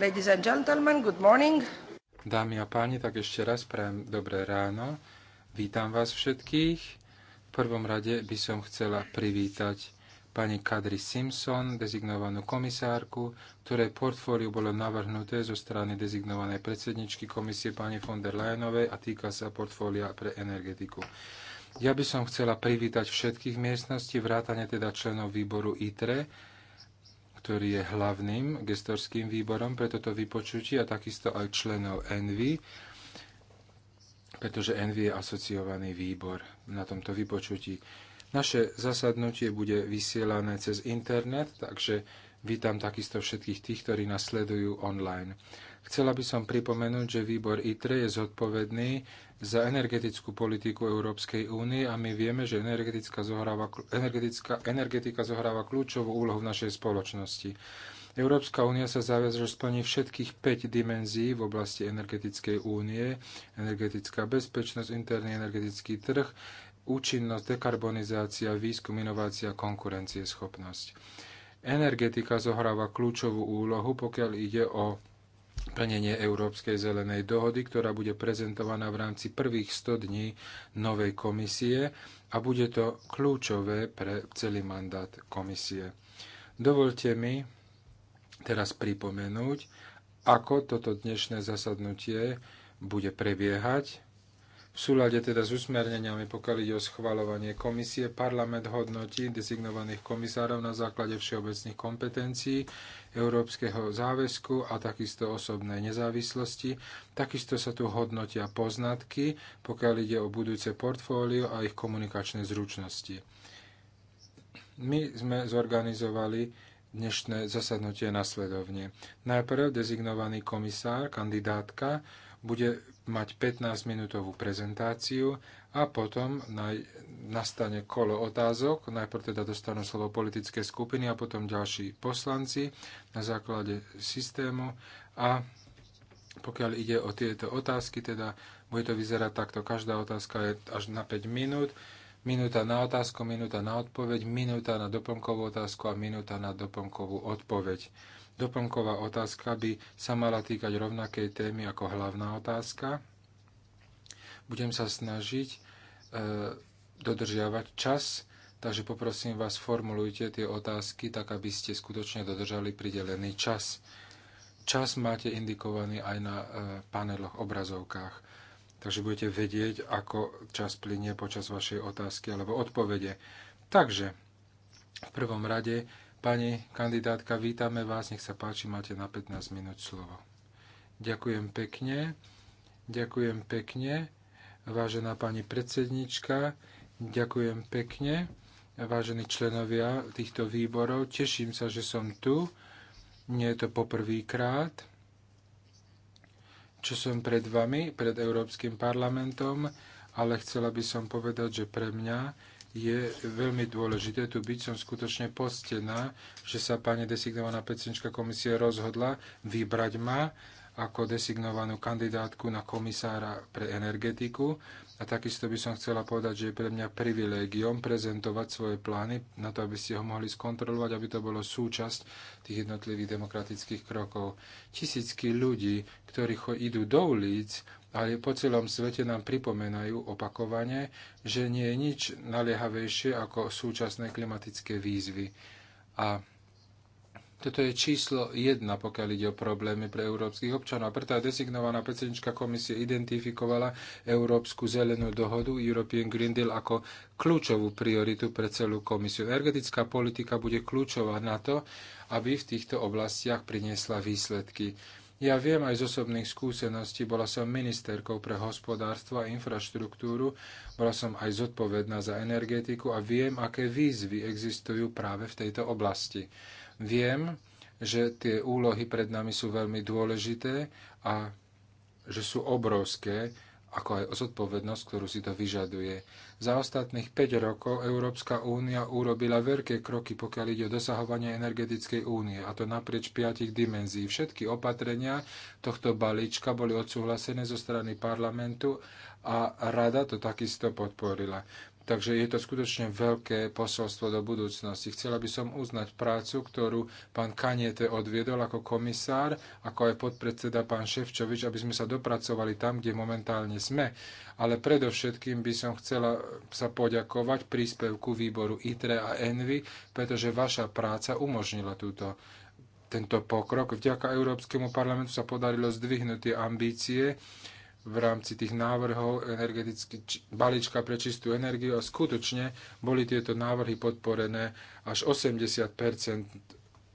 ladies and gentlemen, good morning. Dámy a páni, tak ešte raz prajem dobré ráno. Vítam vás všetkých. V prvom rade by som chcela privítať pani Kadri Simpson, dezignovanú komisárku, ktorej portfóliu bolo navrhnuté zo strany dezignovanej predsedničky komisie pani von der Leyenovej a týka sa portfólia pre energetiku. Ja by som chcela privítať všetkých miestností, vrátane teda členov výboru ITRE, ktorý je hlavným gestorským výborom pre toto vypočutie a takisto aj členov ENVY, pretože ENVY je asociovaný výbor na tomto vypočutí. Naše zasadnutie bude vysielané cez internet, takže vítam takisto všetkých tých, ktorí nás sledujú online. Chcela by som pripomenúť, že výbor ITRE je zodpovedný za energetickú politiku Európskej únie a my vieme, že energetická, zohráva, energetická, energetika zohráva kľúčovú úlohu v našej spoločnosti. Európska únia sa záväzla, že splní všetkých 5 dimenzií v oblasti energetickej únie, energetická bezpečnosť, interný energetický trh, účinnosť, dekarbonizácia, výskum, inovácia, konkurencieschopnosť. Energetika zohráva kľúčovú úlohu, pokiaľ ide o plnenie Európskej zelenej dohody, ktorá bude prezentovaná v rámci prvých 100 dní novej komisie a bude to kľúčové pre celý mandát komisie. Dovolte mi teraz pripomenúť, ako toto dnešné zasadnutie bude prebiehať. V súlade teda s usmerneniami, pokiaľ ide o schvaľovanie komisie, parlament hodnotí dezignovaných komisárov na základe všeobecných kompetencií, európskeho záväzku a takisto osobnej nezávislosti. Takisto sa tu hodnotia poznatky, pokiaľ ide o budúce portfólio a ich komunikačné zručnosti. My sme zorganizovali dnešné zasadnutie nasledovne. Najprv dezignovaný komisár, kandidátka, bude mať 15-minútovú prezentáciu a potom nastane kolo otázok. Najprv teda dostanú slovo politické skupiny a potom ďalší poslanci na základe systému. A pokiaľ ide o tieto otázky, teda bude to vyzerať takto. Každá otázka je až na 5 minút. Minúta na otázku, minúta na odpoveď, minúta na doplnkovú otázku a minúta na doplnkovú odpoveď. Doplnková otázka by sa mala týkať rovnakej témy ako hlavná otázka. Budem sa snažiť e, dodržiavať čas, takže poprosím vás, formulujte tie otázky tak, aby ste skutočne dodržali pridelený čas. Čas máte indikovaný aj na e, paneloch, obrazovkách. Takže budete vedieť, ako čas plinie počas vašej otázky alebo odpovede. Takže v prvom rade Pani kandidátka, vítame vás, nech sa páči, máte na 15 minút slovo. Ďakujem pekne, ďakujem pekne, vážená pani predsednička, ďakujem pekne, vážení členovia týchto výborov, teším sa, že som tu, nie je to poprvýkrát, čo som pred vami, pred Európskym parlamentom, ale chcela by som povedať, že pre mňa je veľmi dôležité tu byť. Som skutočne postená, že sa pani designovaná predsednička komisie rozhodla vybrať ma ako designovanú kandidátku na komisára pre energetiku. A takisto by som chcela povedať, že je pre mňa privilégiom prezentovať svoje plány na to, aby ste ho mohli skontrolovať, aby to bolo súčasť tých jednotlivých demokratických krokov. Tisícky ľudí, ktorí idú do ulic, ale po celom svete nám pripomenajú opakovane, že nie je nič naliehavejšie ako súčasné klimatické výzvy. A toto je číslo jedna, pokiaľ ide o problémy pre európskych občanov. A preto aj designovaná predsednička komisie identifikovala Európsku zelenú dohodu European Green Deal ako kľúčovú prioritu pre celú komisiu. Energetická politika bude kľúčová na to, aby v týchto oblastiach priniesla výsledky. Ja viem aj z osobných skúseností, bola som ministerkou pre hospodárstvo a infraštruktúru, bola som aj zodpovedná za energetiku a viem, aké výzvy existujú práve v tejto oblasti. Viem, že tie úlohy pred nami sú veľmi dôležité a že sú obrovské ako aj o zodpovednosť, ktorú si to vyžaduje. Za ostatných 5 rokov Európska únia urobila veľké kroky, pokiaľ ide o dosahovanie energetickej únie, a to naprieč piatich dimenzií. Všetky opatrenia tohto balíčka boli odsúhlasené zo strany parlamentu a rada to takisto podporila. Takže je to skutočne veľké posolstvo do budúcnosti. Chcela by som uznať prácu, ktorú pán Kaniete odviedol ako komisár, ako aj podpredseda pán Ševčovič, aby sme sa dopracovali tam, kde momentálne sme. Ale predovšetkým by som chcela sa poďakovať príspevku výboru ITRE a ENVY, pretože vaša práca umožnila túto tento pokrok. Vďaka Európskemu parlamentu sa podarilo zdvihnúť tie ambície v rámci tých návrhov energetický balíčka pre čistú energiu a skutočne boli tieto návrhy podporené až 80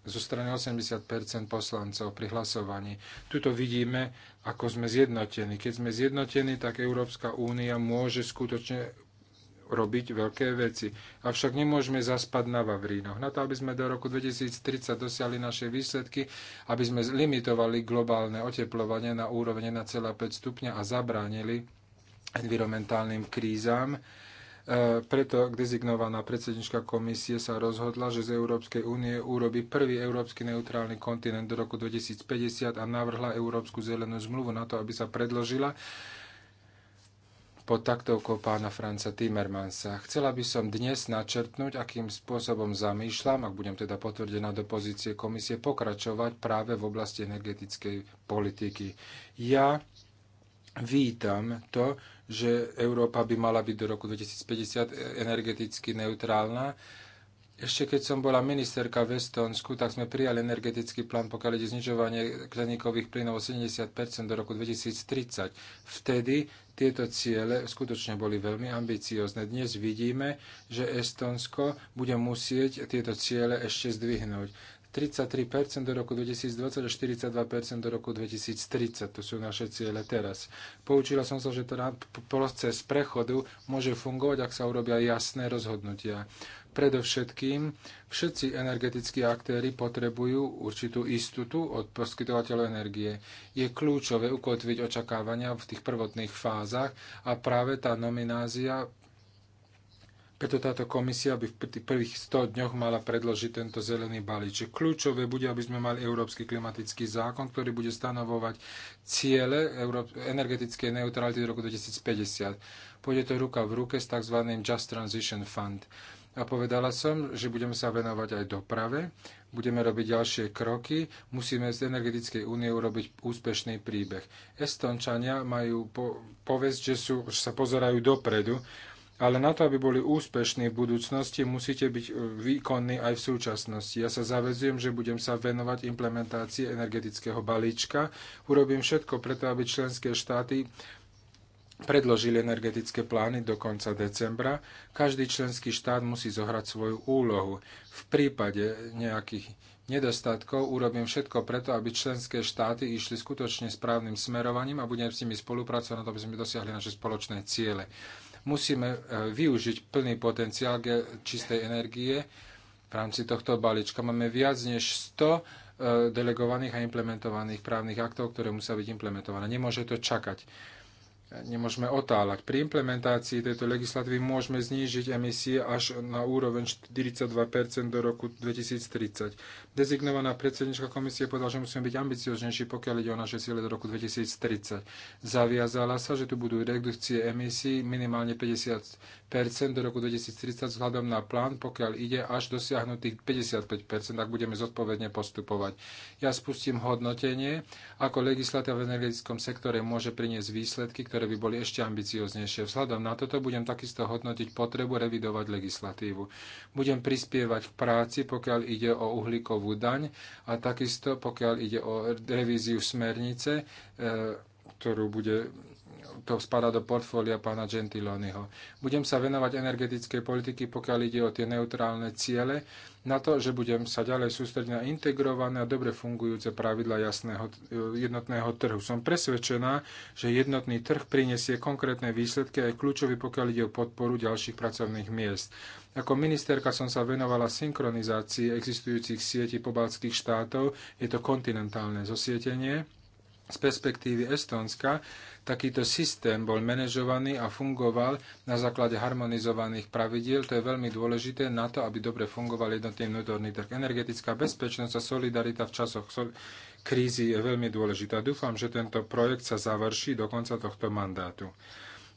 zo strany 80 poslancov pri hlasovaní. Tuto vidíme, ako sme zjednotení. Keď sme zjednotení, tak Európska únia môže skutočne robiť veľké veci. Avšak nemôžeme zaspať na Vavrínoch. Na to, aby sme do roku 2030 dosiali naše výsledky, aby sme limitovali globálne oteplovanie na úroveň 1,5 stupňa a zabránili environmentálnym krízam, e, preto dezignovaná predsednička komisie sa rozhodla, že z Európskej únie urobí prvý európsky neutrálny kontinent do roku 2050 a navrhla Európsku zelenú zmluvu na to, aby sa predložila pod taktovkou pána Franca Timmermansa. Chcela by som dnes načrtnúť, akým spôsobom zamýšľam, ak budem teda potvrdená do pozície komisie, pokračovať práve v oblasti energetickej politiky. Ja vítam to, že Európa by mala byť do roku 2050 energeticky neutrálna. Ešte keď som bola ministerka v Estonsku, tak sme prijali energetický plán, pokiaľ ide znižovanie kleníkových plynov o 70 do roku 2030. Vtedy tieto ciele skutočne boli veľmi ambiciozne. Dnes vidíme, že Estonsko bude musieť tieto ciele ešte zdvihnúť. 33% do roku 2020 a 42% do roku 2030. To sú naše ciele teraz. Poučila som sa, že teda proces prechodu môže fungovať, ak sa urobia jasné rozhodnutia. Predovšetkým všetci energetickí aktéry potrebujú určitú istotu od poskytovateľov energie. Je kľúčové ukotviť očakávania v tých prvotných fázach a práve tá nominázia preto táto komisia by v prvých 100 dňoch mala predložiť tento zelený balíček. Kľúčové bude, aby sme mali Európsky klimatický zákon, ktorý bude stanovovať ciele energetickej neutrality do roku 2050. Pôjde to ruka v ruke s tzv. Just Transition Fund a povedala som, že budeme sa venovať aj doprave, budeme robiť ďalšie kroky, musíme z energetickej únie urobiť úspešný príbeh. Estončania majú po, povesť, že, sú, že sa pozerajú dopredu, ale na to, aby boli úspešní v budúcnosti, musíte byť e, výkonní aj v súčasnosti. Ja sa zavezujem, že budem sa venovať implementácii energetického balíčka. Urobím všetko preto, aby členské štáty predložili energetické plány do konca decembra. Každý členský štát musí zohrať svoju úlohu. V prípade nejakých nedostatkov urobím všetko preto, aby členské štáty išli skutočne správnym smerovaním a budem s nimi spolupracovať na to, aby sme dosiahli naše spoločné ciele. Musíme e, využiť plný potenciál čistej energie v rámci tohto balíčka. Máme viac než 100 e, delegovaných a implementovaných právnych aktov, ktoré musia byť implementované. Nemôže to čakať nemôžeme otáľať. Pri implementácii tejto legislatívy môžeme znížiť emisie až na úroveň 42% do roku 2030. Dezignovaná predsednička komisie povedala, že musíme byť ambicioznejší, pokiaľ ide o naše ciele do roku 2030. Zaviazala sa, že tu budú redukcie emisí minimálne 50 do roku 2030 vzhľadom na plán, pokiaľ ide až dosiahnutých 55 ak budeme zodpovedne postupovať. Ja spustím hodnotenie, ako legislatíva v energetickom sektore môže priniesť výsledky, ktoré by boli ešte ambicioznejšie. Vzhľadom na toto budem takisto hodnotiť potrebu revidovať legislatívu. Budem prispievať v práci, pokiaľ ide o uhlíkovú daň a takisto pokiaľ ide o revíziu smernice, e, ktorú bude to spadá do portfólia pána Gentiloniho. Budem sa venovať energetickej politiky, pokiaľ ide o tie neutrálne ciele, na to, že budem sa ďalej sústrediť na integrované a dobre fungujúce pravidla jasného, e, jednotného trhu. Som presvedčená, že jednotný trh prinesie konkrétne výsledky aj kľúčový, pokiaľ ide o podporu ďalších pracovných miest. Ako ministerka som sa venovala synchronizácii existujúcich sietí pobaltských štátov, je to kontinentálne zosietenie, z perspektívy Estónska takýto systém bol manažovaný a fungoval na základe harmonizovaných pravidiel. To je veľmi dôležité na to, aby dobre fungoval jednotný vnútorný trh. Energetická bezpečnosť a solidarita v časoch krízy je veľmi dôležitá. Dúfam, že tento projekt sa završí do konca tohto mandátu.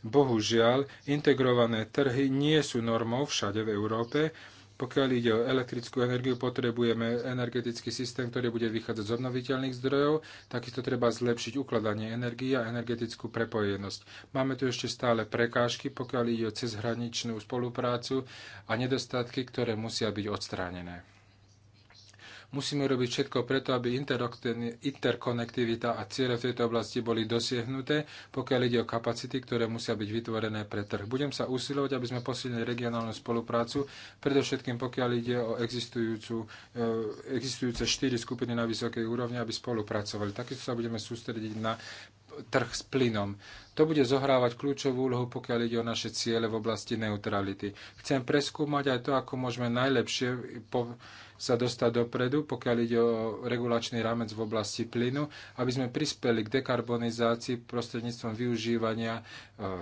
Bohužiaľ, integrované trhy nie sú normou všade v Európe pokiaľ ide o elektrickú energiu, potrebujeme energetický systém, ktorý bude vychádzať z obnoviteľných zdrojov. Takisto treba zlepšiť ukladanie energie a energetickú prepojenosť. Máme tu ešte stále prekážky, pokiaľ ide o cezhraničnú spoluprácu a nedostatky, ktoré musia byť odstránené. Musíme robiť všetko preto, aby interkonektivita a ciele v tejto oblasti boli dosiahnuté, pokiaľ ide o kapacity, ktoré musia byť vytvorené pre trh. Budem sa usilovať, aby sme posilnili regionálnu spoluprácu, predovšetkým pokiaľ ide o e, existujúce štyri skupiny na vysokej úrovni, aby spolupracovali. Takisto sa budeme sústrediť na trh s plynom. To bude zohrávať kľúčovú úlohu, pokiaľ ide o naše ciele v oblasti neutrality. Chcem preskúmať aj to, ako môžeme najlepšie po- sa dostať dopredu, pokiaľ ide o regulačný rámec v oblasti plynu, aby sme prispeli k dekarbonizácii prostredníctvom využívania e,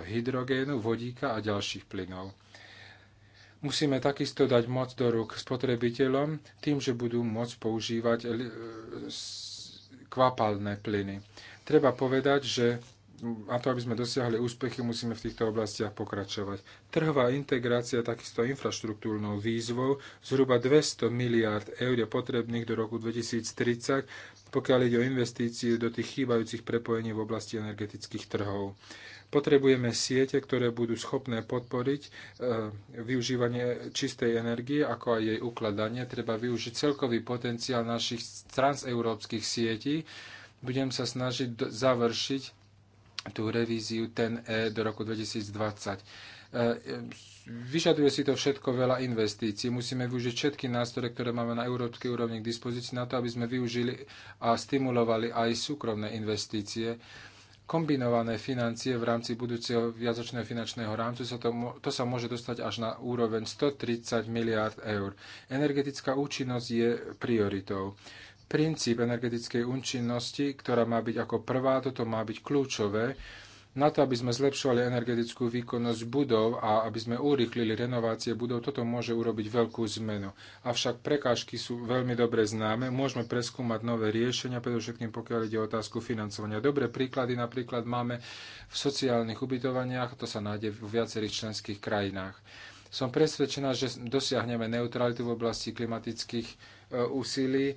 hydrogénu, vodíka a ďalších plynov. Musíme takisto dať moc do rúk spotrebiteľom tým, že budú môcť používať e, kvapalné plyny. Treba povedať, že na to, aby sme dosiahli úspechy, musíme v týchto oblastiach pokračovať. Trhová integrácia takisto infraštruktúrnou výzvou. Zhruba 200 miliárd eur je potrebných do roku 2030, pokiaľ ide o investície do tých chýbajúcich prepojení v oblasti energetických trhov. Potrebujeme siete, ktoré budú schopné podporiť e, využívanie čistej energie, ako aj jej ukladanie. Treba využiť celkový potenciál našich transeurópskych sietí, budem sa snažiť završiť tú revíziu ten E do roku 2020. E, e, vyžaduje si to všetko veľa investícií. Musíme využiť všetky nástroje, ktoré máme na európskej úrovni k dispozícii na to, aby sme využili a stimulovali aj súkromné investície kombinované financie v rámci budúceho viacočného finančného rámcu sa to, to sa môže dostať až na úroveň 130 miliard eur. Energetická účinnosť je prioritou princíp energetickej účinnosti, ktorá má byť ako prvá, toto má byť kľúčové, na to, aby sme zlepšovali energetickú výkonnosť budov a aby sme urýchlili renovácie budov, toto môže urobiť veľkú zmenu. Avšak prekážky sú veľmi dobre známe, môžeme preskúmať nové riešenia, predovšetkým pokiaľ ide o otázku financovania. Dobré príklady napríklad máme v sociálnych ubytovaniach, to sa nájde v viacerých členských krajinách. Som presvedčená, že dosiahneme neutralitu v oblasti klimatických úsilí. E,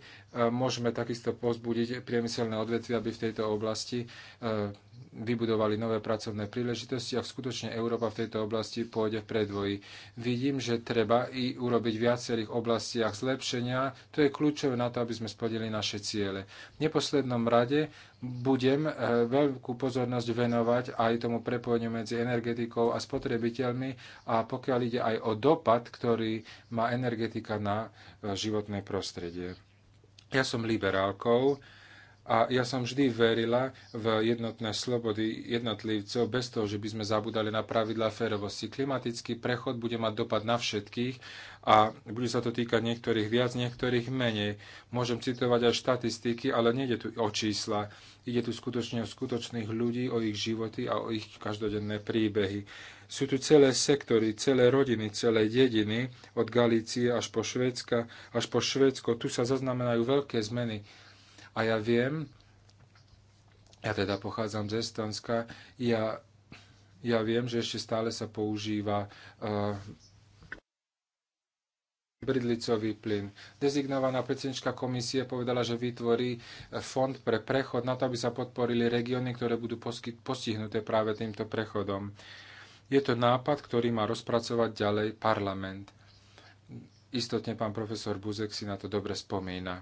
môžeme takisto pozbudiť priemyselné odvetvy, aby v tejto oblasti e, vybudovali nové pracovné príležitosti, a skutočne Európa v tejto oblasti pôjde v predvoji. Vidím, že treba i urobiť v viacerých oblastiach zlepšenia. To je kľúčové na to, aby sme splnili naše ciele. V neposlednom rade budem e, veľkú pozornosť venovať aj tomu prepojeniu medzi energetikou a spotrebiteľmi a pokiaľ ide aj o dopad, ktorý má energetika na životné prostredie prostredie. Ja som liberálkou a ja som vždy verila v jednotné slobody jednotlivcov bez toho, že by sme zabudali na pravidlá férovosti. Klimatický prechod bude mať dopad na všetkých a bude sa to týkať niektorých viac, niektorých menej. Môžem citovať aj štatistiky, ale nejde tu o čísla. Ide tu skutočne o skutočných ľudí, o ich životy a o ich každodenné príbehy. Sú tu celé sektory, celé rodiny, celé dediny, od Galície až po, Švédska, až po Švédsko. Tu sa zaznamenajú veľké zmeny. A ja viem, ja teda pochádzam z Estonska, ja, ja viem, že ešte stále sa používa uh, bridlicový plyn. Dezignovaná predsednička komisie povedala, že vytvorí eh, fond pre prechod na to, aby sa podporili regióny, ktoré budú postihnuté práve týmto prechodom. Uh, je to nápad, ktorý má rozpracovať ďalej parlament. Istotne pán profesor Buzek si na to dobre spomína.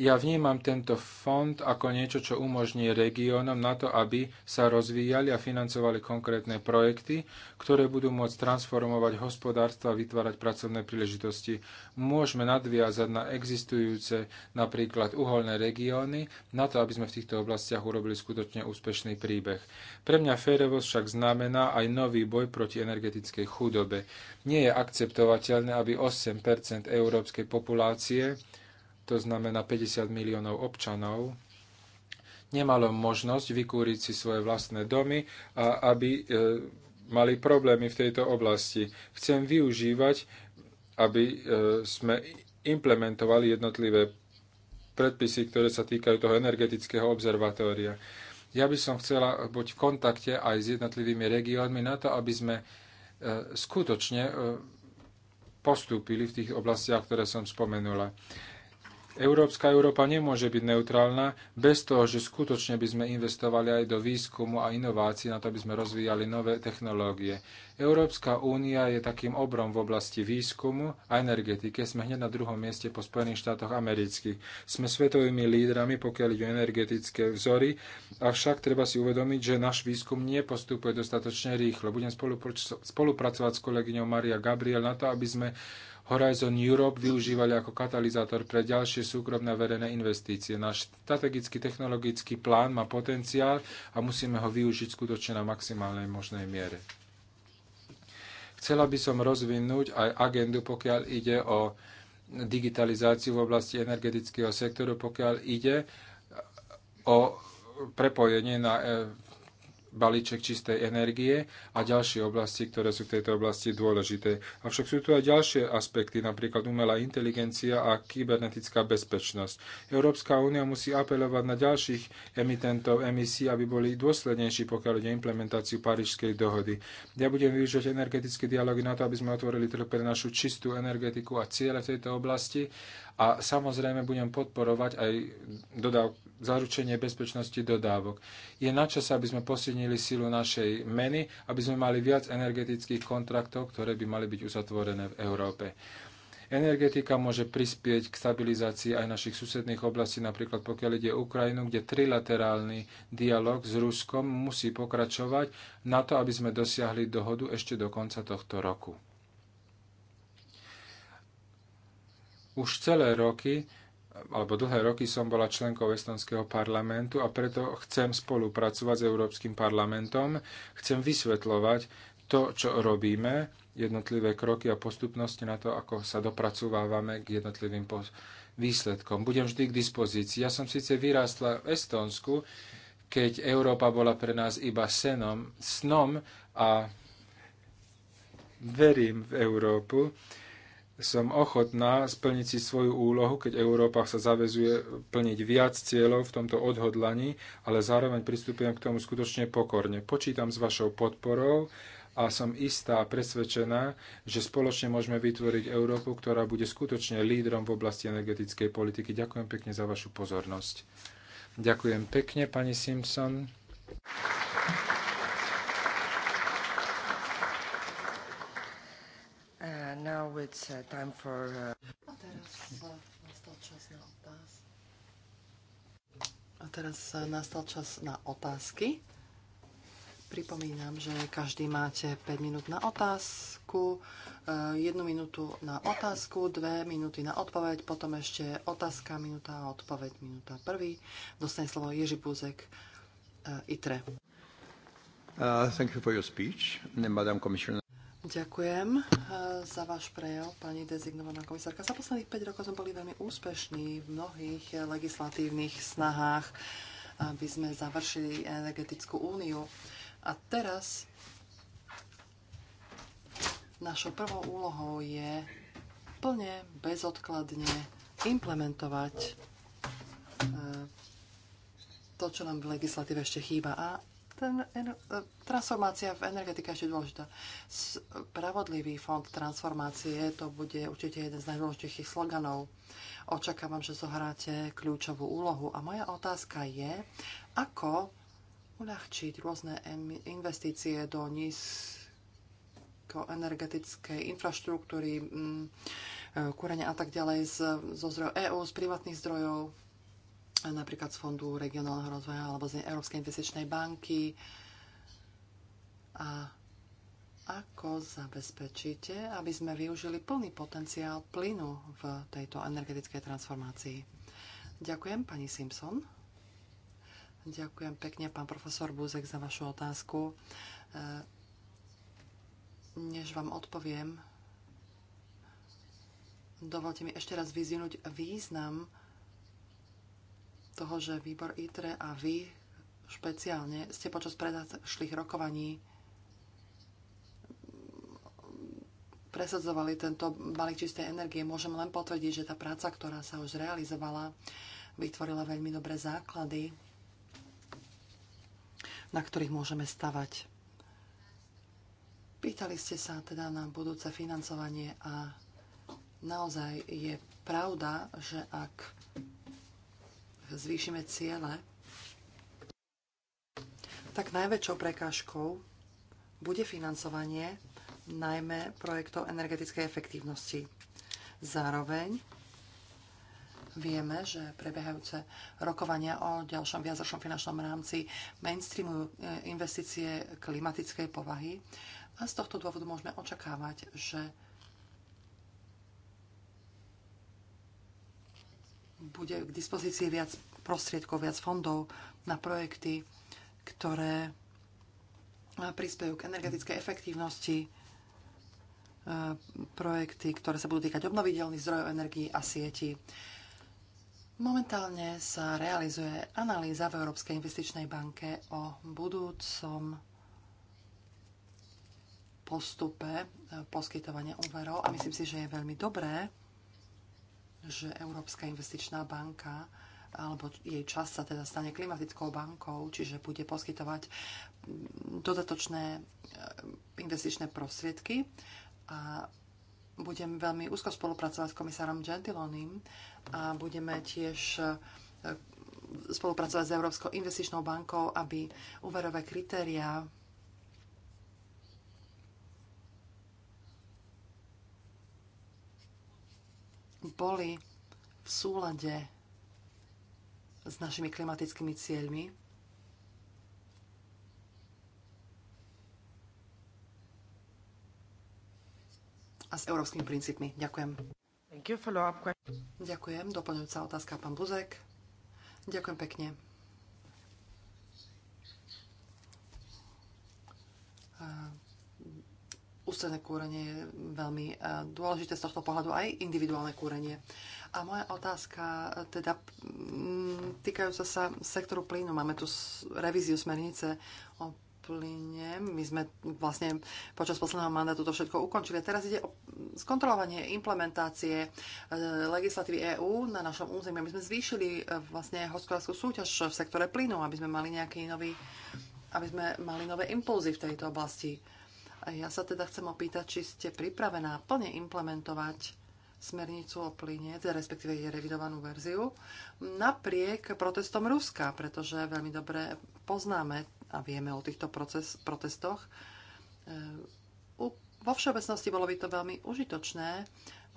Ja vnímam tento fond ako niečo, čo umožní regiónom na to, aby sa rozvíjali a financovali konkrétne projekty, ktoré budú môcť transformovať hospodárstva a vytvárať pracovné príležitosti. Môžeme nadviazať na existujúce napríklad uholné regióny na to, aby sme v týchto oblastiach urobili skutočne úspešný príbeh. Pre mňa férovosť však znamená aj nový boj proti energetickej chudobe. Nie je akceptovateľné, aby 8 európskej populácie to znamená 50 miliónov občanov, nemalo možnosť vykúriť si svoje vlastné domy a aby e, mali problémy v tejto oblasti. Chcem využívať, aby e, sme implementovali jednotlivé predpisy, ktoré sa týkajú toho energetického observatória. Ja by som chcela byť v kontakte aj s jednotlivými regiónmi na to, aby sme e, skutočne postúpili v tých oblastiach, ktoré som spomenula. Európska Európa nemôže byť neutrálna bez toho, že skutočne by sme investovali aj do výskumu a inovácií, na to by sme rozvíjali nové technológie. Európska únia je takým obrom v oblasti výskumu a energetike. Sme hneď na druhom mieste po Spojených štátoch amerických. Sme svetovými lídrami, pokiaľ ide o energetické vzory, avšak treba si uvedomiť, že náš výskum nepostupuje dostatočne rýchlo. Budem spolupracovať s kolegyňou Maria Gabriel na to, aby sme Horizon Europe využívali ako katalizátor pre ďalšie súkromné verejné investície. Náš strategický technologický plán má potenciál a musíme ho využiť skutočne na maximálnej možnej miere. Chcela by som rozvinúť aj agendu, pokiaľ ide o digitalizáciu v oblasti energetického sektoru, pokiaľ ide o prepojenie na e, balíček čistej energie a ďalšie oblasti, ktoré sú v tejto oblasti dôležité. Avšak sú tu aj ďalšie aspekty, napríklad umelá inteligencia a kybernetická bezpečnosť. Európska únia musí apelovať na ďalších emitentov emisí, aby boli dôslednejší, pokiaľ ide implementáciu Parížskej dohody. Ja budem využívať energetické dialógy na to, aby sme otvorili trh pre našu čistú energetiku a ciele v tejto oblasti a samozrejme budem podporovať aj dodav- zaručenie bezpečnosti dodávok. Je na čas, aby sme posilnili silu našej meny, aby sme mali viac energetických kontraktov, ktoré by mali byť uzatvorené v Európe. Energetika môže prispieť k stabilizácii aj našich susedných oblastí, napríklad pokiaľ ide o Ukrajinu, kde trilaterálny dialog s Ruskom musí pokračovať na to, aby sme dosiahli dohodu ešte do konca tohto roku. Už celé roky, alebo dlhé roky som bola členkou Estonského parlamentu a preto chcem spolupracovať s Európskym parlamentom, chcem vysvetľovať to, čo robíme, jednotlivé kroky a postupnosti na to, ako sa dopracovávame k jednotlivým výsledkom. Budem vždy k dispozícii. Ja som síce vyrástla v Estonsku, keď Európa bola pre nás iba senom, snom a verím v Európu som ochotná splniť si svoju úlohu, keď Európa sa zavezuje plniť viac cieľov v tomto odhodlaní, ale zároveň pristupujem k tomu skutočne pokorne. Počítam s vašou podporou a som istá a presvedčená, že spoločne môžeme vytvoriť Európu, ktorá bude skutočne lídrom v oblasti energetickej politiky. Ďakujem pekne za vašu pozornosť. Ďakujem pekne, pani Simpson. now it's uh, time for... Uh, a teraz nastal čas na otázky. A teraz nastal čas na otázky. Pripomínam, že každý máte 5 minút na otázku, 1 eh, minútu na otázku, 2 minúty na odpoveď, potom ešte otázka, minúta a odpoveď, minúta prvý. Dostane slovo Ježi Buzek, eh, ITRE. Uh, thank you for your speech, Madam Commissioner. Ďakujem eh, za váš prejav, pani dezignovaná komisárka. Za posledných 5 rokov sme boli veľmi úspešní v mnohých eh, legislatívnych snahách, aby sme završili energetickú úniu. A teraz našou prvou úlohou je plne, bezodkladne implementovať eh, to, čo nám v legislatíve ešte chýba. A ten, transformácia v energetike je dôležitá. Spravodlivý fond transformácie, to bude určite jeden z najdôležitejších sloganov. Očakávam, že zohráte kľúčovú úlohu. A moja otázka je, ako uľahčiť rôzne investície do nízkoenergetickej infraštruktúry, mm, e, kúrenia a tak ďalej zo zdrojov EÚ, z privátnych zdrojov, napríklad z Fondu regionálneho rozvoja alebo z Európskej investičnej banky. A ako zabezpečíte, aby sme využili plný potenciál plynu v tejto energetickej transformácii? Ďakujem, pani Simpson. Ďakujem pekne, pán profesor Buzek, za vašu otázku. E, než vám odpoviem, dovolte mi ešte raz vyzvinúť význam toho, že výbor ITRE a vy špeciálne ste počas predašlých rokovaní presadzovali tento balík čistej energie. Môžem len potvrdiť, že tá práca, ktorá sa už realizovala, vytvorila veľmi dobré základy, na ktorých môžeme stavať. Pýtali ste sa teda na budúce financovanie a naozaj je pravda, že ak zvýšime ciele, tak najväčšou prekážkou bude financovanie najmä projektov energetickej efektívnosti. Zároveň vieme, že prebiehajúce rokovania o ďalšom viacročnom finančnom rámci mainstreamujú e, investície klimatickej povahy a z tohto dôvodu môžeme očakávať, že bude k dispozícii viac prostriedkov, viac fondov na projekty, ktoré prispejú k energetickej efektívnosti, projekty, ktoré sa budú týkať obnoviteľných zdrojov energií a sieti. Momentálne sa realizuje analýza v Európskej investičnej banke o budúcom postupe e, poskytovania úverov a myslím si, že je veľmi dobré, že Európska investičná banka alebo jej čas sa teda stane klimatickou bankou, čiže bude poskytovať mm, dodatočné e, investičné prostriedky a budem veľmi úzko spolupracovať s komisárom Gentilonim a budeme tiež e, spolupracovať s Európskou investičnou bankou, aby úverové kritériá boli v súlade s našimi klimatickými cieľmi. a s európskymi princípmi. Ďakujem. Ďakujem. Doplňujúca otázka, pán Buzek. Ďakujem pekne ústredné kúrenie je veľmi eh, dôležité z tohto pohľadu, aj individuálne kúrenie. A moja otázka, eh, teda mm, týkajú sa sa sektoru plynu. Máme tu revíziu smernice o plyne. My sme vlastne počas posledného mandátu to všetko ukončili. A teraz ide o skontrolovanie implementácie eh, legislatívy EÚ na našom území. My sme zvýšili vlastne hospodárskú súťaž v sektore plynu, aby sme mali nejaký nový aby sme mali nové impulzy v tejto oblasti. Ja sa teda chcem opýtať, či ste pripravená plne implementovať smernicu o plyne, teda respektíve jej revidovanú verziu, napriek protestom Ruska, pretože veľmi dobre poznáme a vieme o týchto proces, protestoch. Ehm, vo všeobecnosti bolo by to veľmi užitočné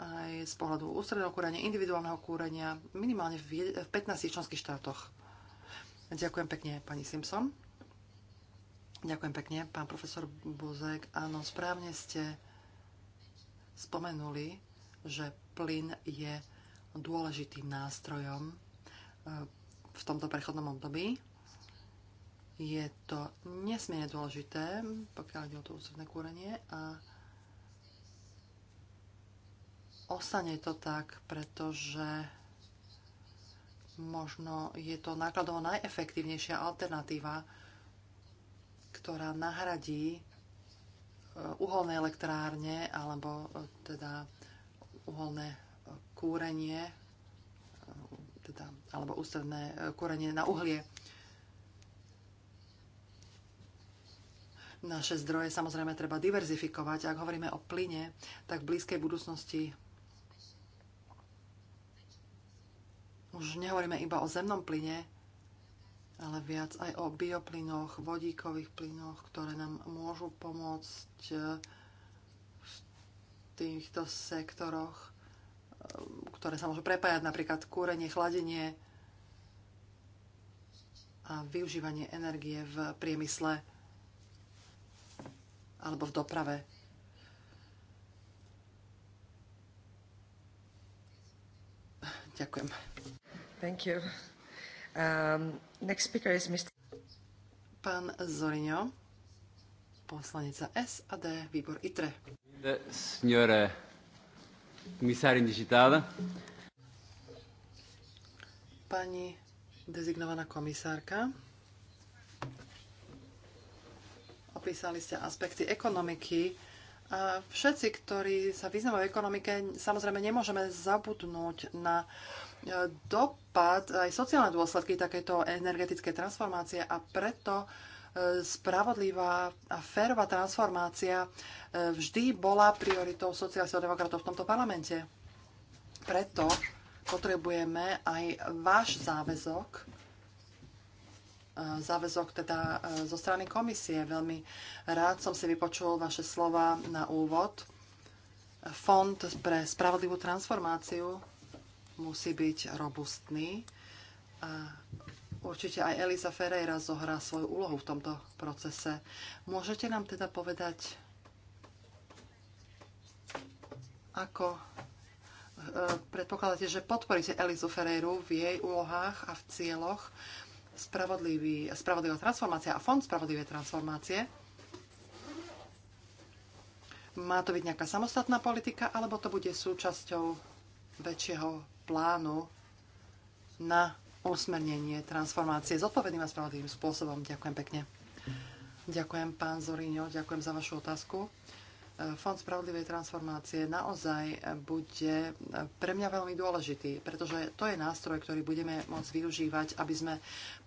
aj z pohľadu ústredného kúrenia, individuálneho kúrenia, minimálne v 15 členských štátoch. Ďakujem pekne, pani Simpson. Ďakujem pekne, pán profesor Buzek. Áno, správne ste spomenuli, že plyn je dôležitým nástrojom eh, v tomto prechodnom období. Je to nesmierne dôležité, pokiaľ ide o to ústredné kúrenie a ostane to tak, pretože možno je to nákladovo najefektívnejšia alternatíva ktorá nahradí e, uholné elektrárne alebo e, teda uholné e, kúrenie teda, alebo ústredné kúrenie na uhlie. Naše zdroje samozrejme treba diverzifikovať. Ak hovoríme o plyne, tak v blízkej budúcnosti už nehovoríme iba o zemnom plyne, ale viac aj o bioplynoch, vodíkových plynoch, ktoré nám môžu pomôcť eh, v týchto sektoroch, eh, ktoré sa môžu prepájať, napríklad kúrenie, chladenie a využívanie energie v priemysle alebo v doprave. Ďakujem. Thank you. Um, next speaker is Mr. Pán Zorino, poslanica SAD, výbor ITRE. Signore komisár indigitáda. Pani dezignovaná komisárka, opísali ste aspekty ekonomiky. A všetci, ktorí sa vyznajú v ekonomike, samozrejme nemôžeme zabudnúť na dopad, aj sociálne dôsledky takéto energetické transformácie a preto e, spravodlivá a férová transformácia e, vždy bola prioritou sociálnych demokratov v tomto parlamente. Preto potrebujeme aj váš záväzok, e, záväzok teda zo strany komisie. Veľmi rád som si vypočul vaše slova na úvod. Fond pre spravodlivú transformáciu musí byť robustný. A určite aj Elisa Ferreira zohrá svoju úlohu v tomto procese. Môžete nám teda povedať, ako e, predpokladáte, že podporíte Elizu Ferreiru v jej úlohách a v cieľoch spravodlivá transformácia a fond spravodlivé transformácie. Má to byť nejaká samostatná politika, alebo to bude súčasťou väčšieho plánu na usmernenie transformácie zodpovedným a spravodlivým spôsobom. Ďakujem pekne. Ďakujem, pán Zoríňo, ďakujem za vašu otázku. Eh, Fond spravodlivej transformácie naozaj bude pre mňa veľmi dôležitý, pretože to je nástroj, ktorý budeme môcť využívať, aby sme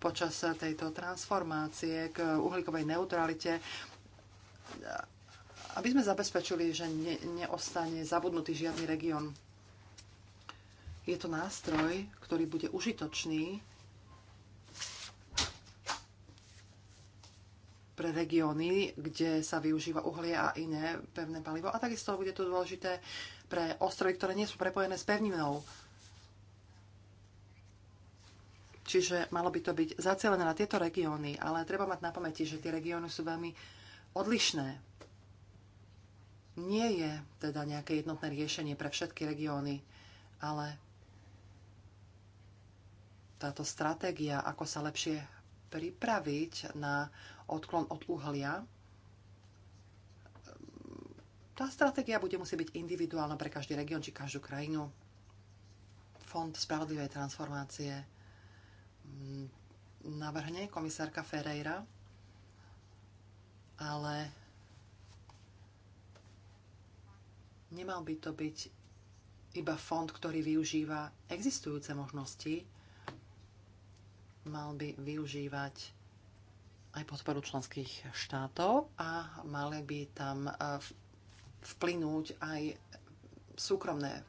počas tejto transformácie k uhlíkovej neutralite eh, aby sme zabezpečili, že ne, neostane zabudnutý žiadny región je to nástroj, ktorý bude užitočný pre regióny, kde sa využíva uhlie a iné pevné palivo. A takisto bude to dôležité pre ostrovy, ktoré nie sú prepojené s pevninou. Čiže malo by to byť zacielené na tieto regióny, ale treba mať na pamäti, že tie regióny sú veľmi odlišné. Nie je teda nejaké jednotné riešenie pre všetky regióny, ale táto stratégia, ako sa lepšie pripraviť na odklon od uhlia, tá stratégia bude musieť byť individuálna pre každý región či každú krajinu. Fond spravodlivej transformácie mm, navrhne komisárka Ferreira, ale nemal by to byť iba fond, ktorý využíva existujúce možnosti, mal by využívať aj podporu členských štátov a mali by tam e, vplynúť aj súkromné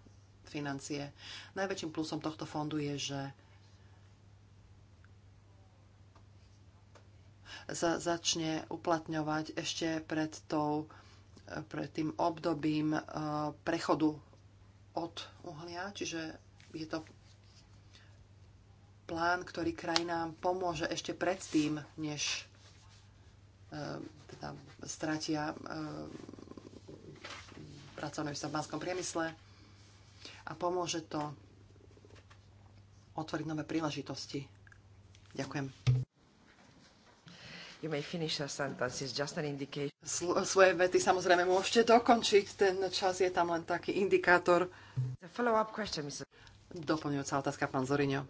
financie. Najväčším plusom tohto fondu je, že sa začne uplatňovať ešte pred, tou, e, pred tým obdobím e, prechodu od uhlia, čiže je to plán, ktorý krajinám pomôže ešte predtým, než e, teda stratia e, pracovné v sabánskom priemysle a pomôže to otvoriť nové príležitosti. Ďakujem. You may finish your uh, sentence, it's just an indication. svoje vety samozrejme môžete dokončiť, ten čas je tam len taký indikátor. Doplňujúca otázka, pán Zorinio.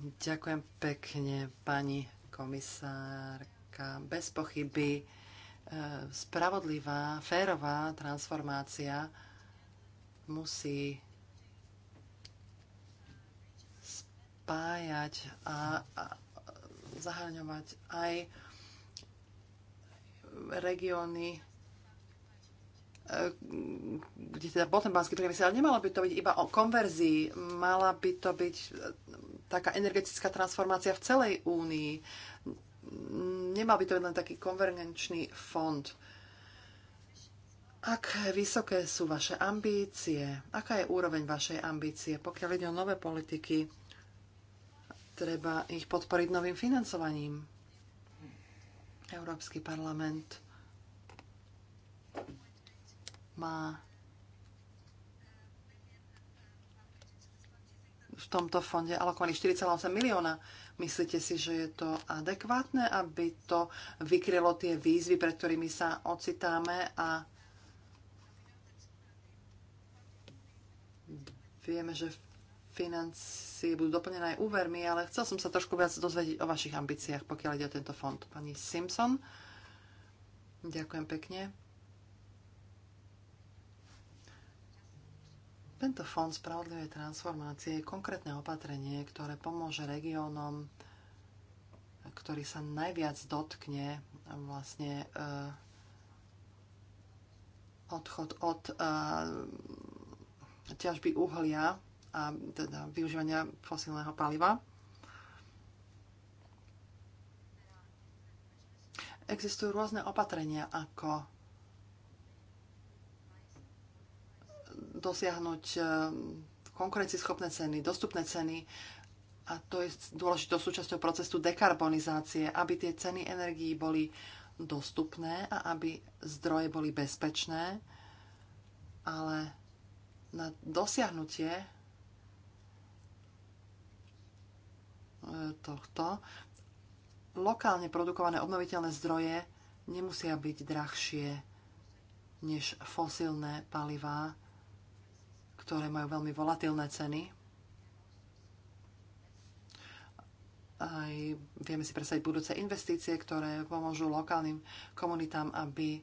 Ďakujem pekne, pani komisárka. Bez pochyby e, spravodlivá, férová transformácia musí spájať a, a aj regióny, e, kde teda Banský priemysel, ale nemalo by to byť iba o konverzii, mala by to byť taká energetická transformácia v celej únii. Nemal by to byť len taký konvergenčný fond. Ak vysoké sú vaše ambície? Aká je úroveň vašej ambície? Pokiaľ ide o nové politiky, treba ich podporiť novým financovaním. Európsky parlament má v tomto fonde alokovaných 4,8 milióna. Myslíte si, že je to adekvátne, aby to vykrylo tie výzvy, pred ktorými sa ocitáme a vieme, že financie budú doplnené aj úvermi, ale chcel som sa trošku viac dozvedieť o vašich ambíciách, pokiaľ ide o tento fond. Pani Simpson, ďakujem pekne. Tento fond spravodlivej transformácie je konkrétne opatrenie, ktoré pomôže regiónom, ktorý sa najviac dotkne vlastne uh, odchod od uh, ťažby uhlia a teda využívania fosílneho paliva. Existujú rôzne opatrenia, ako dosiahnuť eh, konkurencieschopné ceny, dostupné ceny a to je dôležitou súčasťou procesu dekarbonizácie, aby tie ceny energií boli dostupné a aby zdroje boli bezpečné, ale na dosiahnutie eh, tohto lokálne produkované obnoviteľné zdroje nemusia byť drahšie než fosílne palivá, ktoré majú veľmi volatilné ceny. Aj vieme si predstaviť budúce investície, ktoré pomôžu lokálnym komunitám, aby e,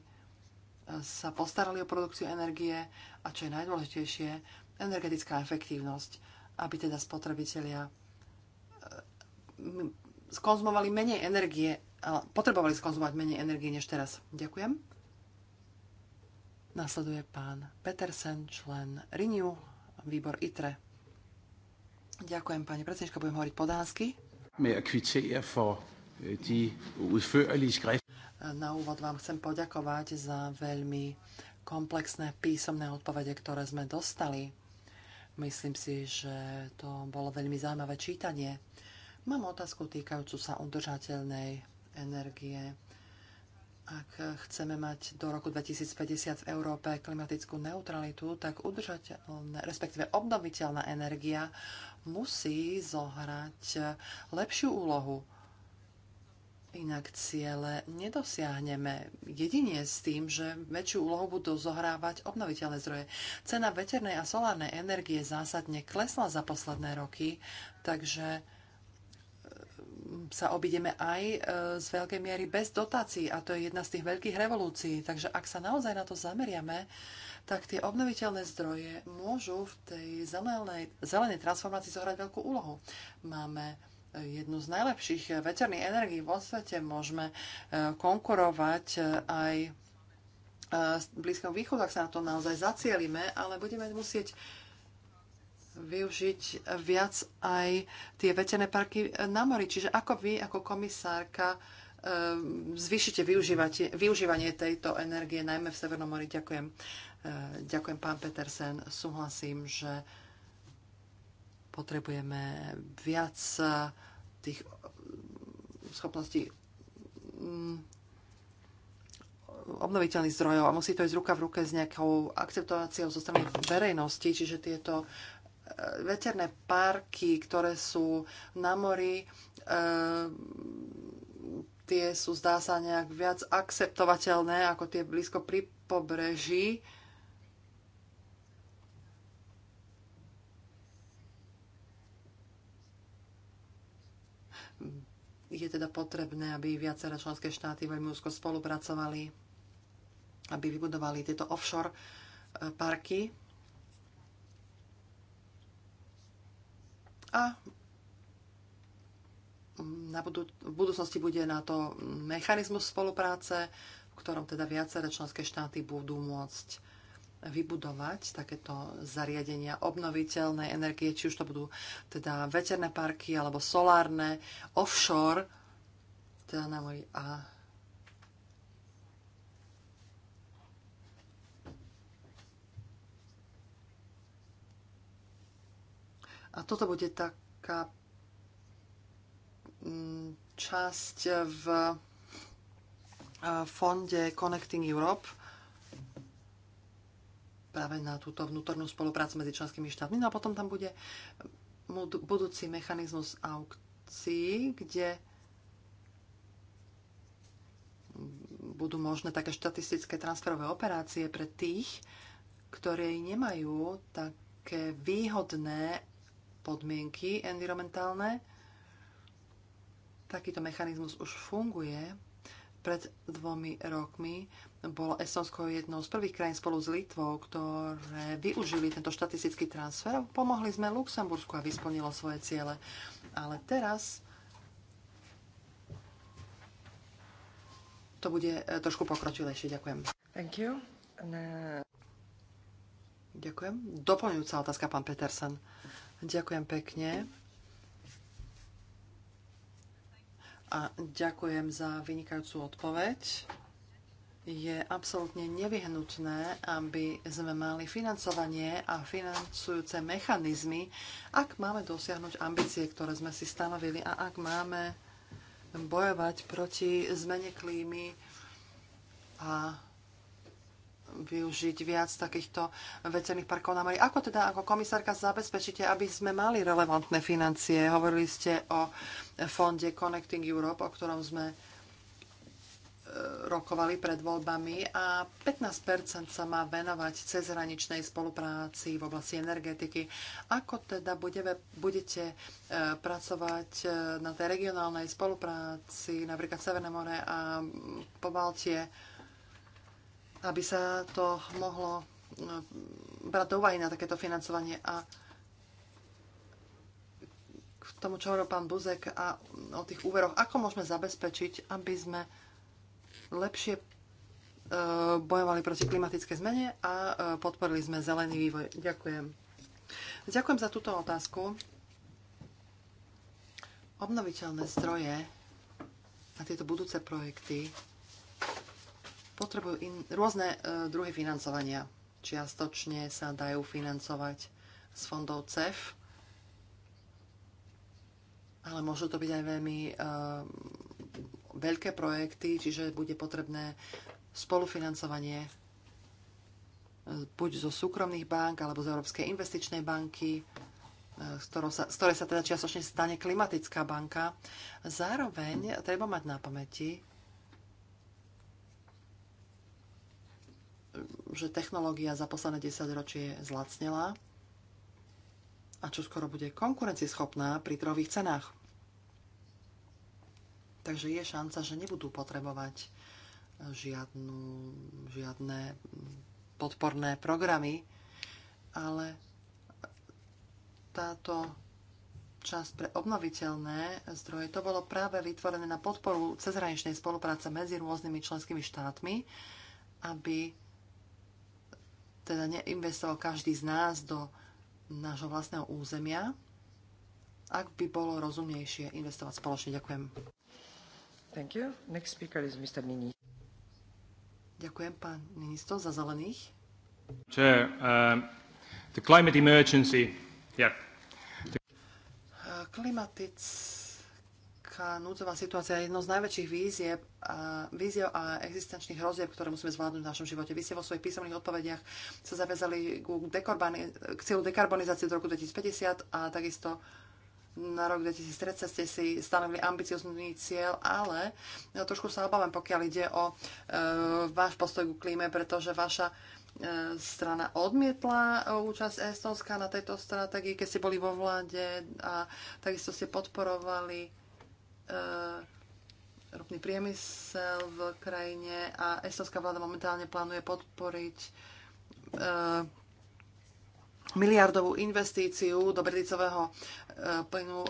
sa postarali o produkciu energie a čo je najdôležitejšie, energetická efektívnosť, aby teda spotrebitelia e, skonzumovali menej energie, potrebovali skonzumovať menej energie než teraz. Ďakujem. Nasleduje pán Petersen, člen Riniu, výbor ITRE. Ďakujem, pani predsednička, budem hovoriť po dánsky. Øh, Na úvod vám chcem poďakovať za veľmi komplexné písomné odpovede, ktoré sme dostali. Myslím si, že to bolo veľmi zaujímavé čítanie. Mám otázku týkajúcu sa udržateľnej energie ak chceme mať do roku 2050 v Európe klimatickú neutralitu, tak udržateľná, respektíve obnoviteľná energia musí zohrať lepšiu úlohu. Inak ciele nedosiahneme jedine s tým, že väčšiu úlohu budú zohrávať obnoviteľné zdroje. Cena veternej a solárnej energie zásadne klesla za posledné roky, takže sa obideme aj e, z veľkej miery bez dotácií a to je jedna z tých veľkých revolúcií. Takže ak sa naozaj na to zameriame, tak tie obnoviteľné zdroje môžu v tej zelenej, zelenej transformácii zohrať veľkú úlohu. Máme e, jednu z najlepších veterných energií vo svete, môžeme e, konkurovať aj v Blízkom východu, ak sa na to naozaj zacielime, ale budeme musieť využiť viac aj tie veterné parky na mori. Čiže ako vy, ako komisárka, eh, zvýšite využívanie tejto energie, najmä v Severnom mori. Ďakujem. Eh, ďakujem, pán Petersen. Súhlasím, že potrebujeme viac eh, tých schopností mm, obnoviteľných zdrojov a musí to ísť ruka v ruke s nejakou akceptáciou zo strany verejnosti, čiže tieto veterné parky, ktoré sú na mori, e, tie sú, zdá sa, nejak viac akceptovateľné ako tie blízko pri pobreží. Je teda potrebné, aby viaceré členské štáty veľmi úzko spolupracovali, aby vybudovali tieto offshore e, parky, A na budú- v budúcnosti bude na to mechanizmus spolupráce, v ktorom teda viaceré členské štáty budú môcť vybudovať takéto zariadenia obnoviteľnej energie, či už to budú teda veterné parky alebo solárne, offshore, teda na mori a A toto bude taká mm, časť v e, fonde Connecting Europe práve na túto vnútornú spoluprácu medzi členskými štátmi. No a potom tam bude budúci mechanizmus aukcií, kde budú možné také štatistické transferové operácie pre tých, ktorí nemajú také výhodné podmienky environmentálne. Takýto mechanizmus už funguje. Pred dvomi rokmi bolo Estonsko jednou z prvých krajín spolu s Litvou, ktoré využili tento štatistický transfer a pomohli sme Luxembursku, a vysplnilo svoje ciele. Ale teraz to bude eh, trošku pokročilejšie. Ďakujem. Thank you. Ďakujem. Doplňujúca otázka, pán Petersen. Ďakujem pekne. A ďakujem za vynikajúcu odpoveď. Je absolútne nevyhnutné, aby sme mali financovanie a financujúce mechanizmy, ak máme dosiahnuť ambície, ktoré sme si stanovili a ak máme bojovať proti zmene klímy a využiť viac takýchto veterných parkov na mori. Ako teda ako komisárka zabezpečíte, aby sme mali relevantné financie? Hovorili ste o fonde Connecting Europe, o ktorom sme e, rokovali pred voľbami a 15% sa má venovať cezhraničnej spolupráci v oblasti energetiky. Ako teda budeme, budete e, pracovať e, na tej regionálnej spolupráci, napríklad Severné more a Pobaltie? aby sa to mohlo eh, brať do úvahy na takéto financovanie. A k tomu, čo hovoril pán Buzek a o tých úveroch, ako môžeme zabezpečiť, aby sme lepšie eh, bojovali proti klimatické zmene a eh, podporili sme zelený vývoj. Ďakujem. Ďakujem za túto otázku. Obnoviteľné zdroje a tieto budúce projekty potrebujú in, rôzne e, druhy financovania. Čiastočne sa dajú financovať z fondov CEF, ale môžu to byť aj veľmi e, veľké projekty, čiže bude potrebné spolufinancovanie e, buď zo súkromných bank alebo z Európskej investičnej banky, e, sa, z ktorej sa teda čiastočne stane klimatická banka. Zároveň treba mať na pamäti, že technológia za posledné 10 ročie zlacnila a čo skoro bude konkurencieschopná pri trhových cenách. Takže je šanca, že nebudú potrebovať e, žiadnu, žiadne podporné programy, ale táto časť pre obnoviteľné zdroje, to bolo práve vytvorené na podporu cezhraničnej spolupráce medzi rôznymi členskými štátmi, aby teda neinvestoval každý z nás do nášho vlastného územia, ak by bolo rozumnejšie investovať spoločne. Ďakujem. Thank you. Next speaker is Mr. Mini. Ďakujem, pán ministro, za zelených. Chair, uh, the climate emergency, yeah. The... Klimatické taká núdzová situácia je jedno z najväčších víziev a, víziev a existenčných hrozieb, ktoré musíme zvládnuť v našom živote. Vy ste vo svojich písomných odpovediach sa zaviazali k cieľu dekarbonizácie do roku 2050 a takisto na rok 2030 ste si stanovili ambiciozný cieľ, ale ja trošku sa obávam, pokiaľ ide o e, váš postoj ku klíme, pretože vaša e, strana odmietla e, účasť Estonska na tejto stratégii, keď ste boli vo vláde a takisto ste podporovali E, ropný priemysel v krajine a estonská vláda momentálne plánuje podporiť e, miliardovú investíciu do bredicového e, plynu,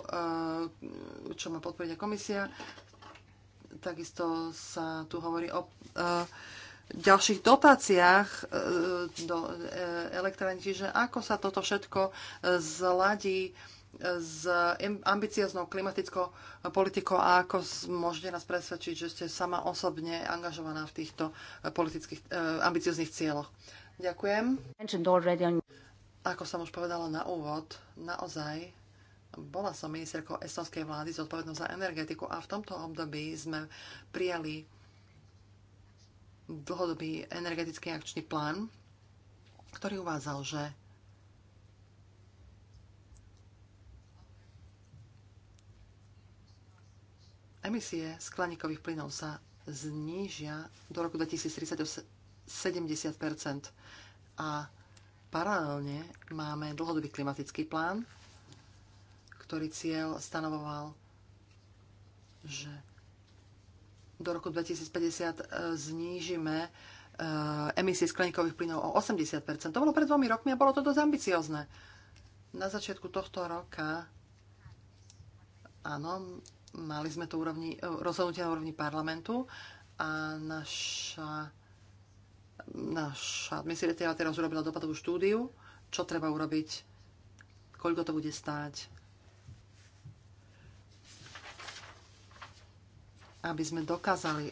čo má podporiť komisia. Takisto sa tu hovorí o ďalších dotáciách do elektrárne, čiže ako sa toto všetko zladí s ambicioznou klimatickou politikou a ako môžete nás presvedčiť, že ste sama osobne angažovaná v týchto eh, politických eh, ambicioznych cieľoch. Ďakujem. Ako som už povedala na úvod, naozaj bola som ministerkou estonskej vlády zodpovednou za energetiku a v tomto období sme prijali dlhodobý energetický akčný plán, ktorý uvádzal, že Emisie skleníkových plynov sa znížia do roku 2030 o 70 a paralelne máme dlhodobý klimatický plán, ktorý cieľ stanovoval, že do roku 2050 e, znížime e, emisie skleníkových plynov o 80 To bolo pred dvomi rokmi a bolo to dosť ambiciozne. Na začiatku tohto roka áno, Mali sme to úrovni, e, rozhodnutie na úrovni parlamentu a naša, naša administratíva teraz urobila dopadovú štúdiu, čo treba urobiť, koľko to bude stáť, aby sme dokázali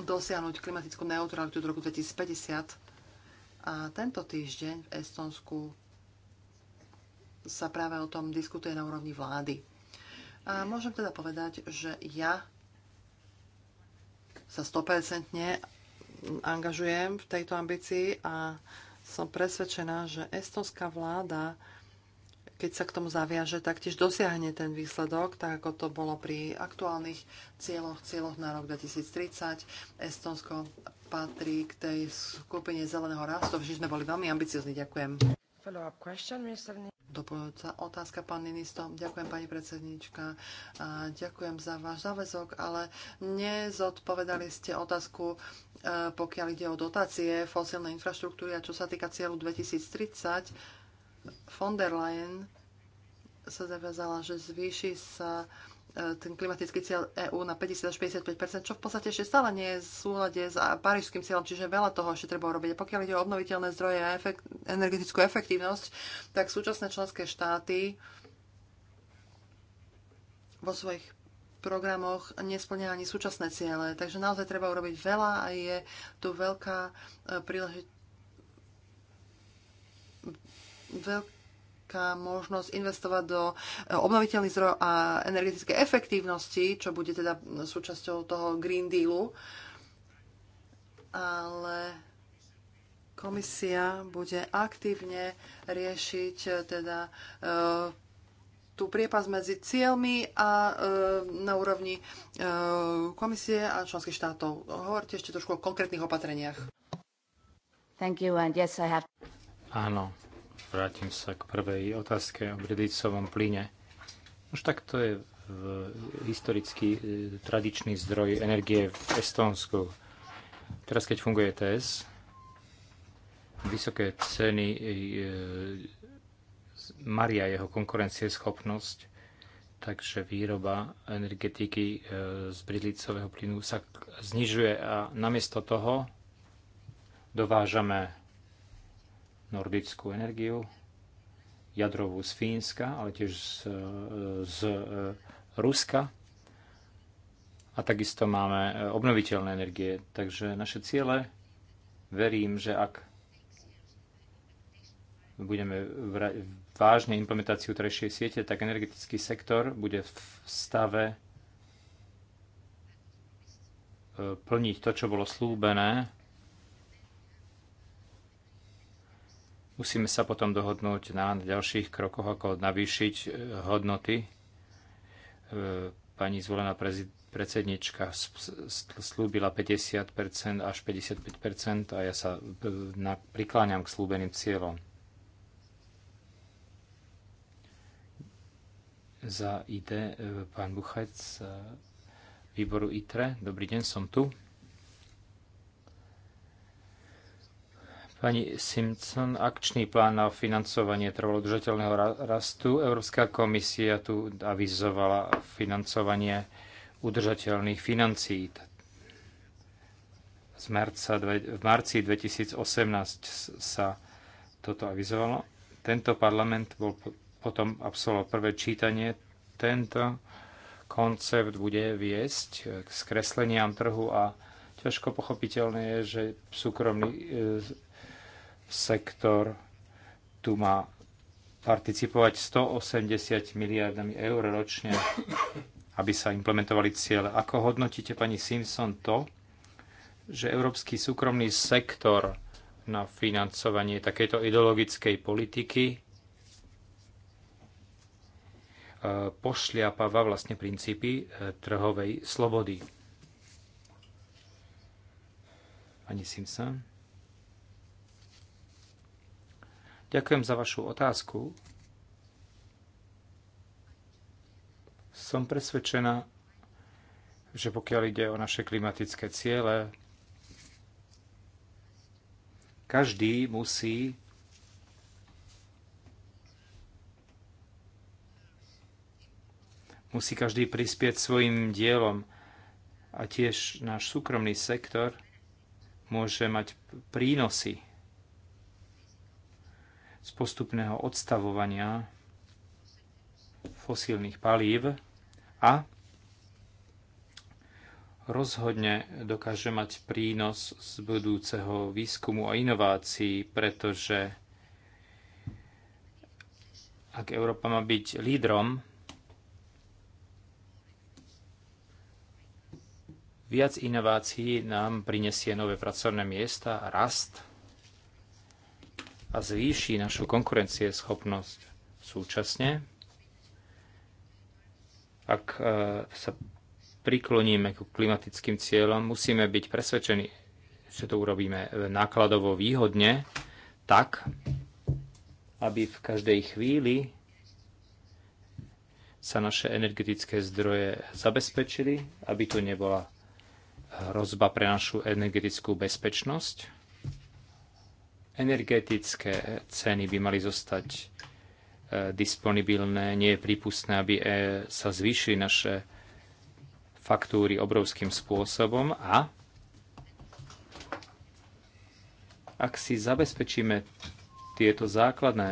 dosiahnuť klimatickú neutralitu do roku 2050. A tento týždeň v Estonsku sa práve o tom diskutuje na úrovni vlády. A môžem teda povedať, že ja sa 100% angažujem v tejto ambícii a som presvedčená, že estonská vláda, keď sa k tomu zaviaže, tak tiež dosiahne ten výsledok, tak ako to bolo pri aktuálnych cieľoch, cieľoch na rok 2030. Estonsko patrí k tej skupine zeleného rastu, že sme boli veľmi ambiciozni. Ďakujem. Doplňujúca otázka, pán ministro. Ďakujem, pani predsednička. A ďakujem za váš záväzok, ale nezodpovedali ste otázku, e, pokiaľ ide o dotácie fosilnej infraštruktúry a čo sa týka cieľu 2030. Von der Leyen sa zaviazala, že zvýši sa E, ten klimatický cieľ EÚ na 50 až 55 čo v podstate ešte stále nie je v súlade s parížským cieľom, čiže veľa toho ešte treba urobiť. A pokiaľ ide o obnoviteľné zdroje a efekt, energetickú efektívnosť, tak súčasné členské štáty vo svojich programoch nesplňa ani súčasné ciele. Takže naozaj treba urobiť veľa a je tu veľká e, príležitosť veľká veľká možnosť investovať do e, obnoviteľných zdrojov a energetickej efektívnosti, čo bude teda súčasťou toho Green Dealu. Ale komisia bude aktívne riešiť e, teda e, tú priepas medzi cieľmi a e, na úrovni e, komisie a členských štátov. Hovorte ešte trošku o konkrétnych opatreniach. Thank you and yes, I have... Áno, Vrátim sa k prvej otázke o bridlicovom plyne. Už tak to je historický e, tradičný zdroj energie v Estónsku. Teraz, keď funguje e TS vysoké ceny e, maria jeho konkurencieschopnosť, takže výroba energetiky z bridlicového plynu sa znižuje a namiesto toho dovážame nordickú energiu, jadrovú z Fínska, ale tiež z, e, z e, Ruska. A takisto máme e, obnoviteľné energie. Takže naše ciele, verím, že ak budeme vážne implementáciu trešej siete, tak energetický sektor bude v stave plniť to, čo bolo slúbené Musíme sa potom dohodnúť na ďalších krokoch, ako navýšiť e, hodnoty. E, pani zvolená predsednička slúbila 50% až 55% a ja sa e, prikláňam k slúbeným cieľom. Za IT pán Buchec výboru ITRE. Dobrý deň, som tu. Pani Simpson, akčný plán na financovanie trvalodržateľného rastu. Európska komisia tu avizovala financovanie udržateľných financí. Z marca, v marci 2018 sa toto avizovalo. Tento parlament bol potom absolvoval prvé čítanie. Tento koncept bude viesť k skresleniam trhu a ťažko pochopiteľné je, že súkromný e, sektor tu má participovať 180 miliardami eur ročne, aby sa implementovali ciele. Ako hodnotíte, pani Simpson, to, že európsky súkromný sektor na financovanie takejto ideologickej politiky e, pošliapáva vlastne princípy e, trhovej slobody? Pani Simpson? Ďakujem za vašu otázku. Som presvedčená, že pokiaľ ide o naše klimatické ciele, každý musí musí každý prispieť svojim dielom a tiež náš súkromný sektor môže mať prínosy z postupného odstavovania fosílnych palív a rozhodne dokáže mať prínos z budúceho výskumu a inovácií, pretože ak Európa má byť lídrom, viac inovácií nám prinesie nové pracovné miesta, rast a zvýši našu konkurencieschopnosť súčasne, ak e, sa prikloníme k klimatickým cieľom, musíme byť presvedčení, že to urobíme nákladovo výhodne, tak, aby v každej chvíli sa naše energetické zdroje zabezpečili, aby to nebola hrozba pre našu energetickú bezpečnosť Energetické ceny by mali zostať e, disponibilné. Nie je prípustné, aby e, sa zvýšili naše faktúry obrovským spôsobom a ak si zabezpečíme tieto základné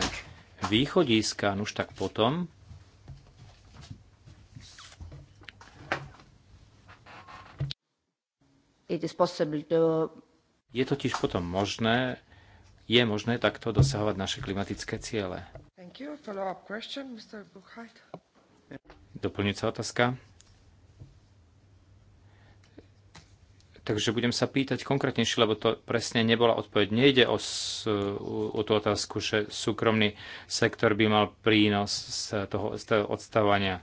východiska, no už tak potom je totiž potom možné je možné takto dosahovať naše klimatické ciele. Doplňujúca otázka. Takže budem sa pýtať konkrétnejšie, lebo to presne nebola odpoveď. Nejde o, o tú otázku, že súkromný sektor by mal prínos z toho, z toho odstávania.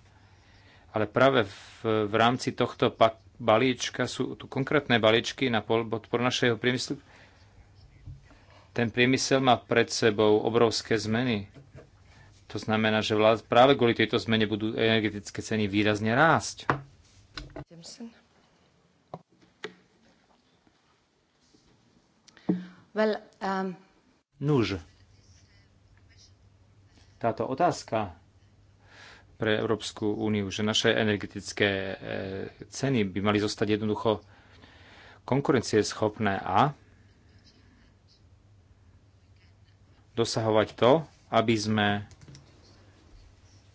Ale práve v, v rámci tohto balíčka sú tu konkrétne balíčky na podporu našeho priemyslu, ten priemysel má pred sebou obrovské zmeny. To znamená, že vlád, práve kvôli tejto zmene budú energetické ceny výrazne rásť. Well, um... Nuž. Táto otázka pre Európsku úniu, že naše energetické e, ceny by mali zostať jednoducho konkurencieschopné a dosahovať to, aby sme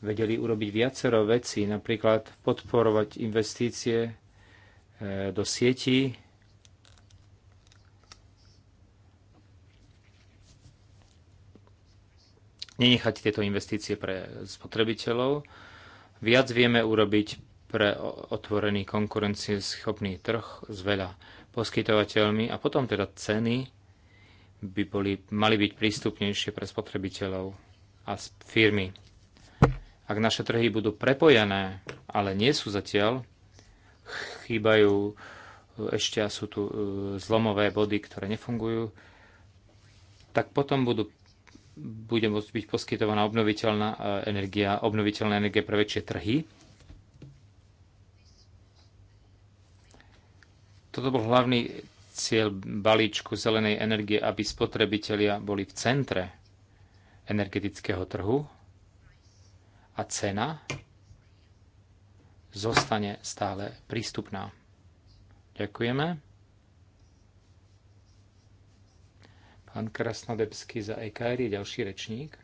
vedeli urobiť viacero vecí, napríklad podporovať investície e, do sietí, nenechať tieto investície pre spotrebiteľov. Viac vieme urobiť pre otvorený konkurencieschopný trh s veľa poskytovateľmi a potom teda ceny by boli, mali byť prístupnejšie pre spotrebiteľov a firmy. Ak naše trhy budú prepojené, ale nie sú zatiaľ, chýbajú e, ešte a sú tu e, zlomové body, ktoré nefungujú, tak potom budú, bude môcť byť poskytovaná obnoviteľná e, energia, obnoviteľná energia pre väčšie trhy. Toto bol hlavný cieľ balíčku zelenej energie, aby spotrebitelia boli v centre energetického trhu a cena zostane stále prístupná. Ďakujeme. Pán Krasnodebský za EKR je ďalší rečník.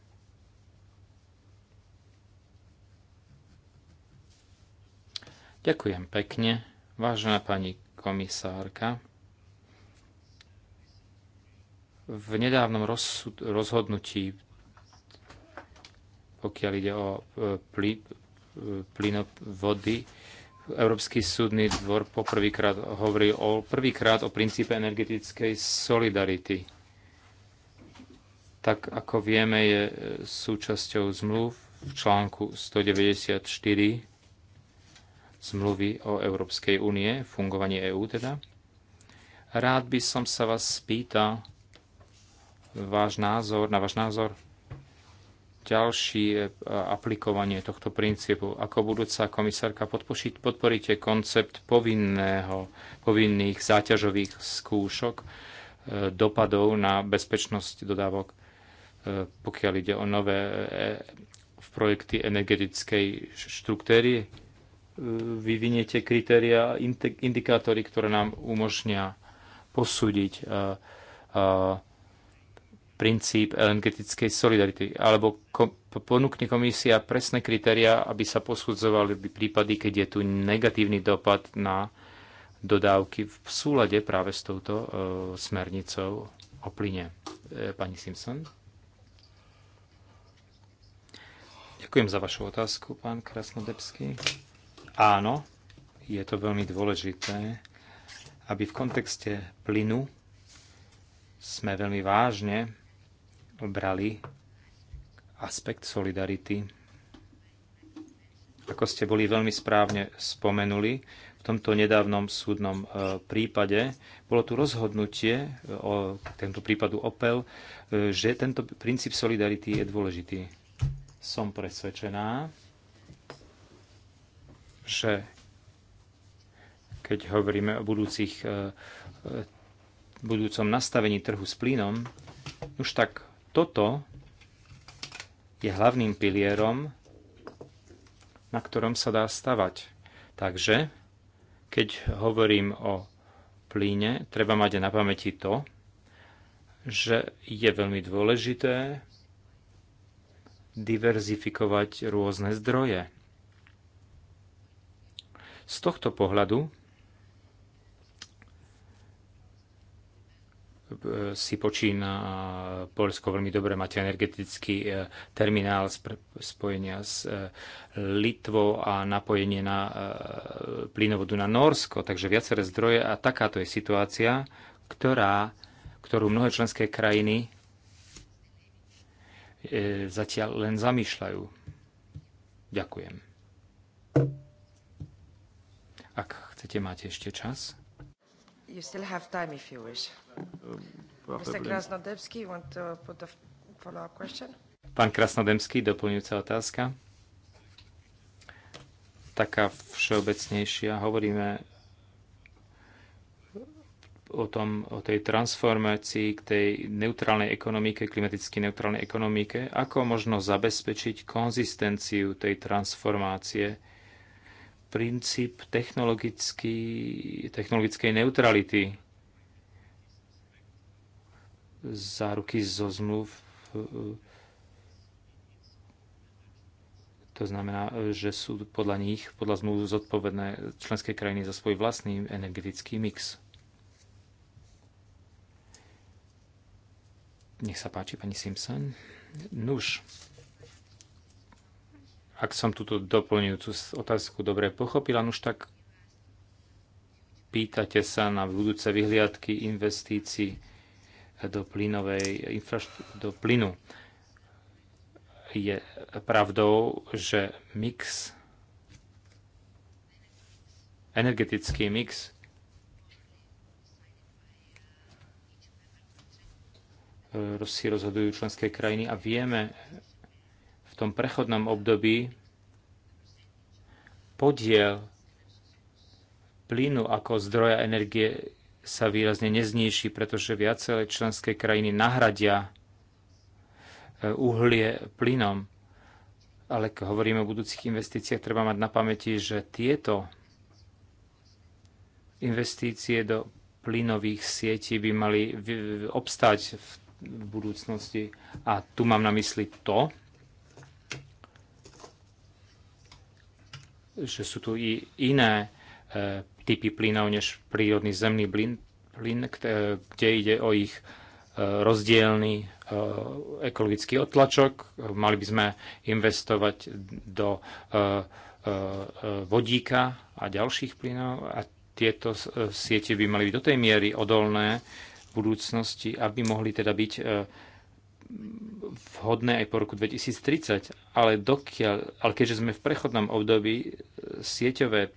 Ďakujem pekne, vážená pani komisárka v nedávnom rozsud, rozhodnutí, pokiaľ ide o e, e, plyn, vody, Európsky súdny dvor poprvýkrát hovorí o, prvýkrát o princípe energetickej solidarity. Tak ako vieme, je e, súčasťou zmluv v článku 194 zmluvy o Európskej únie, fungovanie EÚ teda. Rád by som sa vás spýtal, váš názor, na váš názor ďalšie e, aplikovanie tohto princípu. Ako budúca komisárka podpošiť podporíte koncept povinného, povinných záťažových skúšok e, dopadov na bezpečnosť dodávok, e, pokiaľ ide o nové v projekty energetickej štruktúry. Vyviniete kritéria, indikátory, ktoré nám umožnia posúdiť princíp energetickej solidarity? Alebo kom, ponúkne komisia presné kritéria, aby sa posudzovali prípady, keď je tu negatívny dopad na dodávky v súlade práve s touto e, smernicou o plyne. E, pani Simpson? Ďakujem za vašu otázku, pán Krasnodebský. Áno, je to veľmi dôležité, aby v kontexte plynu sme veľmi vážne brali aspekt solidarity. Ako ste boli veľmi správne spomenuli, v tomto nedávnom súdnom e, prípade bolo tu rozhodnutie e, o tento prípadu Opel, e, že tento princíp solidarity je dôležitý. Som presvedčená, že keď hovoríme o budúcich, budúcom nastavení trhu s plynom, už tak toto je hlavným pilierom, na ktorom sa dá stavať. Takže, keď hovorím o plíne, treba mať na pamäti to, že je veľmi dôležité diverzifikovať rôzne zdroje. Z tohto pohľadu E, si počína Polsko veľmi dobre. Máte energetický e, terminál spojenia s e, Litvou a napojenie na plynovodu na Norsko, takže viaceré zdroje a takáto je situácia, ktorá, ktorú mnohé členské krajiny zatiaľ len zamýšľajú. Ďakujem. Ak chcete, máte ešte čas. You still have time if you wish. Mr. Um, want to put a follow-up question? Pán Krasnodemský, doplňujúca otázka. Taká všeobecnejšia. Hovoríme o, tom, o tej transformácii k tej neutrálnej ekonomike, klimaticky neutrálnej ekonomike. Ako možno zabezpečiť konzistenciu tej transformácie princíp technologickej neutrality. Záruky zo zmluv. To znamená, že sú podľa nich, podľa zmluv zodpovedné členské krajiny za svoj vlastný energetický mix. Nech sa páči, pani Simpson. Nuž. No ak som túto doplňujúcu otázku dobre pochopila, no už tak pýtate sa na budúce vyhliadky investícií do, plynovej, do plynu. Je pravdou, že mix, energetický mix e, si rozhodujú členské krajiny a vieme, tom prechodnom období podiel plynu ako zdroja energie sa výrazne nezníši, pretože viaceré členské krajiny nahradia e, uhlie plynom. Ale keď hovoríme o budúcich investíciách, treba mať na pamäti, že tieto investície do plynových sietí by mali obstať v budúcnosti. A tu mám na mysli to, že sú tu i iné e, typy plynov než prírodný zemný plyn, plyn e, kde ide o ich e, rozdielny ekologický odtlačok. Mali by sme investovať do vodíka a ďalších plynov a tieto siete by mali byť do tej miery odolné v budúcnosti, aby mohli teda byť vhodné aj po roku 2030, ale, dokiaľ, ale keďže sme v prechodnom období e, sieťové,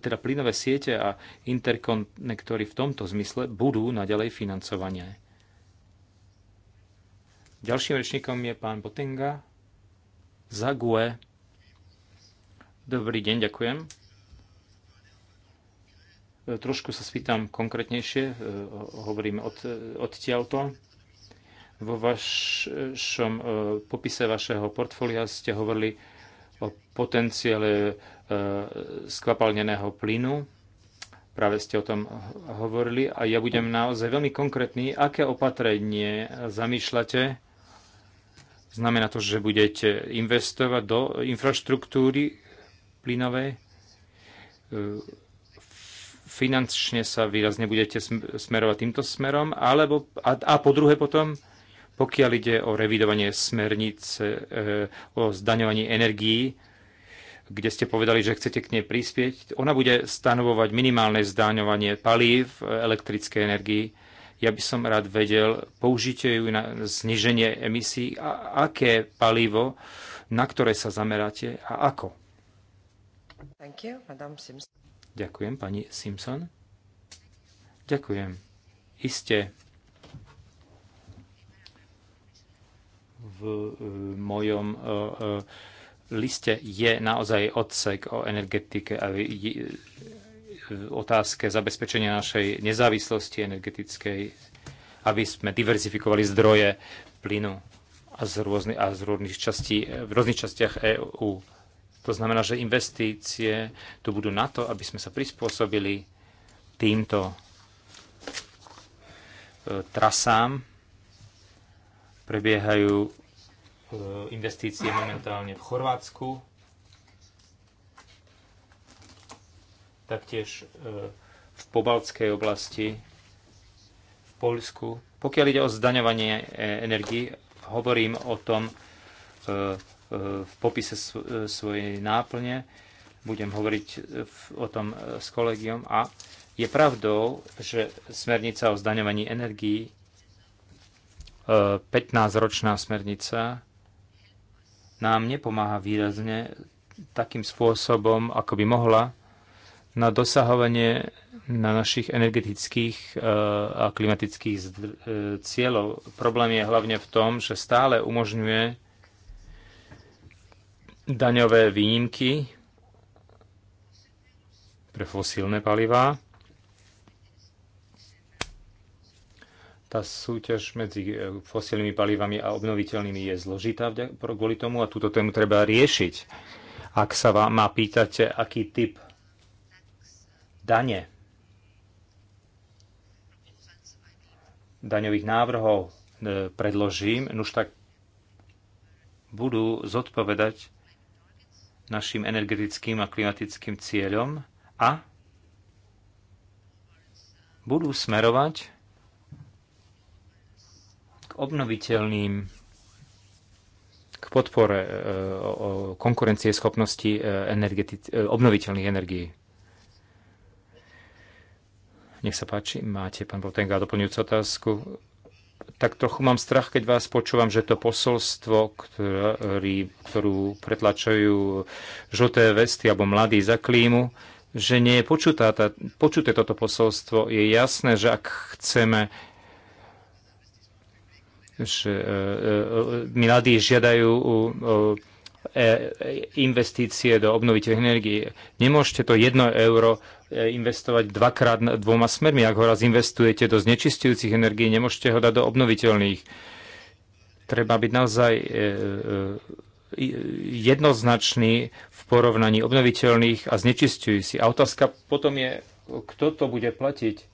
teda plynové siete a interkonektory v tomto zmysle budú naďalej financované. Ďalším rečníkom je pán Botenga Zague. Dobrý deň, ďakujem. E, trošku sa spýtam konkrétnejšie, e, hovorím od, odtiaľto. Vo vašom e, popise vašeho portfólia ste hovorili o potenciále e, skvapalneného plynu. Práve ste o tom hovorili a ja budem naozaj veľmi konkrétny. Aké opatrenie zamýšľate? Znamená to, že budete investovať do infraštruktúry plynovej? E, finančne sa výrazne budete smerovať týmto smerom, alebo a, a po druhé potom pokiaľ ide o revidovanie smernice eh, o zdaňovaní energií, kde ste povedali, že chcete k nej prispieť, ona bude stanovovať minimálne zdaňovanie palív, eh, elektrické energii. Ja by som rád vedel, použite ju na zniženie emisí a aké palivo, na ktoré sa zameráte a ako. You, Ďakujem, pani Simpson. Ďakujem. Isté, v eh, mojom eh, eh, liste je naozaj odsek o energetike a otázke zabezpečenia našej nezávislosti energetickej, aby sme diverzifikovali zdroje plynu a z rôznych, a z rôznych častí, v rôznych častiach EÚ. To znamená, že investície tu budú na to, aby sme sa prispôsobili týmto trasám Prebiehajú e, investície momentálne v Chorvátsku. Taktiež e, v pobaltskej oblasti, v Poľsku. Pokiaľ ide o zdaňovanie e, energii, hovorím o tom v popise svojej náplne. Budem hovoriť o tom s kolegiom. A je pravdou, že smernica o zdaňovaní energii 15-ročná smernica nám nepomáha výrazne takým spôsobom, ako by mohla, na dosahovanie na našich energetických e, a klimatických e, cieľov. Problém je hlavne v tom, že stále umožňuje daňové výnimky pre fosílne palivá Tá súťaž medzi e, fosílnymi palivami a obnoviteľnými je zložitá kvôli tomu a túto tému treba riešiť. Ak sa vám má pýtate, aký typ dane, daňových návrhov e, predložím, už tak budú zodpovedať našim energetickým a klimatickým cieľom a budú smerovať obnoviteľným, k podpore e, konkurencie schopnosti e, e, obnoviteľných energií. Nech sa páči, máte, pán Botenga, doplňujúcu otázku. Tak trochu mám strach, keď vás počúvam, že to posolstvo, ktorý, ktorú pretlačajú žlté vesty alebo mladí za klímu, že nie je počuté toto posolstvo. Je jasné, že ak chceme že e, e, e, mladí žiadajú investície do obnoviteľnej energií. Nemôžete to jedno euro investovať dvakrát dvoma smermi. Ak ho raz investujete do znečistujúcich energií, nemôžete ho dať do obnoviteľných. Treba byť naozaj jednoznačný v porovnaní obnoviteľných a znečistujúcich. A otázka potom je, kto to bude platiť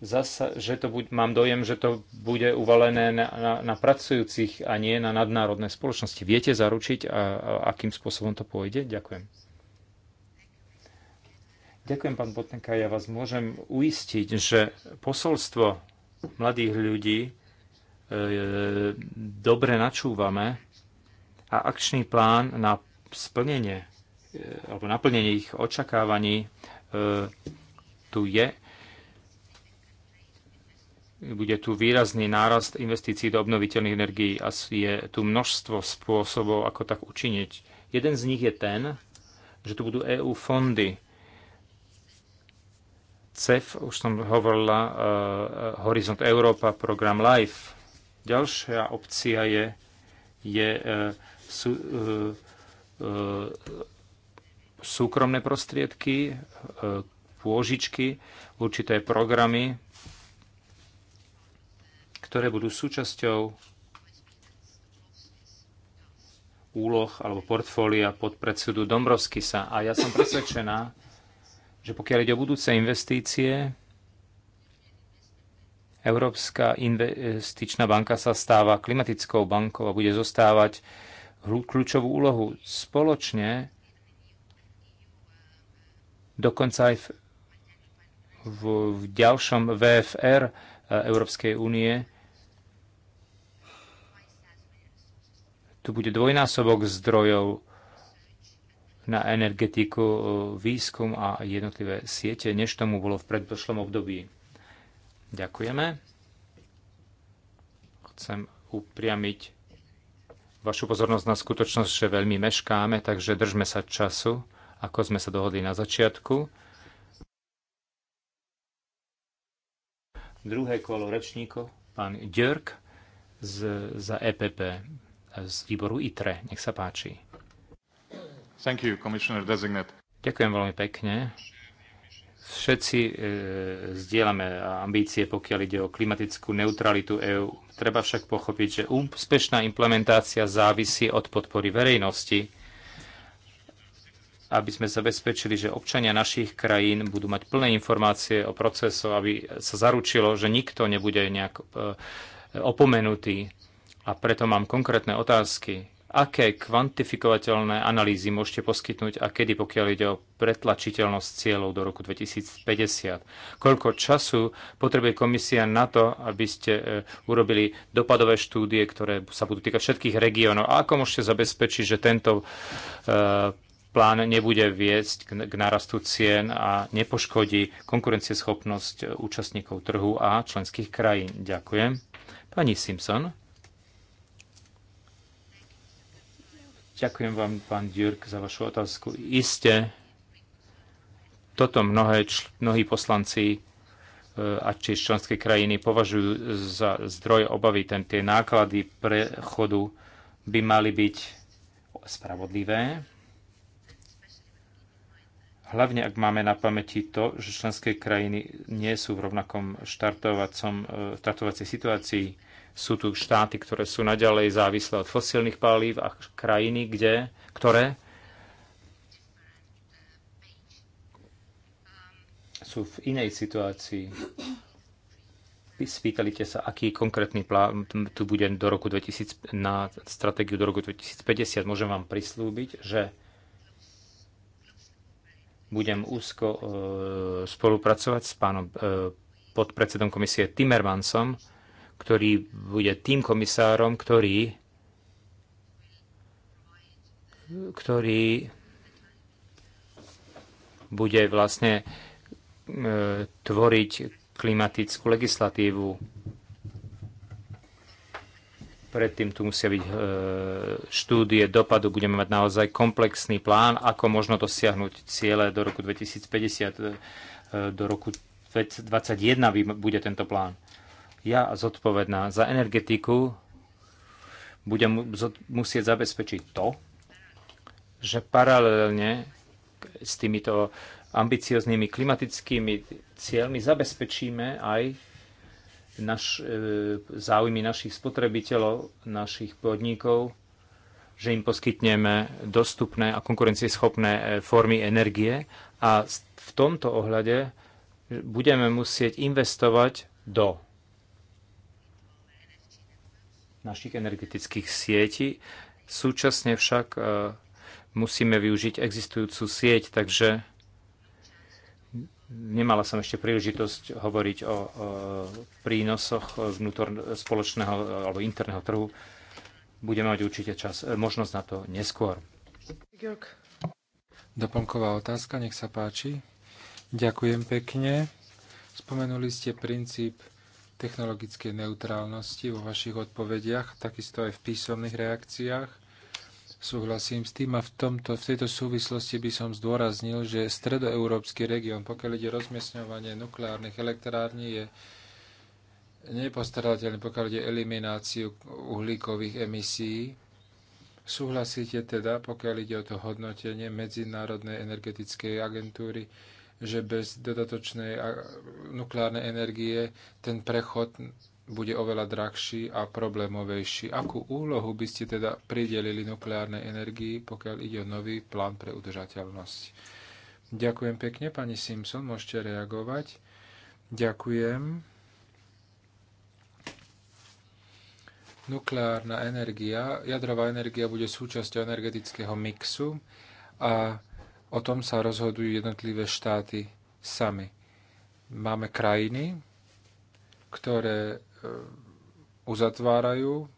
zasa, že to buď, mám dojem, že to bude uvalené na, na, na pracujúcich a nie na nadnárodné spoločnosti. Viete zaručiť, a, a akým spôsobom to pôjde? Ďakujem. Ďakujem, pán Botnenka. Ja vás môžem uistiť, že posolstvo mladých ľudí e, dobre načúvame a akčný plán na splnenie e, alebo naplnenie ich očakávaní e, tu je bude tu výrazný nárast investícií do obnoviteľných energií a je tu množstvo spôsobov, ako tak učiniť. Jeden z nich je ten, že tu budú EU fondy. CEF, už som hovorila, uh, Horizont Európa, program LIFE. Ďalšia opcia je, je uh, sú, uh, uh, súkromné prostriedky, uh, pôžičky, určité programy, ktoré budú súčasťou úloh alebo portfólia pod predsedu Dombrovskisa. A ja som presvedčená, že pokiaľ ide o budúce investície, Európska investičná banka sa stáva klimatickou bankou a bude zostávať kľúčovú úlohu spoločne, dokonca aj v, v, v ďalšom VFR e, Európskej únie tu bude dvojnásobok zdrojov na energetiku, e, výskum a jednotlivé siete, než tomu bolo v predpošlom období. Ďakujeme. Chcem upriamiť vašu pozornosť na skutočnosť, že veľmi meškáme, takže držme sa času, ako sme sa dohodli na začiatku. Druhé kolo rečníkov, pán Djörk z, za EPP z výboru ITRE. Nech sa páči. Thank you, Commissioner Designate. Ďakujem veľmi pekne. Všetci e, zdieľame ambície, pokiaľ ide o klimatickú neutralitu EÚ. Treba však pochopiť, že úspešná implementácia závisí od podpory verejnosti, aby sme zabezpečili, že občania našich krajín budú mať plné informácie o procesu, aby sa zaručilo, že nikto nebude nejak e, opomenutý. A preto mám konkrétne otázky. Aké kvantifikovateľné analýzy môžete poskytnúť a kedy, pokiaľ ide o pretlačiteľnosť cieľov do roku 2050? Koľko času potrebuje komisia na to, aby ste e, urobili dopadové štúdie, ktoré sa budú týkať všetkých regiónov? A ako môžete zabezpečiť, že tento e, plán nebude viesť k narastu cien a nepoškodí konkurencieschopnosť účastníkov trhu a členských krajín? Ďakujem. Pani Simpson. Ďakujem vám, pán Dürk, za vašu otázku. Iste, toto mnohé, mnohí poslanci e, a či členské krajiny považujú za zdroj obavy. Ten, tie náklady prechodu by mali byť spravodlivé. Hlavne ak máme na pamäti to, že členské krajiny nie sú v rovnakom štartovacom, e, štartovacej situácii. Sú tu štáty, ktoré sú naďalej závislé od fosílnych palív a krajiny, kde, ktoré sú v inej situácii. Spýtali ste sa, aký konkrétny plán tu bude do roku 2000, na stratégiu do roku 2050. Môžem vám prislúbiť, že budem úzko e, spolupracovať s pánom e, podpredsedom komisie Timmermansom, ktorý bude tým komisárom, ktorý, ktorý bude vlastne e, tvoriť klimatickú legislatívu. Predtým tu musia byť e, štúdie dopadu, budeme mať naozaj komplexný plán, ako možno dosiahnuť ciele do roku 2050, e, do roku 2021 bude tento plán. E, ja zodpovedná za energetiku budem musieť zabezpečiť to, že paralelne s týmito ambicioznými klimatickými cieľmi zabezpečíme aj naš, e, záujmy našich spotrebiteľov, našich podnikov, že im poskytneme dostupné a konkurencieschopné e, formy energie a v tomto ohľade budeme musieť investovať do našich energetických sietí. Súčasne však e, musíme využiť existujúcu sieť, takže nemala som ešte príležitosť hovoriť o, prínosoch vnútor spoločného e, alebo interného trhu. Budeme mať určite čas, e, možnosť na to neskôr. Doplnková otázka, nech sa páči. Ďakujem pekne. Spomenuli ste princíp technologickej neutrálnosti vo vašich odpovediach, takisto aj v písomných reakciách. Súhlasím s tým a v, tomto, v tejto súvislosti by som zdôraznil, že stredoeurópsky región, pokiaľ ide rozmiestňovanie nukleárnych elektrární, je nepostradateľný, pokiaľ ide elimináciu uhlíkových emisí. Súhlasíte teda, pokiaľ ide o to hodnotenie Medzinárodnej energetickej agentúry, že bez dodatočnej nukleárnej energie ten prechod bude oveľa drahší a problémovejší. Akú úlohu by ste teda pridelili nukleárnej energii, pokiaľ ide o nový plán pre udržateľnosť? Ďakujem pekne, pani Simpson, môžete reagovať. Ďakujem. Nukleárna energia, jadrová energia bude súčasťou energetického mixu a O tom sa rozhodujú jednotlivé štáty sami. Máme krajiny, ktoré e, uzatvárajú,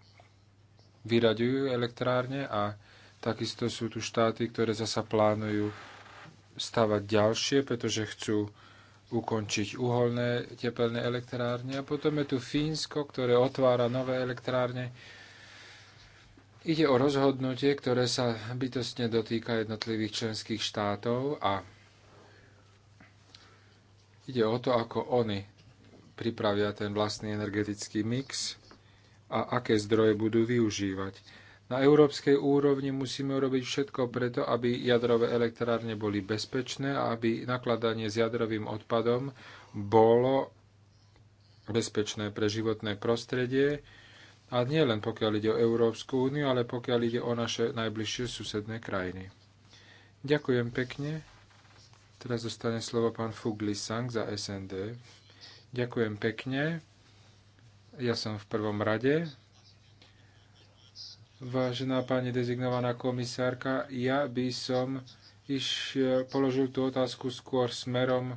vyraďujú elektrárne a takisto sú tu štáty, ktoré zasa plánujú stavať ďalšie, pretože chcú ukončiť uholné tepelné elektrárne. A potom je tu Fínsko, ktoré otvára nové elektrárne, Ide o rozhodnutie, ktoré sa bytostne dotýka jednotlivých členských štátov a ide o to, ako oni pripravia ten vlastný energetický mix a aké zdroje budú využívať. Na európskej úrovni musíme urobiť všetko preto, aby jadrové elektrárne boli bezpečné a aby nakladanie s jadrovým odpadom bolo bezpečné pre životné prostredie a nie len pokiaľ ide o Európsku úniu, ale pokiaľ ide o naše najbližšie susedné krajiny. Ďakujem pekne. Teraz zostane slovo pán Fuglisang za SND. Ďakujem pekne. Ja som v prvom rade. Vážená pani dezignovaná komisárka, ja by som iš položil tú otázku skôr smerom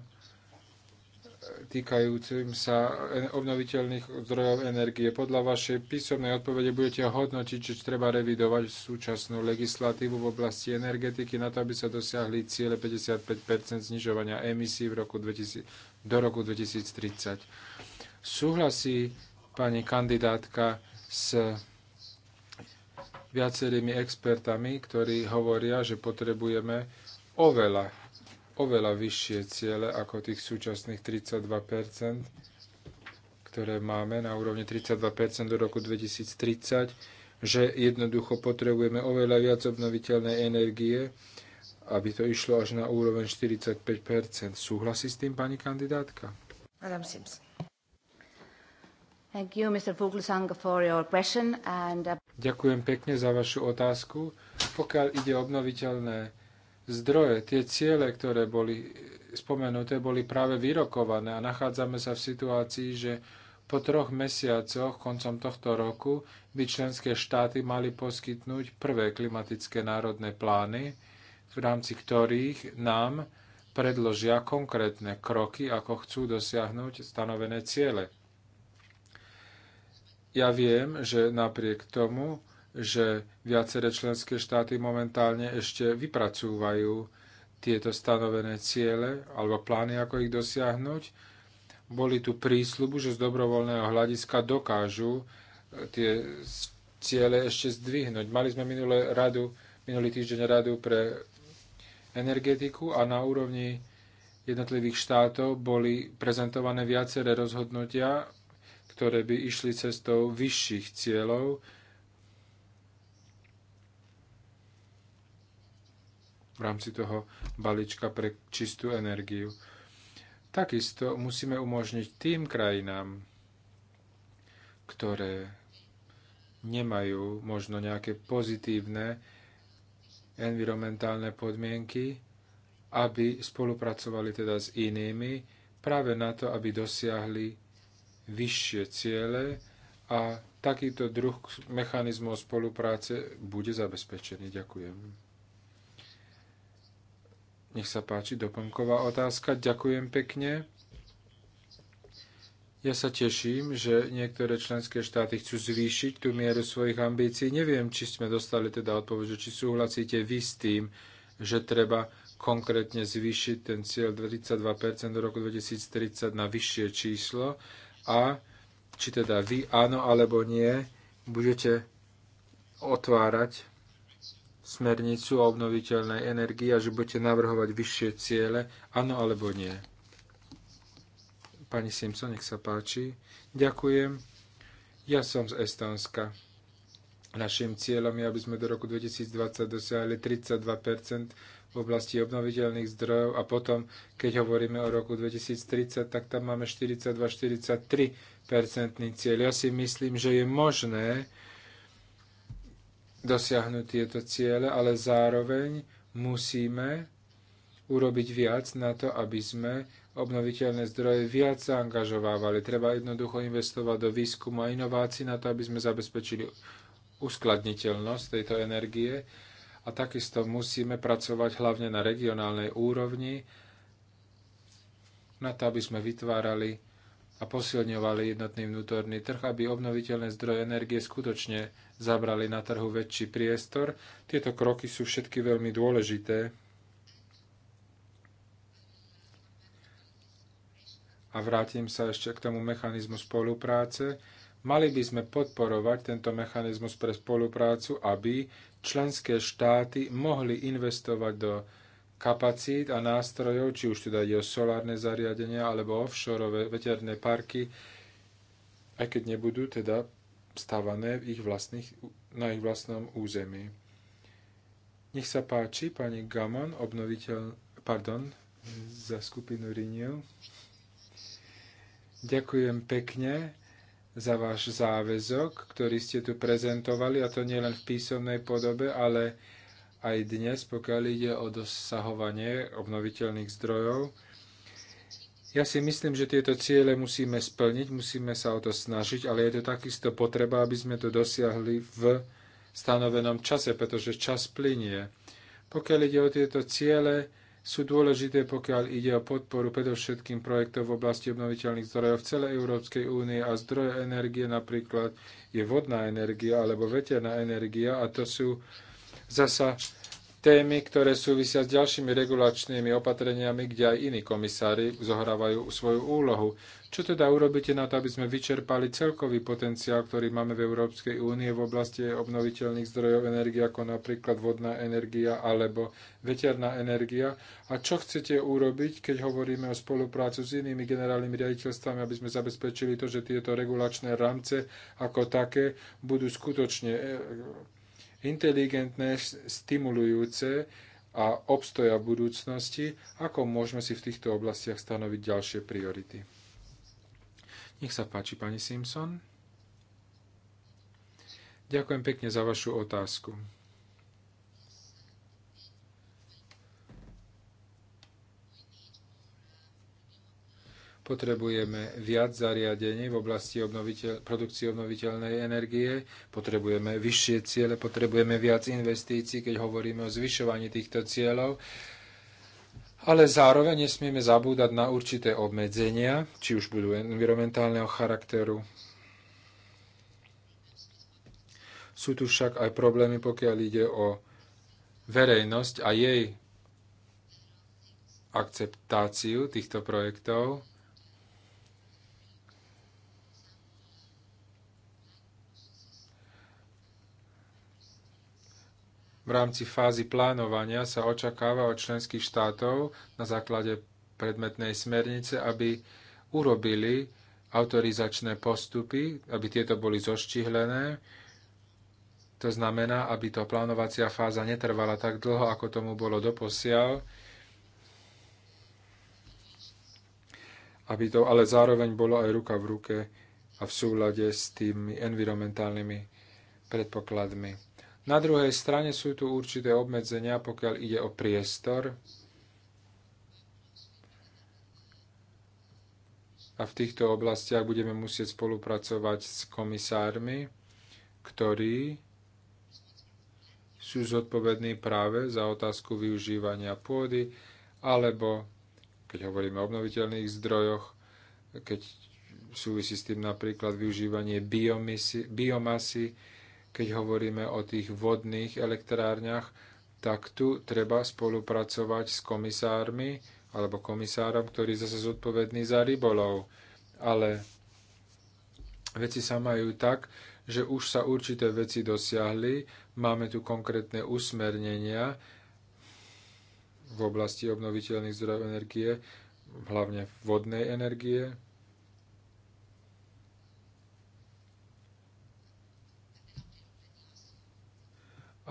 týkajúcim sa obnoviteľných zdrojov energie. Podľa vašej písomnej odpovede budete hodnotiť, či treba revidovať súčasnú legislatívu v oblasti energetiky na to, aby sa dosiahli ciele 55 znižovania emisí v roku 2000, do roku 2030. Súhlasí pani kandidátka s viacerými expertami, ktorí hovoria, že potrebujeme oveľa oveľa vyššie ciele ako tých súčasných 32%, ktoré máme na úrovni 32% do roku 2030, že jednoducho potrebujeme oveľa viac obnoviteľnej energie, aby to išlo až na úroveň 45 Súhlasí s tým pani kandidátka? Simpson. Thank you, Mr. Fuglsang, for your question and... Uh, Ďakujem pekne za vašu otázku. Pokiaľ ide o obnoviteľné zdroje, tie ciele, ktoré boli spomenuté, boli práve vyrokované a nachádzame sa v situácii, že po troch mesiacoch koncom tohto roku by členské štáty mali poskytnúť prvé klimatické národné plány, v rámci ktorých nám predložia konkrétne kroky, ako chcú dosiahnuť stanovené ciele. Ja viem, že napriek tomu že viaceré členské štáty momentálne ešte vypracúvajú tieto stanovené ciele alebo plány, ako ich dosiahnuť. Boli tu prísľubu, že z dobrovoľného hľadiska dokážu e, tie ciele ešte zdvihnúť. Mali sme minulé radu, minulý týždeň radu pre energetiku a na úrovni jednotlivých štátov boli prezentované viaceré rozhodnutia, ktoré by išli cestou vyšších cieľov, v rámci toho balíčka pre čistú energiu. Takisto musíme umožniť tým krajinám, ktoré nemajú možno nejaké pozitívne environmentálne podmienky, aby spolupracovali teda s inými práve na to, aby dosiahli vyššie ciele a takýto druh mechanizmov spolupráce bude zabezpečený. Ďakujem. Nech sa páči, doplnková otázka. Ďakujem pekne. Ja sa teším, že niektoré členské štáty chcú zvýšiť tú mieru svojich ambícií. Neviem, či sme dostali teda odpoveď, či súhlasíte vy s tým, že treba konkrétne zvýšiť ten cieľ 32% do roku 2030 na vyššie číslo a či teda vy áno alebo nie budete otvárať smernicu o obnoviteľnej energii a že budete navrhovať vyššie ciele, áno alebo nie. Pani Simpson, nech sa páči. Ďakujem. Ja som z Estonska. Našim cieľom je, aby sme do roku 2020 dosiahli 32 v oblasti obnoviteľných zdrojov a potom, keď hovoríme o roku 2030, tak tam máme 42-43 cieľ. Ja si myslím, že je možné dosiahnuť tieto ciele, ale zároveň musíme urobiť viac na to, aby sme obnoviteľné zdroje viac zaangažovávali. Treba jednoducho investovať do výskumu a inovácií na to, aby sme zabezpečili uskladniteľnosť tejto energie a takisto musíme pracovať hlavne na regionálnej úrovni na to, aby sme vytvárali a posilňovali jednotný vnútorný trh, aby obnoviteľné zdroje energie skutočne zabrali na trhu väčší priestor. Tieto kroky sú všetky veľmi dôležité. A vrátim sa ešte k tomu mechanizmu spolupráce. Mali by sme podporovať tento mechanizmus pre spoluprácu, aby členské štáty mohli investovať do kapacít a nástrojov, či už tu teda ide o solárne zariadenia alebo offshore veterné parky, aj keď nebudú teda stávané v ich vlastných, na ich vlastnom území. Nech sa páči, pani Gamon, obnoviteľ, pardon, za skupinu Renew. Ďakujem pekne za váš záväzok, ktorý ste tu prezentovali, a to nielen v písomnej podobe, ale aj dnes, pokiaľ ide o dosahovanie obnoviteľných zdrojov. Ja si myslím, že tieto ciele musíme splniť, musíme sa o to snažiť, ale je to takisto potreba, aby sme to dosiahli v stanovenom čase, pretože čas plinie. Pokiaľ ide o tieto ciele, sú dôležité, pokiaľ ide o podporu predovšetkým projektov v oblasti obnoviteľných zdrojov v celej Európskej únie a zdroje energie napríklad je vodná energia alebo veterná energia a to sú zasa témy, ktoré súvisia s ďalšími regulačnými opatreniami, kde aj iní komisári zohrávajú svoju úlohu. Čo teda urobíte na to, aby sme vyčerpali celkový potenciál, ktorý máme v Európskej únie v oblasti obnoviteľných zdrojov energie, ako napríklad vodná energia alebo veterná energia? A čo chcete urobiť, keď hovoríme o spoluprácu s inými generálnymi riaditeľstvami, aby sme zabezpečili to, že tieto regulačné rámce ako také budú skutočne e, inteligentné, stimulujúce a obstoja v budúcnosti, ako môžeme si v týchto oblastiach stanoviť ďalšie priority. Nech sa páči, pani Simpson. Ďakujem pekne za vašu otázku. Potrebujeme viac zariadení v oblasti obnoviteľ, produkcie obnoviteľnej energie, potrebujeme vyššie ciele, potrebujeme viac investícií, keď hovoríme o zvyšovaní týchto cieľov. Ale zároveň nesmieme zabúdať na určité obmedzenia, či už budú environmentálneho charakteru. Sú tu však aj problémy, pokiaľ ide o verejnosť a jej akceptáciu týchto projektov. v rámci fázy plánovania sa očakáva od členských štátov na základe predmetnej smernice, aby urobili autorizačné postupy, aby tieto boli zoštihlené. To znamená, aby to plánovacia fáza netrvala tak dlho, ako tomu bolo doposiaľ, aby to ale zároveň bolo aj ruka v ruke a v súlade s tými environmentálnymi predpokladmi. Na druhej strane sú tu určité obmedzenia, pokiaľ ide o priestor. A v týchto oblastiach budeme musieť spolupracovať s komisármi, ktorí sú zodpovední práve za otázku využívania pôdy, alebo keď hovoríme o obnoviteľných zdrojoch, keď súvisí s tým napríklad využívanie biomasy, biomasy keď hovoríme o tých vodných elektrárniach, tak tu treba spolupracovať s komisármi alebo komisárom, ktorý zase zodpovedný za rybolov. Ale veci sa majú tak, že už sa určité veci dosiahli, máme tu konkrétne usmernenia v oblasti obnoviteľných zdrojov energie, hlavne vodnej energie,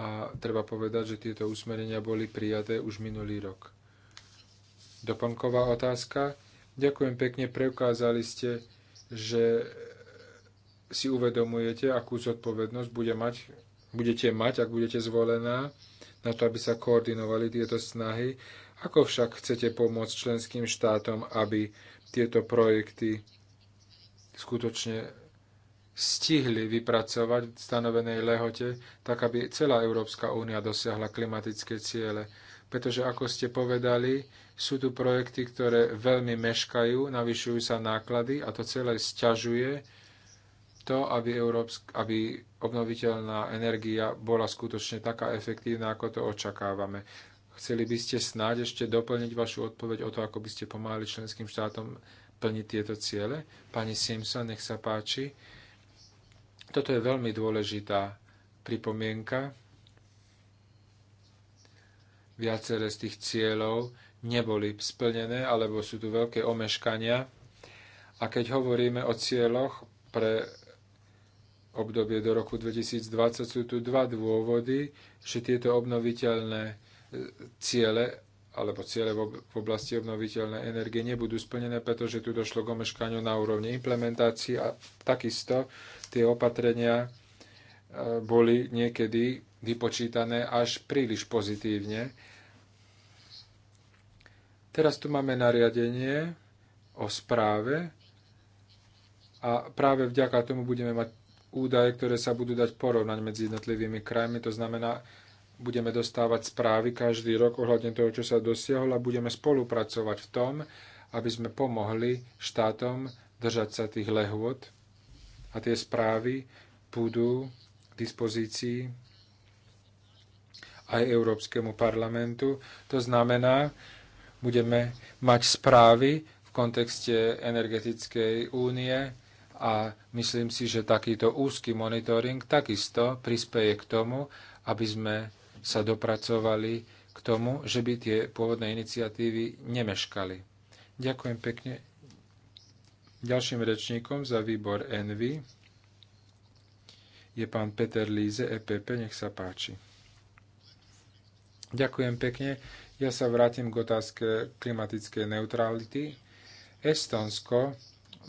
a treba povedať, že tieto usmerenia boli prijaté už minulý rok. Doplnková otázka. Ďakujem pekne, preukázali ste, že si uvedomujete, akú zodpovednosť bude mať, budete mať, ak budete zvolená, na to, aby sa koordinovali tieto snahy. Ako však chcete pomôcť členským štátom, aby tieto projekty skutočne stihli vypracovať v stanovenej lehote, tak aby celá Európska únia dosiahla klimatické ciele. Pretože, ako ste povedali, sú tu projekty, ktoré veľmi meškajú, navyšujú sa náklady a to celé sťažuje to, aby, Európsk, aby obnoviteľná energia bola skutočne taká efektívna, ako to očakávame. Chceli by ste snáď ešte doplniť vašu odpoveď o to, ako by ste pomáhali členským štátom plniť tieto ciele? Pani Simpson, nech sa páči. Toto je veľmi dôležitá pripomienka. Viaceré z tých cieľov neboli splnené, alebo sú tu veľké omeškania. A keď hovoríme o cieľoch pre obdobie do roku 2020, sú tu dva dôvody, že tieto obnoviteľné e, ciele alebo ciele v oblasti obnoviteľnej energie nebudú splnené, pretože tu došlo k omeškaniu na úrovni implementácií a takisto tie opatrenia e, boli niekedy vypočítané až príliš pozitívne. Teraz tu máme nariadenie o správe a práve vďaka tomu budeme mať údaje, ktoré sa budú dať porovnať medzi jednotlivými krajmi. To znamená, budeme dostávať správy každý rok ohľadne toho, čo sa dosiahlo a budeme spolupracovať v tom, aby sme pomohli štátom držať sa tých lehôd a tie správy budú k dispozícii aj Európskemu parlamentu. To znamená, budeme mať správy v kontexte energetickej únie a myslím si, že takýto úzky monitoring takisto prispieje k tomu, aby sme sa dopracovali k tomu, že by tie pôvodné iniciatívy nemeškali. Ďakujem pekne ďalším rečníkom za výbor Envy je pán Peter Líze, EPP, nech sa páči. Ďakujem pekne. Ja sa vrátim k otázke klimatickej neutrality. Estonsko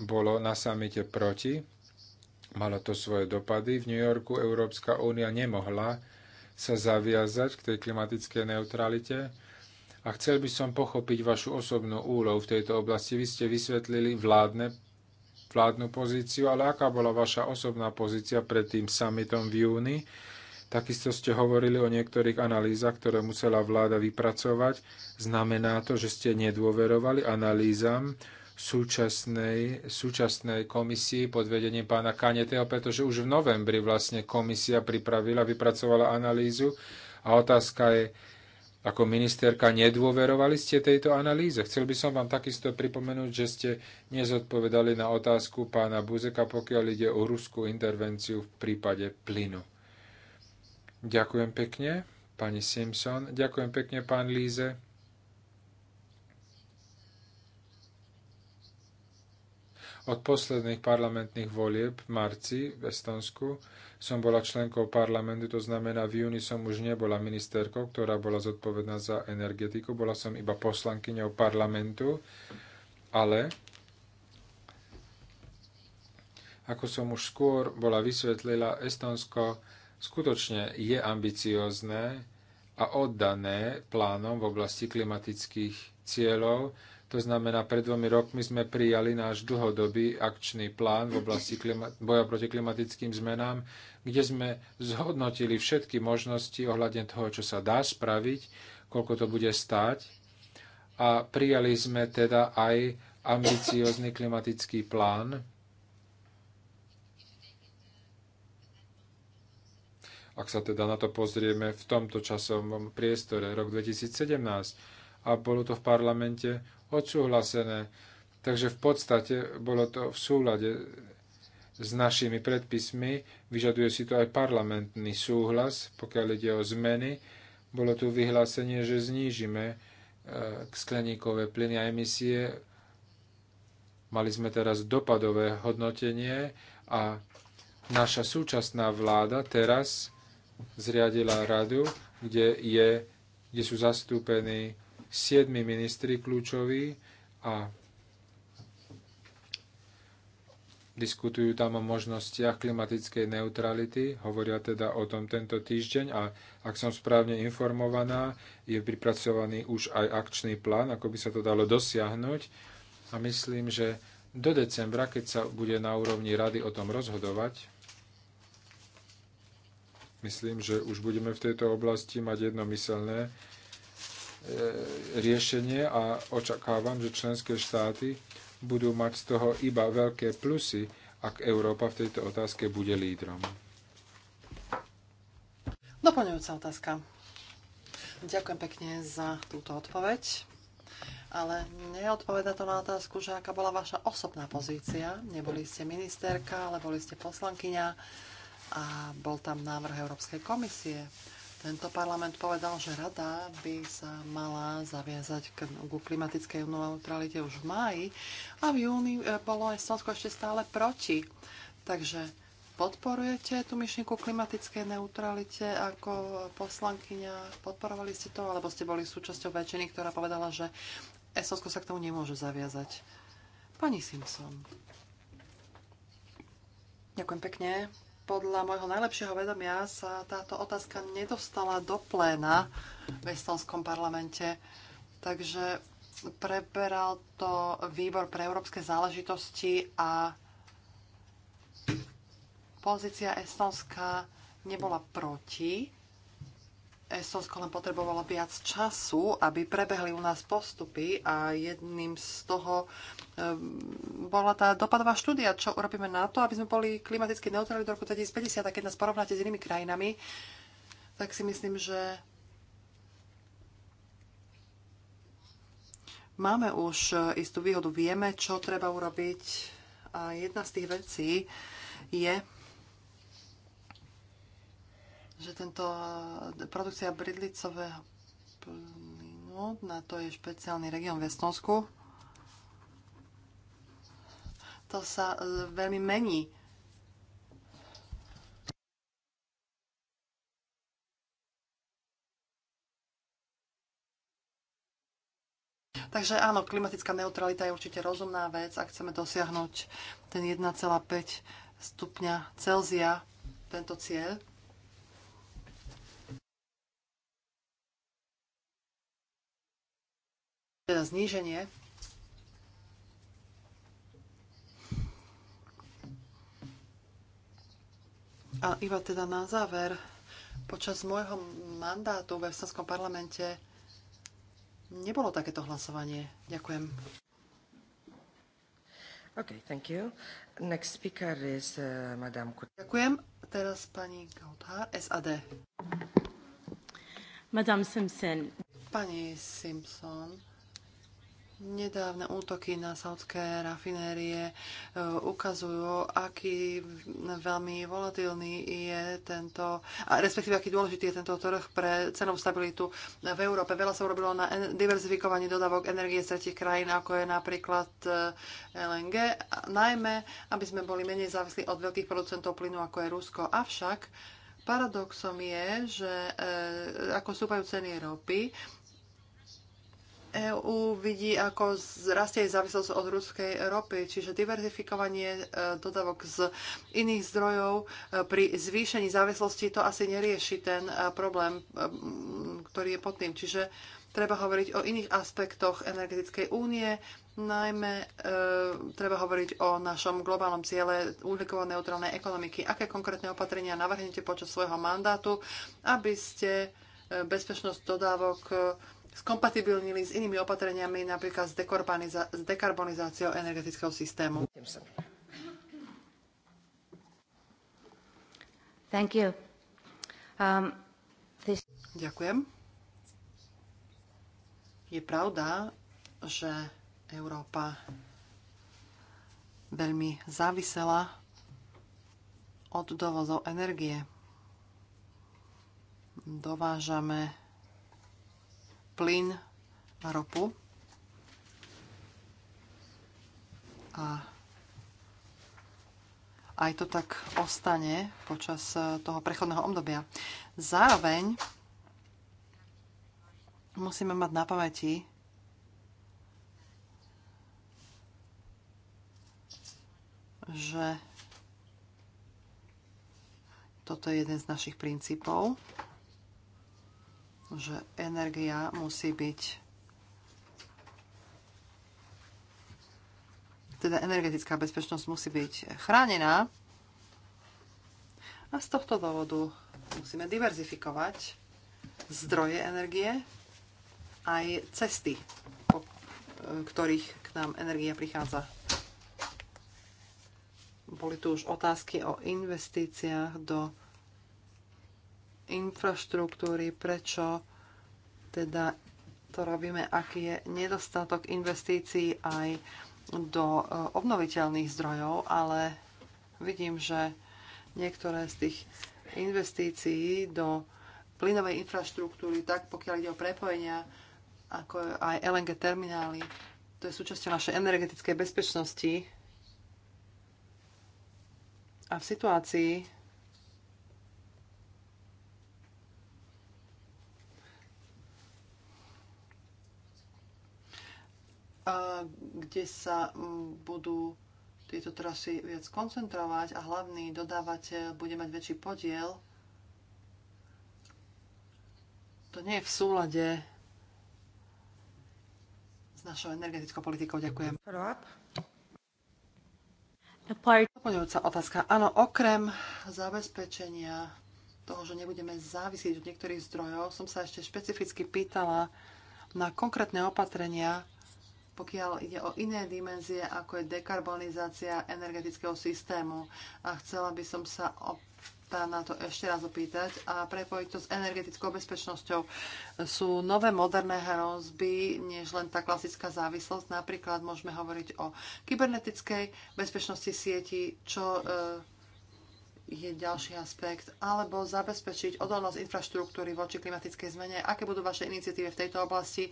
bolo na samite proti, malo to svoje dopady. V New Yorku Európska únia nemohla sa zaviazať k tej klimatickej neutralite. A chcel by som pochopiť vašu osobnú úlohu v tejto oblasti. Vy ste vysvetlili vládne, vládnu pozíciu, ale aká bola vaša osobná pozícia pred tým summitom v júni? Takisto ste hovorili o niektorých analýzach, ktoré musela vláda vypracovať. Znamená to, že ste nedôverovali analýzam, súčasnej, súčasnej komisii pod vedením pána Kaneteho, pretože už v novembri vlastne komisia pripravila, vypracovala analýzu a otázka je, ako ministerka nedôverovali ste tejto analýze. Chcel by som vám takisto pripomenúť, že ste nezodpovedali na otázku pána Buzeka, pokiaľ ide o ruskú intervenciu v prípade plynu. Ďakujem pekne, pani Simpson. Ďakujem pekne, pán Líze. Od posledných parlamentných volieb v marci v Estonsku som bola členkou parlamentu, to znamená v júni som už nebola ministerkou, ktorá bola zodpovedná za energetiku, bola som iba poslankyňou parlamentu, ale ako som už skôr bola vysvetlila, Estonsko skutočne je ambiciozne a oddané plánom v oblasti klimatických cieľov to znamená, pred dvomi rokmi sme prijali náš dlhodobý akčný plán v oblasti klima- boja proti klimatickým zmenám, kde sme zhodnotili všetky možnosti ohľadne toho, čo sa dá spraviť, koľko to bude stáť. A prijali sme teda aj ambiciózny klimatický plán. Ak sa teda na to pozrieme v tomto časovom priestore, rok 2017, a bolo to v parlamente odsúhlasené. Takže v podstate bolo to v súlade s našimi predpismi, vyžaduje si to aj parlamentný súhlas, pokiaľ ide o zmeny. Bolo tu vyhlásenie, že znížime e, skleníkové plyny a emisie. Mali sme teraz dopadové hodnotenie a naša súčasná vláda teraz zriadila radu, kde, je, kde sú zastúpení siedmi ministri kľúčoví a diskutujú tam o možnostiach klimatickej neutrality, hovoria teda o tom tento týždeň a ak som správne informovaná, je pripracovaný už aj akčný plán, ako by sa to dalo dosiahnuť a myslím, že do decembra, keď sa bude na úrovni rady o tom rozhodovať, myslím, že už budeme v tejto oblasti mať jednomyselné E, riešenie a očakávam, že členské štáty budú mať z toho iba veľké plusy, ak Európa v tejto otázke bude lídrom. Doplňujúca otázka. Ďakujem pekne za túto odpoveď. Ale neodpoveda to na otázku, že aká bola vaša osobná pozícia. Neboli ste ministerka, ale boli ste poslankyňa a bol tam návrh Európskej komisie tento parlament povedal, že rada by sa mala zaviazať k, k klimatickej neutralite už v máji a v júni e, bolo Estonsko ešte stále proti. Takže podporujete tú myšlienku klimatickej neutralite ako poslankyňa? Podporovali ste to, alebo ste boli súčasťou väčšiny, ktorá povedala, že Estonsko sa k tomu nemôže zaviazať? Pani Simpson. Ďakujem pekne podľa môjho najlepšieho vedomia sa táto otázka nedostala do pléna v estonskom parlamente. Takže preberal to výbor pre európske záležitosti a pozícia Estonska nebola proti. Estonsko len potrebovalo viac času, aby prebehli u nás postupy a jedným z toho Ehm, bola tá dopadová štúdia, čo urobíme na to, aby sme boli klimaticky neutrálni do roku 2050 a keď nás porovnáte s inými krajinami, tak si myslím, že máme už istú výhodu, vieme, čo treba urobiť a jedna z tých vecí je, že tento e, produkcia bridlicového plynu, na to je špeciálny región v Estonsku, to sa e, veľmi mení. Takže áno, klimatická neutralita je určite rozumná vec, ak chceme dosiahnuť ten 1,5 stupňa Celzia, tento cieľ. Teda zníženie A iba teda na záver, počas môjho mandátu v Európskom parlamente nebolo takéto hlasovanie. Ďakujem. Okay, thank you. Next speaker is uh, Madame Ďakujem. Teraz pani Gauthar, SAD. Madame Simpson. Pani Simpson. Nedávne útoky na saudské rafinérie e, ukazujú, aký veľmi volatilný je tento, a respektíve aký dôležitý je tento trh pre cenovú stabilitu v Európe. Veľa sa urobilo na diverzifikovanie dodávok energie z tretich krajín, ako je napríklad e, LNG, najmä aby sme boli menej závislí od veľkých producentov plynu, ako je Rusko. Avšak paradoxom je, že e, ako stúpajú ceny ropy, EÚ vidí, ako zrastie závislosť od ruskej ropy, čiže diverzifikovanie e, dodavok z iných zdrojov e, pri zvýšení závislosti to asi nerieši ten e, problém, ktorý je pod tým. Čiže treba hovoriť o iných aspektoch energetickej únie, najmä e, treba hovoriť o našom globálnom ciele uhlíkovo neutrálnej ekonomiky. Aké konkrétne opatrenia navrhnete počas svojho mandátu, aby ste bezpečnosť dodávok e, skompatibilnili s inými opatreniami, napríklad s, s dekarbonizáciou energetického systému. Thank you. Um, this... Ďakujem. Je pravda, že Európa veľmi závisela od dovozov energie. Dovážame plyn a ropu. A aj to tak ostane počas toho prechodného obdobia. Zároveň musíme mať na pamäti, že toto je jeden z našich princípov že energia musí byť teda energetická bezpečnosť musí byť chránená a z tohto dôvodu musíme diverzifikovať zdroje energie aj cesty, po ktorých k nám energia prichádza. Boli tu už otázky o investíciách do infraštruktúry, prečo teda to robíme, aký je nedostatok investícií aj do e, obnoviteľných zdrojov, ale vidím, že niektoré z tých investícií do plynovej infraštruktúry, tak pokiaľ ide o prepojenia, ako aj LNG terminály, to je súčasťou našej energetickej bezpečnosti. A v situácii, a kde sa mm, budú tieto trasy viac koncentrovať a hlavný dodávateľ bude mať väčší podiel. To nie je v súlade s našou energetickou politikou. Ďakujem. Doplňujúca otázka. Áno, okrem zabezpečenia toho, že nebudeme závisieť od niektorých zdrojov, som sa ešte špecificky pýtala na konkrétne opatrenia, pokiaľ ide o iné dimenzie, ako je dekarbonizácia energetického systému. A chcela by som sa na to ešte raz opýtať a prepojiť to s energetickou bezpečnosťou. Sú nové moderné hrozby, než len tá klasická závislosť. Napríklad môžeme hovoriť o kybernetickej bezpečnosti sieti, čo e, je ďalší aspekt, alebo zabezpečiť odolnosť infraštruktúry voči klimatickej zmene. Aké budú vaše iniciatívy v tejto oblasti?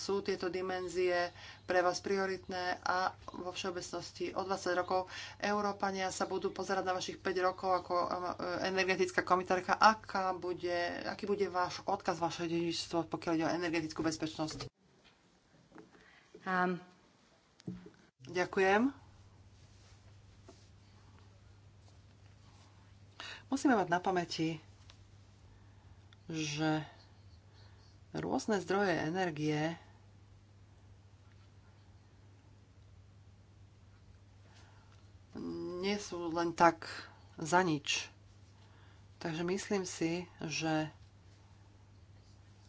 Sú tieto dimenzie pre vás prioritné a vo všeobecnosti o 20 rokov Európania sa budú pozerať na vašich 5 rokov ako um, energetická komitárka. Aká bude, aký bude váš odkaz, vaše dedičstvo, pokiaľ ide o energetickú bezpečnosť? Um. Ďakujem. Musíme mať na pamäti, že rôzne zdroje energie nie sú len tak za nič. Takže myslím si, že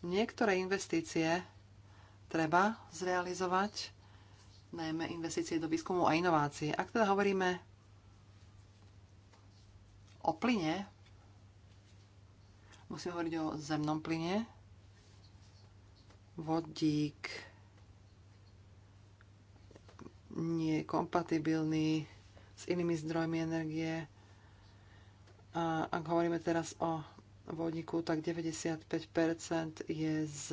niektoré investície treba zrealizovať, najmä investície do výskumu a inovácií. Ak teda hovoríme o plyne. Musím hovoriť o zemnom plyne. Vodík nie je kompatibilný s inými zdrojmi energie. A ak hovoríme teraz o vodíku, tak 95% je z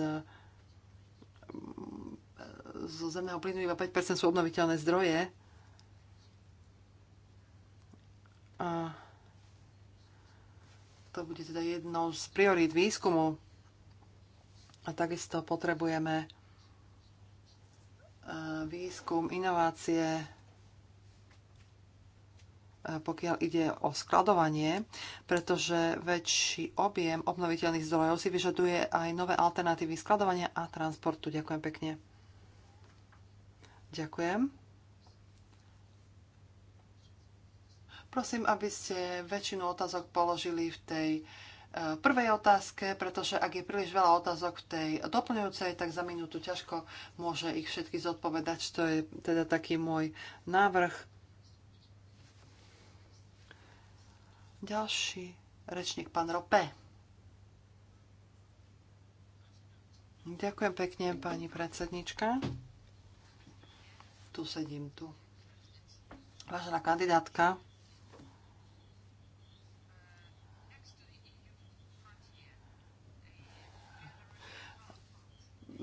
zo zemného plynu iba 5% sú obnoviteľné zdroje. A to bude teda jednou z priorít výskumu. A takisto potrebujeme e, výskum, inovácie, e, pokiaľ ide o skladovanie, pretože väčší objem obnoviteľných zdrojov si vyžaduje aj nové alternatívy skladovania a transportu. Ďakujem pekne. Ďakujem. Prosím, aby ste väčšinu otázok položili v tej e, prvej otázke, pretože ak je príliš veľa otázok v tej doplňujúcej, tak za minútu ťažko môže ich všetky zodpovedať. To je teda taký môj návrh. Ďalší rečník, pán Rope. Ďakujem pekne, pani predsednička. Tu sedím tu. Vážená kandidátka,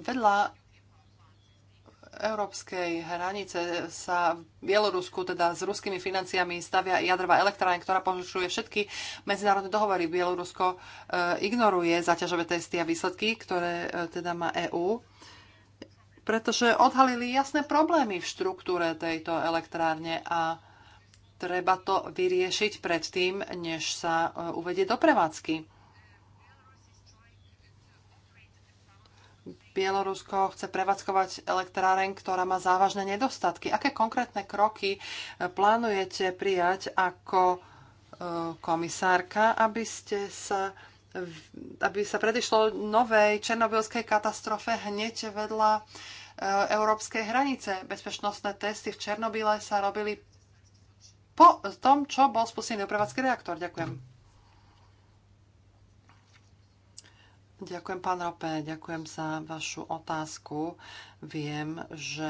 vedľa európskej hranice sa v Bielorusku, teda s ruskými financiami, stavia jadrová elektrárne, ktorá porušuje všetky medzinárodné dohovory. Bielorusko e, ignoruje zaťažové testy a výsledky, ktoré e, teda má EÚ, pretože odhalili jasné problémy v štruktúre tejto elektrárne a treba to vyriešiť predtým, než sa e, uvedie do prevádzky Bielorusko chce prevádzkovať elektráreň, ktorá má závažné nedostatky. Aké konkrétne kroky e, plánujete prijať ako e, komisárka, aby ste sa aby sa predišlo novej černobylskej katastrofe hneď vedľa e, európskej hranice. Bezpečnostné testy v Černobyle sa robili po tom, čo bol spustený prevádzky reaktor. Ďakujem. Ďakujem, pán Rope, ďakujem za vašu otázku. Viem, že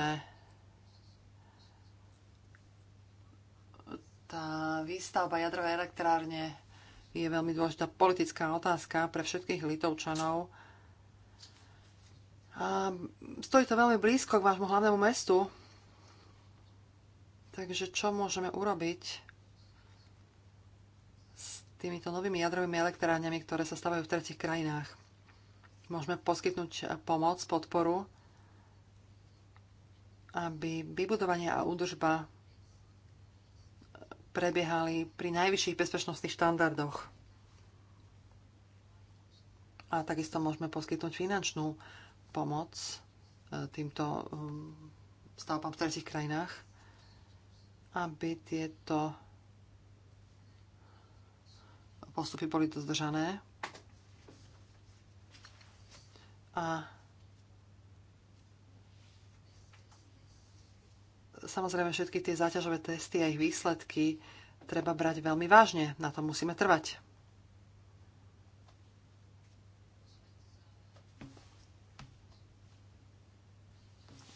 tá výstavba jadrovej elektrárne je veľmi dôležitá politická otázka pre všetkých Litovčanov. A stojí to veľmi blízko k vášmu hlavnému mestu. Takže čo môžeme urobiť s týmito novými jadrovými elektrárňami, ktoré sa stavajú v tretich krajinách? Môžeme poskytnúť eh, pomoc, podporu, aby vybudovanie a údržba eh, prebiehali pri najvyšších bezpečnostných štandardoch. A takisto môžeme poskytnúť finančnú pomoc eh, týmto stavbám v tretich krajinách, aby tieto postupy boli dodržané. A samozrejme všetky tie záťažové testy a ich výsledky treba brať veľmi vážne. Na to musíme trvať.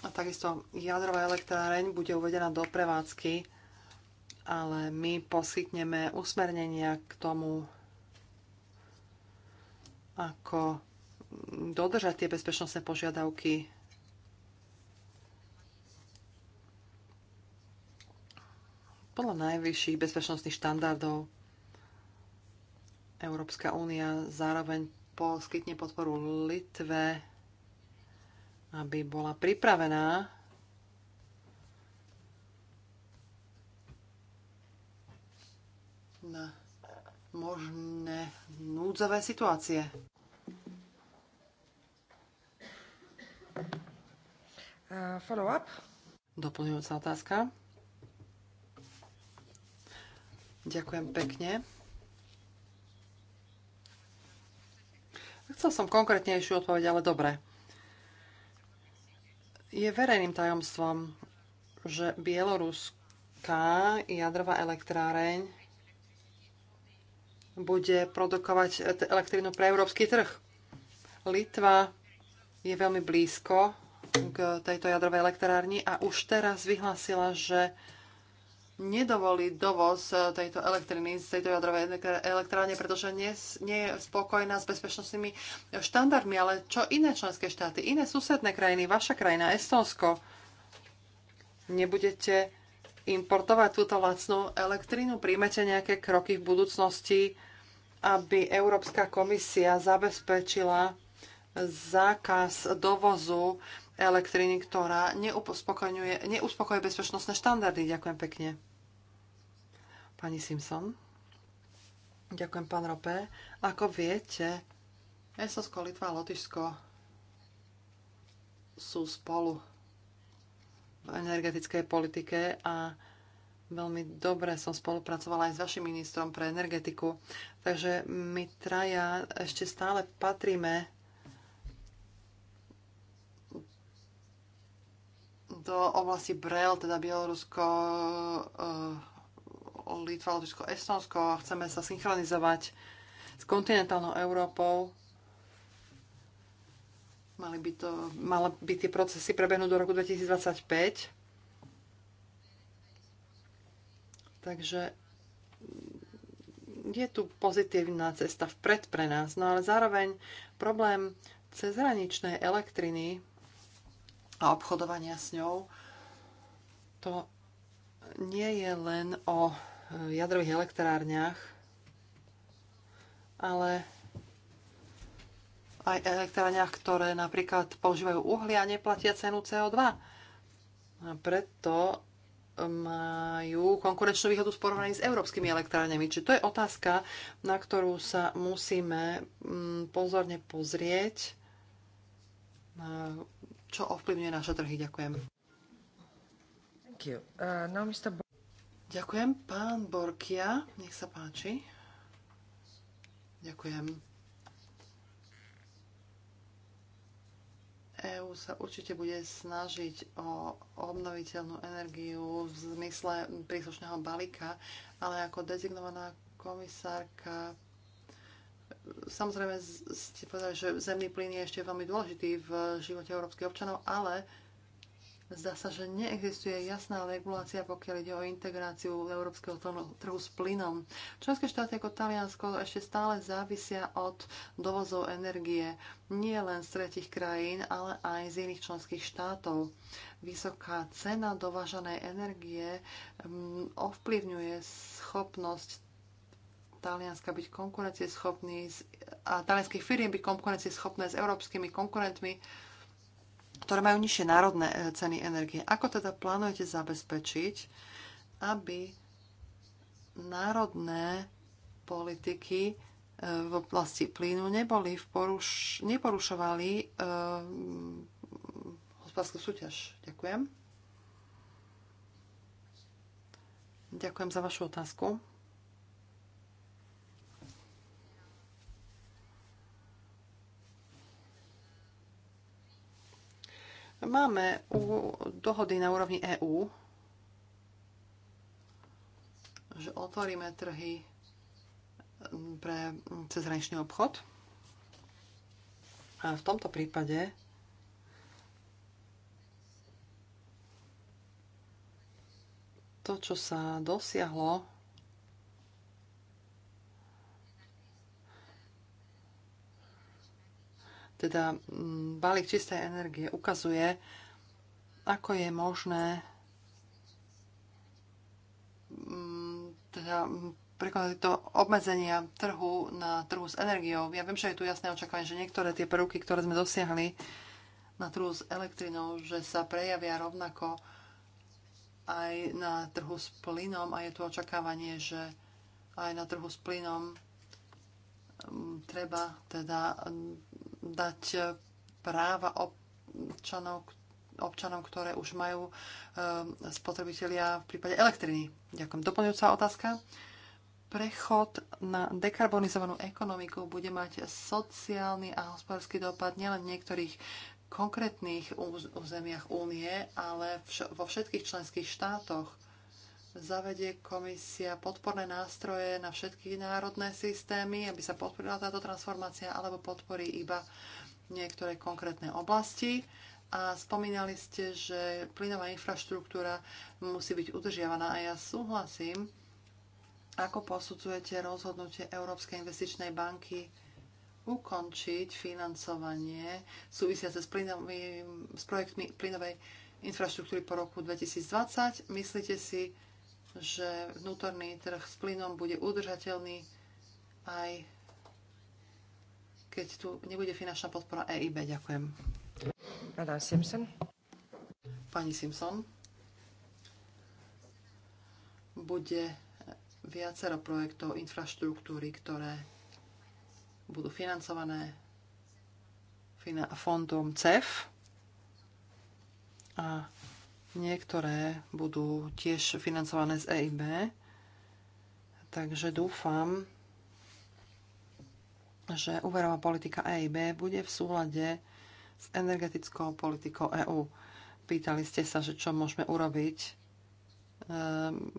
A takisto jadrová elektráreň bude uvedená do prevádzky, ale my poskytneme usmernenia k tomu, ako dodržať tie bezpečnostné požiadavky. Podľa najvyšších bezpečnostných štandardov Európska únia zároveň poskytne podporu Litve, aby bola pripravená na možné núdzové situácie. Uh, follow-up. Doplňujúca otázka. Ďakujem pekne. Chcel som konkrétnejšiu odpoveď, ale dobre. Je verejným tajomstvom, že bieloruská jadrová elektráreň bude produkovať elektrínu pre európsky trh. Litva je veľmi blízko k tejto jadrovej elektrárni a už teraz vyhlásila, že nedovolí dovoz tejto elektriny z tejto jadrovej elektrárne, pretože nie, nie je spokojná s bezpečnostnými štandardmi. Ale čo iné členské štáty, iné susedné krajiny, vaša krajina, Estonsko, nebudete importovať túto lacnú elektrínu? Príjmete nejaké kroky v budúcnosti, aby Európska komisia zabezpečila zákaz dovozu elektriny, ktorá neuspokojuje bezpečnostné štandardy. Ďakujem pekne. Pani Simpson. Ďakujem, pán Rope. Ako viete, Esosko, Litva a Lotyšsko sú spolu v energetickej politike a veľmi dobre som spolupracovala aj s vašim ministrom pre energetiku. Takže my traja ešte stále patríme do oblasti Brel, teda Bielorusko, eh, Litva, Lotyšsko, Estonsko. Chceme sa synchronizovať s kontinentálnou Európou. Mali by, to, mali by tie procesy prebehnúť do roku 2025. Takže je tu pozitívna cesta vpred pre nás, no ale zároveň problém cezhraničnej elektriny a obchodovania s ňou. To nie je len o eh, jadrových elektrárniach, ale aj elektrárniach, ktoré napríklad používajú uhlia a neplatia cenu CO2. A preto majú konkurenčnú výhodu v porovnaní s európskymi elektrárňami. Čiže to je otázka, na ktorú sa musíme mm, pozorne pozrieť eh, čo ovplyvňuje naše trhy. Ďakujem. Uh, Ďakujem. Pán Borkia, nech sa páči. Ďakujem. EÚ sa určite bude snažiť o obnoviteľnú energiu v zmysle príslušného balíka, ale ako dezignovaná komisárka samozrejme ste povedali, že zemný plyn je ešte veľmi dôležitý v živote európskych občanov, ale zdá sa, že neexistuje jasná regulácia, pokiaľ ide o integráciu európskeho trhu s plynom. Členské štáty ako Taliansko ešte stále závisia od dovozov energie nie len z tretich krajín, ale aj z iných členských štátov. Vysoká cena dovážanej energie mm, ovplyvňuje schopnosť Talianska byť konkurencieschopný a talianských firiem byť konkurencieschopné s európskymi konkurentmi, ktoré majú nižšie národné e, ceny energie. Ako teda plánujete zabezpečiť, aby národné politiky e, v oblasti plynu neboli v poruš- neporušovali uh, hospodárskú súťaž. Ďakujem. Ďakujem za vašu otázku. Máme dohody na úrovni EÚ, že otvoríme trhy pre cezhraničný obchod. A v tomto prípade to, čo sa dosiahlo teda mm, balík čistej energie ukazuje, ako je možné mm, teda mm, prekonali to obmedzenia trhu na trhu s energiou. Ja viem, že je tu jasné očakávanie, že niektoré tie prvky, ktoré sme dosiahli na trhu s elektrinou, že sa prejavia rovnako aj na trhu s plynom a je tu očakávanie, že aj na trhu s plynom treba teda dať práva občanov, občanom, ktoré už majú e, spotrebitelia v prípade elektriny. Ďakujem. Doplňujúca otázka. Prechod na dekarbonizovanú ekonomiku bude mať sociálny a hospodársky dopad nielen v niektorých konkrétnych územiach únie, ale vo všetkých členských štátoch zavedie komisia podporné nástroje na všetky národné systémy, aby sa podporila táto transformácia, alebo podporí iba niektoré konkrétne oblasti. A spomínali ste, že plynová infraštruktúra musí byť udržiavaná a ja súhlasím. Ako posudzujete rozhodnutie Európskej investičnej banky ukončiť financovanie súvisiace s, plynovým, s projektmi plynovej infraštruktúry po roku 2020? Myslíte si, že vnútorný trh s plynom bude udržateľný aj keď tu nebude finančná podpora EIB. Ďakujem. Madam Simpson. Pani Simpson. Bude viacero projektov infraštruktúry, ktoré budú financované fondom CEF. A Niektoré budú tiež financované z EIB, takže dúfam, že úverová politika EIB bude v súlade s energetickou politikou EÚ. Pýtali ste sa, že čo môžeme urobiť, ehm,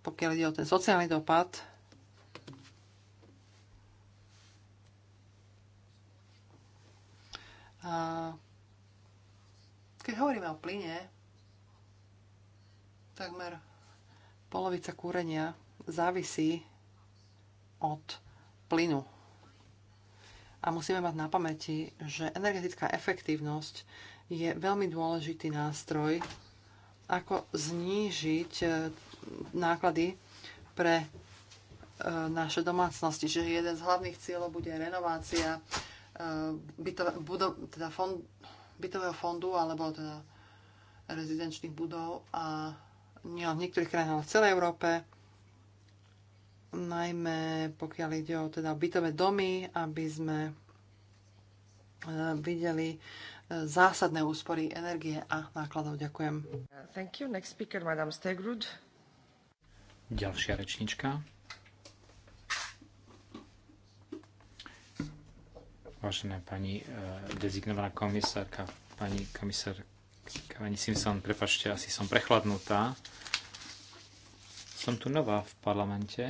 pokiaľ ide o ten sociálny dopad a keď hovoríme o plyne, takmer polovica kúrenia závisí od plynu. A musíme mať na pamäti, že energetická efektívnosť je veľmi dôležitý nástroj, ako znížiť e, náklady pre e, naše domácnosti. Čiže jeden z hlavných cieľov bude renovácia e, bytov, budov, teda fond, bytového fondu alebo teda rezidenčných budov a nielen v niektorých krajinách, ale v celej Európe. Najmä pokiaľ ide o teda bytové domy, aby sme e, videli e, zásadné úspory energie a nákladov. Ďakujem. Thank you. Next speaker, Madame Stegrud. Ďalšia rečnička. Vážená pani e, dezignovaná komisárka, pani komisárka, pani Simpson, prepačte, asi som prechladnutá. Som tu nová v parlamente.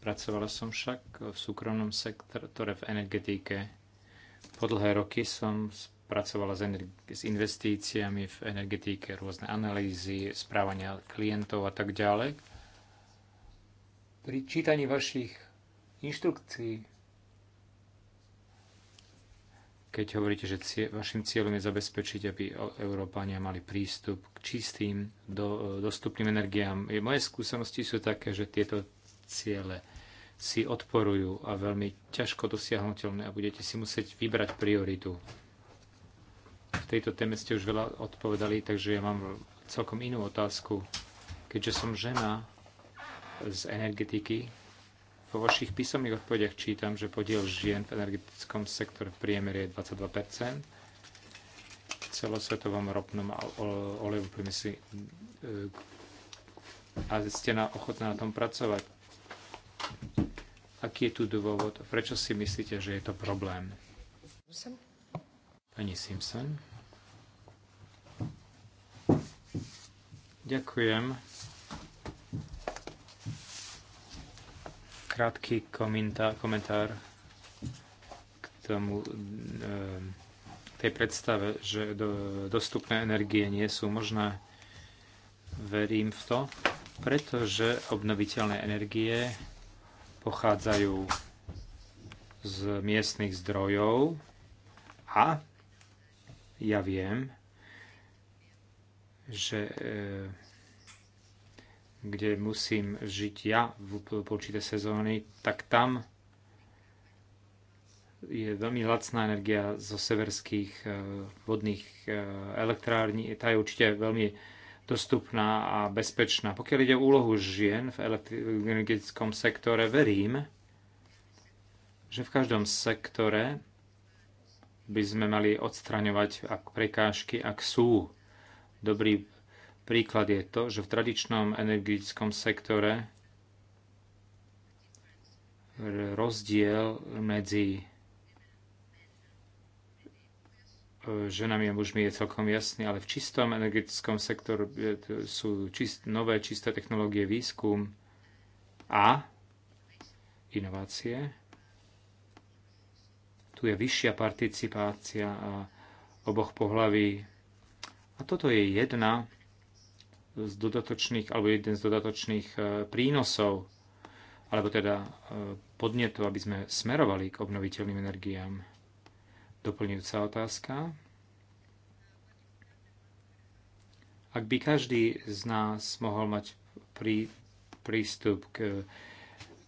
Pracovala som však v súkromnom sektore v energetike. Po dlhé roky som pracovala s, s investíciami v energetike, rôzne analýzy, správania klientov a tak ďalej. Pri čítaní vašich inštrukcií keď hovoríte, že cie, vašim cieľom je zabezpečiť, aby Európania mali prístup k čistým, do, dostupným energiám. moje skúsenosti sú také, že tieto ciele si odporujú a veľmi ťažko dosiahnutelné a budete si musieť vybrať prioritu. V tejto téme ste už veľa odpovedali, takže ja mám celkom inú otázku. Keďže som žena z energetiky, vo vašich písomných odpovediach čítam, že podiel žien v energetickom sektore v priemere je 22 v celosvetovom ropnom a olejovom priemysle a ste na ochotná na tom pracovať. Aký je tu dôvod? Prečo si myslíte, že je to problém? Pani Simpson. Ďakujem. krátky komentár, komentár k tomu, e, tej predstave, že do, dostupné energie nie sú možné. Verím v to, pretože obnoviteľné energie pochádzajú z miestnych zdrojov a ja viem, že e, kde musím žiť ja v, určité sezóny, tak tam je veľmi lacná energia zo severských e, vodných e, elektrární. Tá je určite veľmi dostupná a bezpečná. Pokiaľ ide o úlohu žien v energetickom sektore, verím, že v každom sektore by sme mali odstraňovať prekážky, ak sú. Dobrý Príklad je to, že v tradičnom energetickom sektore rozdiel medzi e, ženami a mužmi je celkom jasný, ale v čistom energetickom sektoru sú čist, nové čisté technológie, výskum a inovácie. Tu je vyššia participácia a oboch pohlaví. A toto je jedna z dodatočných, alebo jeden z dodatočných e, prínosov, alebo teda e, podnetov, aby sme smerovali k obnoviteľným energiám. Doplňujúca otázka. Ak by každý z nás mohol mať prí, prístup k,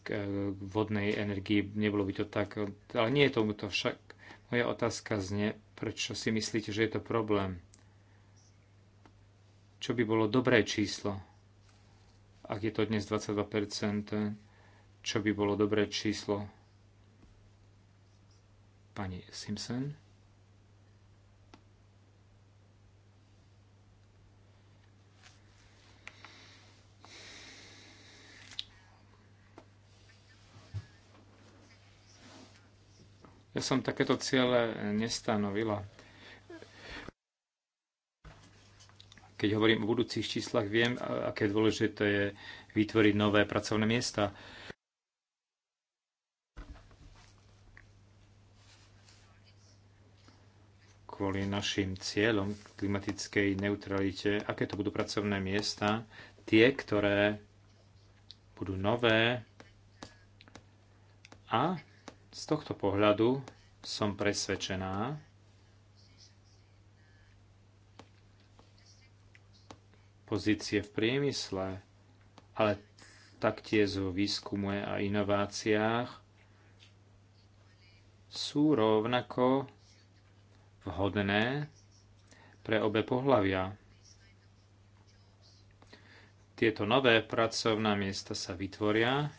k e, vodnej energii, nebolo by to tak, ale nie je tomu to však. Moja otázka znie, prečo si myslíte, že je to problém? čo by bolo dobré číslo. Ak je to dnes 22%, čo by bolo dobré číslo? Pani Simpson. Ja som takéto ciele nestanovila. Keď hovorím o budúcich číslach, viem, aké dôležité je vytvoriť nové pracovné miesta. kvôli našim cieľom klimatickej neutralite, aké to budú pracovné miesta, tie, ktoré budú nové. A z tohto pohľadu som presvedčená, pozície v priemysle, ale taktiež vo výskume a inováciách sú rovnako vhodné pre obe pohlavia. Tieto nové pracovné miesta sa vytvoria.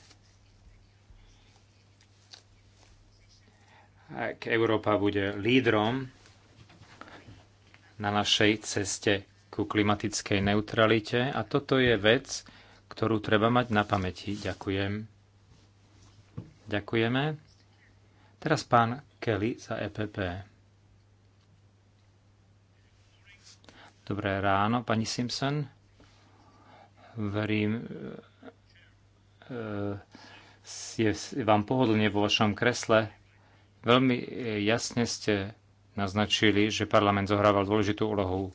Ak Európa bude lídrom na našej ceste ku klimatickej neutralite a toto je vec, ktorú treba mať na pamäti. Ďakujem. Ďakujeme. Teraz pán Kelly za EPP. Dobré ráno, pani Simpson. Verím, e, e, je vám pohodlne vo vašom kresle. Veľmi e, jasne ste naznačili, že parlament zohrával dôležitú úlohu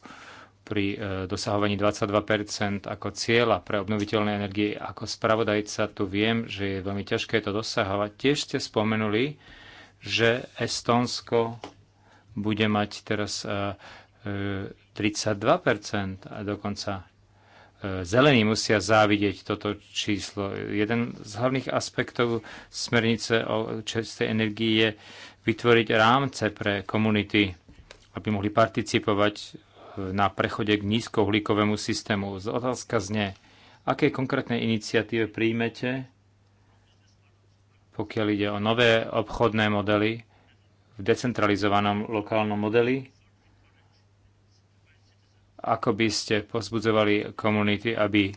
pri e, dosahovaní 22 ako cieľa pre obnoviteľné energie. Ako spravodajca tu viem, že je veľmi ťažké to dosahovať. Tiež ste spomenuli, že Estónsko bude mať teraz 32 e, e, a dokonca zelení musia závidieť toto číslo. Jeden z hlavných aspektov smernice o čistej energii je vytvoriť rámce pre komunity, aby mohli participovať na prechode k nízkouhlíkovému systému. Otázka znie, aké konkrétne iniciatíve príjmete, pokiaľ ide o nové obchodné modely v decentralizovanom lokálnom modeli? Ako by ste pozbudzovali komunity, aby e,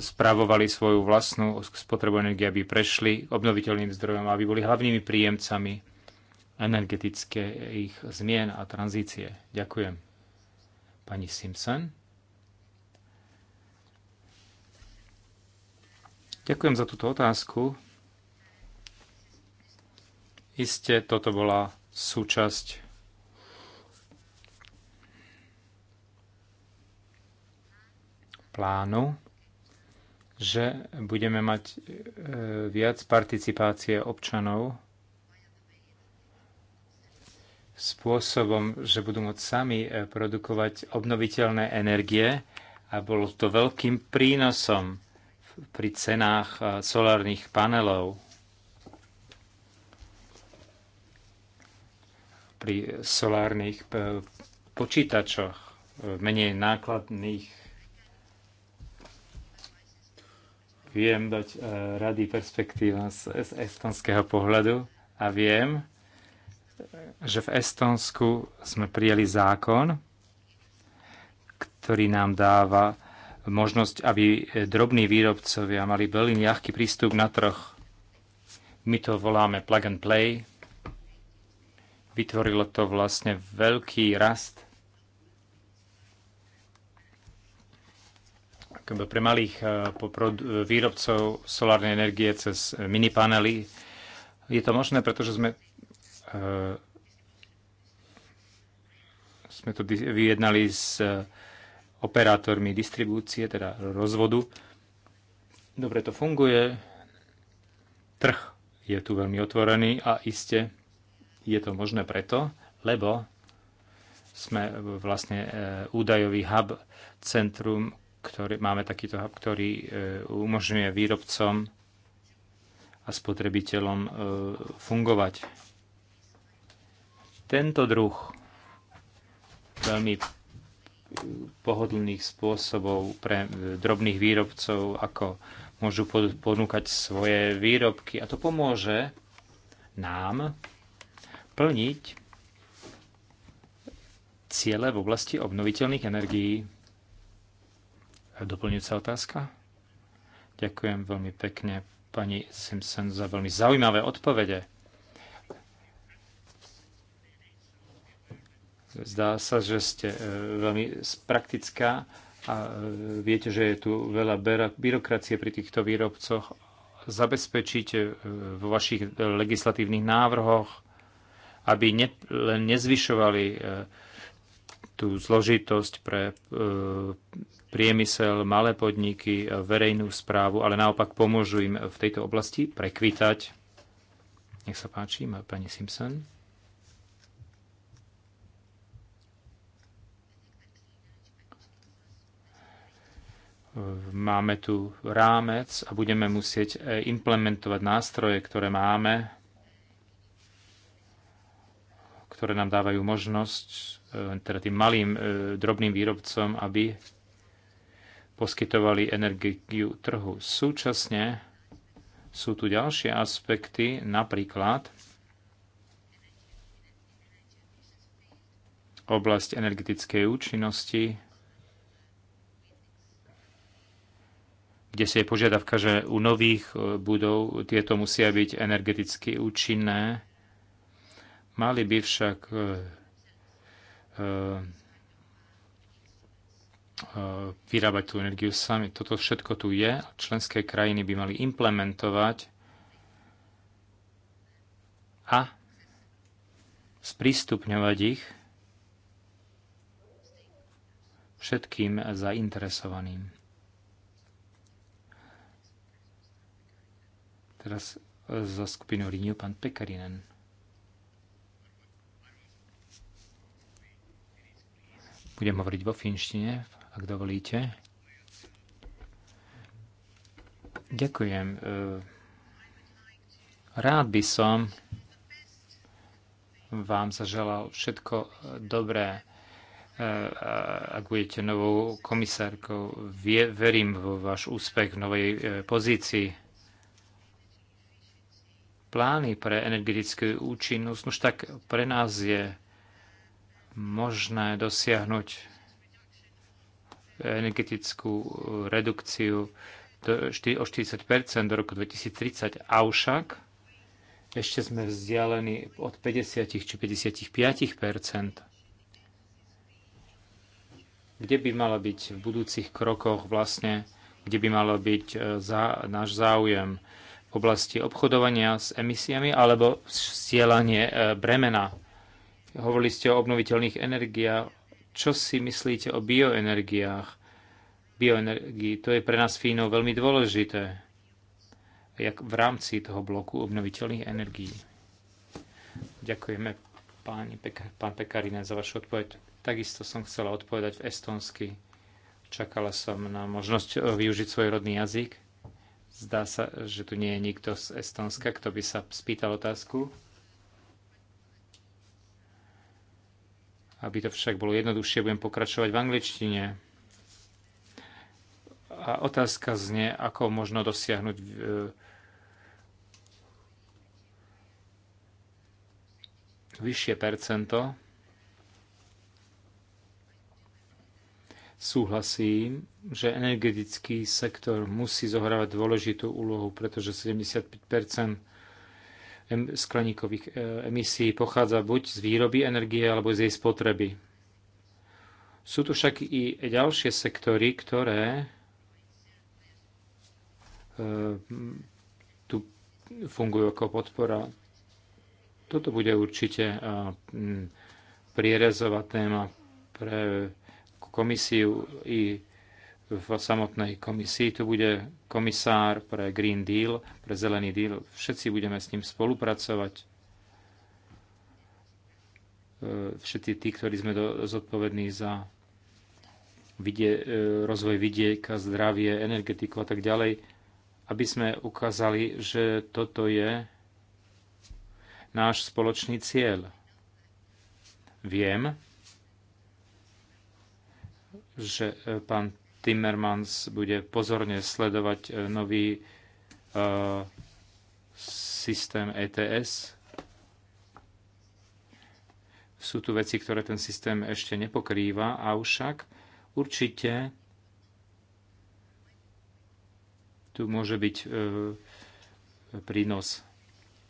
spravovali svoju vlastnú spotrebu energie, aby prešli obnoviteľným zdrojom, aby boli hlavnými príjemcami energetické ich zmien a tranzície. Ďakujem. Pani Simpson. Ďakujem za túto otázku. Isté, toto bola súčasť plánu, že budeme mať e, viac participácie občanov spôsobom, že budú môcť sami e, produkovať obnoviteľné energie a bolo to veľkým prínosom pri cenách e, solárnych panelov. Pri solárnych e, počítačoch menej nákladných viem dať rady perspektíva z estonského pohľadu a viem, že v Estonsku sme prijeli zákon, ktorý nám dáva možnosť, aby drobní výrobcovia mali veľmi ľahký prístup na troch. My to voláme plug and play. Vytvorilo to vlastne veľký rast pre malých eh, eh, výrobcov solárnej energie cez minipanely. Je to možné, pretože sme E, sme to vyjednali s e, operátormi distribúcie, teda rozvodu. Dobre to funguje. Trh je tu veľmi otvorený a iste je to možné preto, lebo sme vlastne e, údajový hub centrum, ktorý, máme takýto hub, ktorý umožňuje výrobcom a spotrebiteľom fungovať tento druh veľmi pohodlných spôsobov pre e, drobných výrobcov, ako môžu ponúkať svoje výrobky. A to pomôže nám plniť ciele v oblasti obnoviteľných energií. Doplňujúca otázka? Ďakujem veľmi pekne pani Simpson za veľmi zaujímavé odpovede. Zdá sa, že ste e, veľmi praktická a e, viete, že je tu veľa byrokracie pri týchto výrobcoch. Zabezpečíte e, vo vašich legislatívnych návrhoch, aby ne, len nezvyšovali tú zložitosť pre priemysel, malé podniky, verejnú správu, ale naopak pomôžu im v tejto oblasti prekvitať. Nech sa páči, pani Simpson. Máme tu rámec a budeme musieť e, implementovať nástroje, ktoré máme, ktoré nám dávajú možnosť, e, teda tým malým e, drobným výrobcom, aby poskytovali energiu trhu. Súčasne sú tu ďalšie aspekty, napríklad oblasť energetickej účinnosti, kde si je požiadavka, že u nových e, budov tieto musia byť energeticky účinné. Mali by však e, e, vyrábať tú energiu sami. Toto všetko tu je. Členské krajiny by mali implementovať a sprístupňovať ich všetkým zainteresovaným. Teraz e, za skupinu Renew pán Pekarinen. Budem hovoriť vo finštine, ak dovolíte. Ďakujem. E, rád by som vám zaželal všetko dobré. E, ak budete novou komisárkou, verím vo váš úspech v novej pozícii plány pre energetickú účinnosť, už tak pre nás je možné dosiahnuť energetickú redukciu o 40 do roku 2030, avšak ešte sme vzdialení od 50 či 55 Kde by malo byť v budúcich krokoch vlastne, kde by malo byť e, za, náš záujem? v oblasti obchodovania s emisiami alebo vzdielanie e, bremena. Hovorili ste o obnoviteľných energiách. Čo si myslíte o bioenergiách? Bioenergii, to je pre nás Fínov veľmi dôležité jak v rámci toho bloku obnoviteľných energií. Ďakujeme páni, pán Pekarina za vašu odpoveď. Takisto som chcela odpovedať v estonsky. Čakala som na možnosť e, využiť svoj rodný jazyk Zdá sa, že tu nie je nikto z Estonska, kto by sa spýtal otázku. Aby to však bolo jednoduchšie, budem pokračovať v angličtine. A otázka znie, ako možno dosiahnuť e, vyššie percento súhlasím, že energetický sektor musí zohrávať dôležitú úlohu, pretože 75 skleníkových e, emisí pochádza buď z výroby energie alebo z jej spotreby. Sú tu však i ďalšie sektory, ktoré e, tu fungujú ako podpora. Toto bude určite prierezová téma pre komisiu i v samotnej komisii. Tu bude komisár pre Green Deal, pre Zelený Deal. Všetci budeme s ním spolupracovať. E, všetci tí, ktorí sme do, zodpovední za vidie, e, rozvoj vidieka, zdravie, energetiku a tak ďalej, aby sme ukázali, že toto je náš spoločný cieľ. Viem, že e, pán Timmermans bude pozorne sledovať e, nový e, systém ETS. Sú tu veci, ktoré ten systém ešte nepokrýva, avšak určite tu môže byť prínos.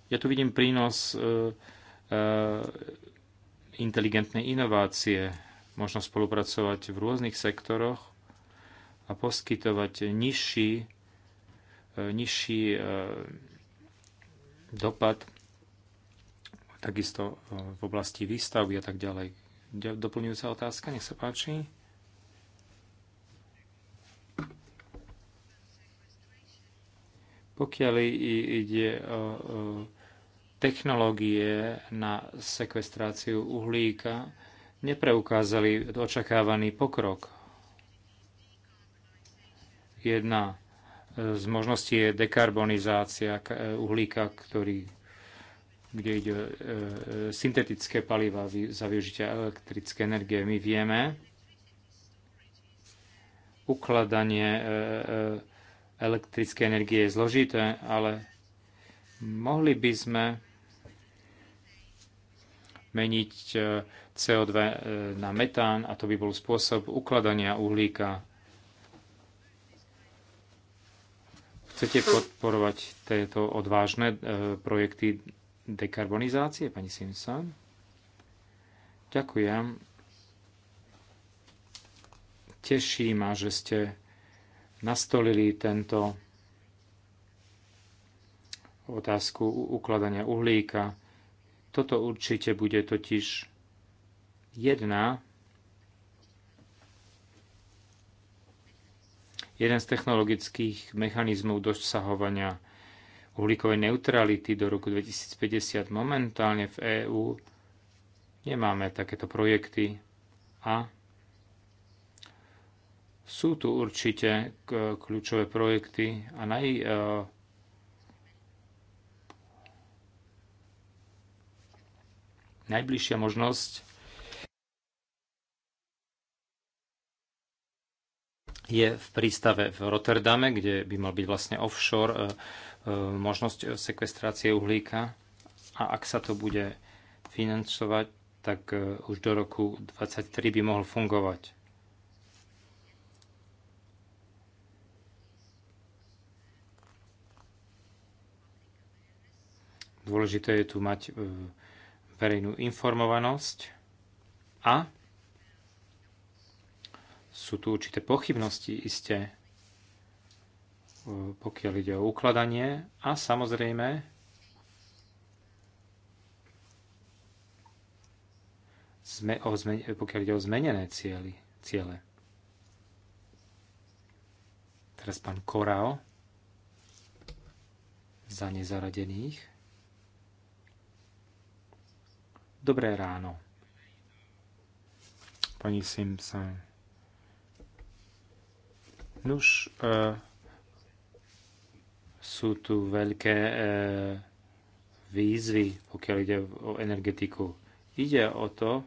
Ja tu vidím prínos inteligentnej inovácie, možno spolupracovať v rôznych sektoroch a poskytovať nižší, e, nižší e, dopad takisto e, v oblasti výstavby a tak ďalej. Doplňujúca otázka, nech sa páči. Pokiaľ ide o technológie na sekvestráciu uhlíka, nepreukázali očakávaný pokrok. Jedna e, z možností je dekarbonizácia e, uhlíka, ktorý, kde ide e, syntetické paliva za využitia elektrické energie. My vieme, ukladanie elektrické energie je zložité, ale mohli by sme meniť e, CO2 e, na metán a to by bol spôsob ukladania uhlíka. Chcete podporovať tieto odvážne e, projekty dekarbonizácie, pani Simpson? Ďakujem. Teší ma, že ste nastolili tento otázku ukladania uhlíka toto určite bude totiž jedna jeden z technologických mechanizmov dosahovania uhlíkovej neutrality do roku 2050. Momentálne v EÚ nemáme takéto projekty a sú tu určite kľúčové projekty a naj najbližšia možnosť je v prístave v Rotterdame, kde by mal byť vlastne offshore e, e, možnosť sekvestrácie uhlíka. A ak sa to bude financovať, tak e, už do roku 2023 by mohol fungovať. Dôležité je tu mať verejnú informovanosť a sú tu určité pochybnosti isté, e, pokiaľ ide o ukladanie a samozrejme o zmen, pokiaľ ide o zmenené cieľy, ciele. Teraz pán Korao za nezaradených. Dobré ráno. Pani Simpson. Nuž, e, sú tu veľké e, výzvy, pokiaľ ide o energetiku. Ide o to,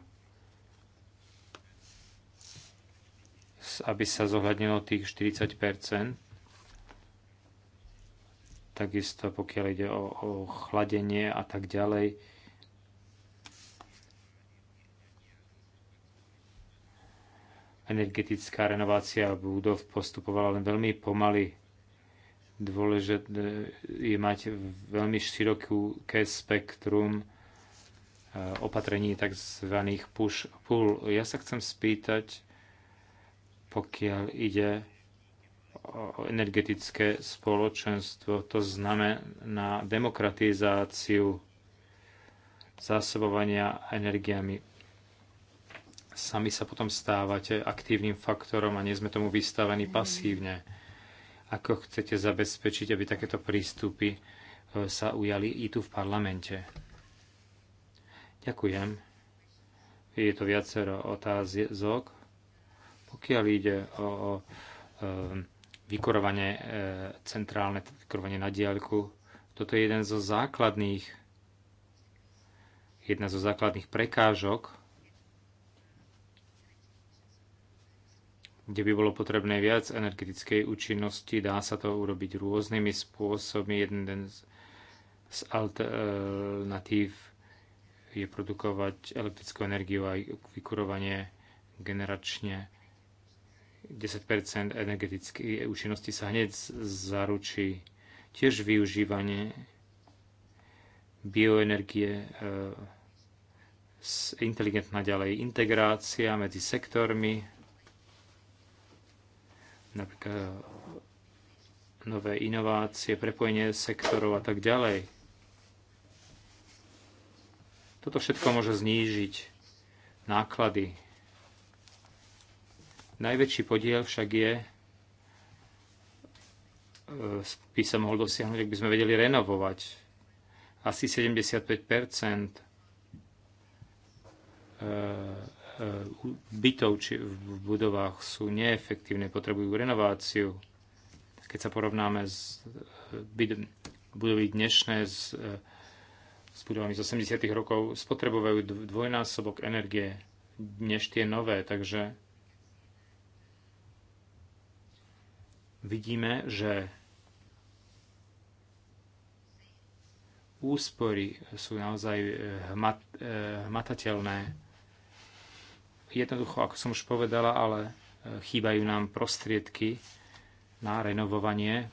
aby sa zohľadnilo tých 40 takisto pokiaľ ide o, o chladenie a tak ďalej energetická renovácia budov postupovala len veľmi pomaly. Dôležité je mať veľmi široké spektrum e, opatrení tzv. push pull. Ja sa chcem spýtať, pokiaľ ide o energetické spoločenstvo, to znamená demokratizáciu zásobovania energiami sami sa potom stávate aktívnym faktorom a nie sme tomu vystavení mm. pasívne. Ako chcete zabezpečiť, aby takéto prístupy e, sa ujali i tu v parlamente? Ďakujem. Je to viacero otázok. Pokiaľ ide o, o e, vykurovanie, e, centrálne vykurovanie na diaľku, toto je jeden zo základných jedna zo základných prekážok kde by bolo potrebné viac energetickej účinnosti. Dá sa to urobiť rôznymi spôsobmi. Jeden z, alternatív je produkovať elektrickú energiu aj vykurovanie generačne. 10 energetickej účinnosti sa hneď zaručí. Tiež využívanie bioenergie, e, inteligentná ďalej integrácia medzi sektormi, napríklad eh, nové inovácie, prepojenie sektorov a tak ďalej. Toto všetko môže znížiť náklady. Najväčší podiel však je, eh, by sa mohol dosiahnuť, ak by sme vedeli renovovať. Asi 75 E, bytov či v budovách sú neefektívne, potrebujú renováciu. Keď sa porovnáme s e, budovy dnešné s, e, s budovami z 80. rokov, spotrebujú dvojnásobok energie než tie nové, takže vidíme, že úspory sú naozaj hmat, hmatateľné jednoducho, ako som už povedala, ale e, chýbajú nám prostriedky na renovovanie.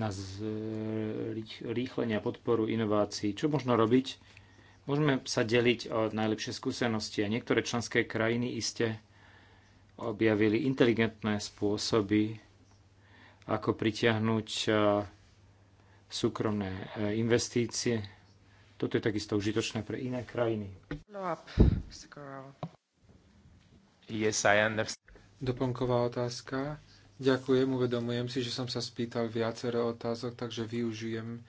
na rýchlenie a podporu inovácií. Čo možno robiť? Môžeme sa deliť o najlepšie skúsenosti a niektoré členské krajiny iste objavili inteligentné spôsoby, ako pritiahnuť e, súkromné e, investície. Toto je takisto užitočné pre iné krajiny. Yes, I Doplnková otázka. Ďakujem, uvedomujem si, že som sa spýtal viacero otázok, takže využijem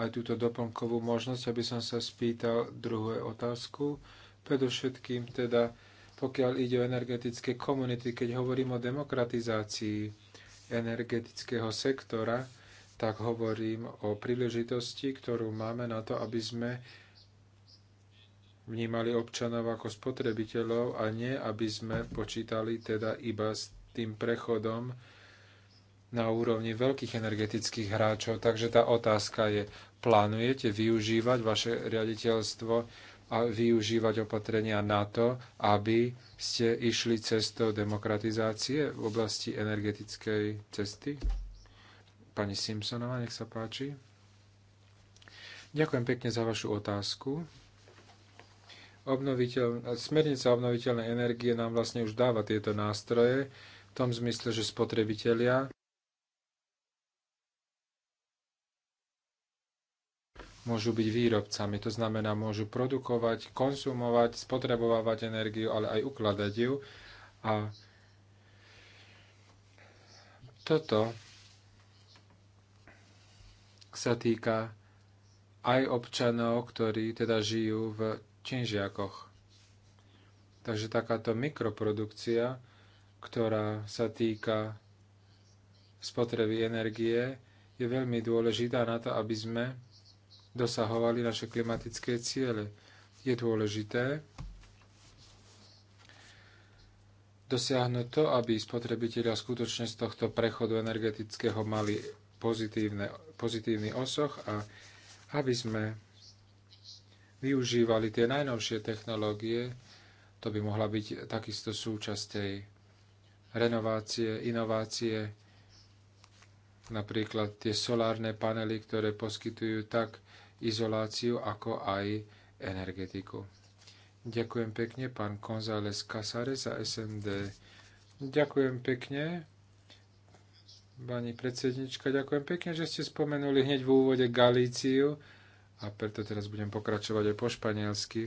aj túto doplnkovú možnosť, aby som sa spýtal druhú otázku. Predovšetkým teda, pokiaľ ide o energetické komunity, keď hovorím o demokratizácii energetického sektora, tak hovorím o príležitosti, ktorú máme na to, aby sme vnímali občanov ako spotrebiteľov a nie, aby sme počítali teda iba s tým prechodom na úrovni veľkých energetických hráčov. Takže tá otázka je, plánujete využívať vaše riaditeľstvo a využívať opatrenia na to, aby ste išli cestou demokratizácie v oblasti energetickej cesty? Pani Simpsonová, nech sa páči. Ďakujem pekne za vašu otázku. Obnoviteľ, smernica obnoviteľnej energie nám vlastne už dáva tieto nástroje v tom zmysle, že spotrebitelia môžu byť výrobcami. To znamená, môžu produkovať, konzumovať, spotrebovávať energiu, ale aj ukladať ju. A toto sa týka aj občanov, ktorí teda žijú v činžiakoch. Takže takáto mikroprodukcia, ktorá sa týka spotreby energie, je veľmi dôležitá na to, aby sme dosahovali naše klimatické ciele. Je dôležité dosiahnuť to, aby spotrebitelia skutočne z tohto prechodu energetického mali pozitívne, pozitívny osoch a aby sme využívali tie najnovšie technológie, to by mohla byť takisto súčasť tej renovácie, inovácie, napríklad tie solárne panely, ktoré poskytujú tak izoláciu, ako aj energetiku. Ďakujem pekne, pán González Casares a SMD. Ďakujem pekne. Pani predsednička, ďakujem pekne, že ste spomenuli hneď v úvode Galíciu a preto teraz budem pokračovať aj po španielsky.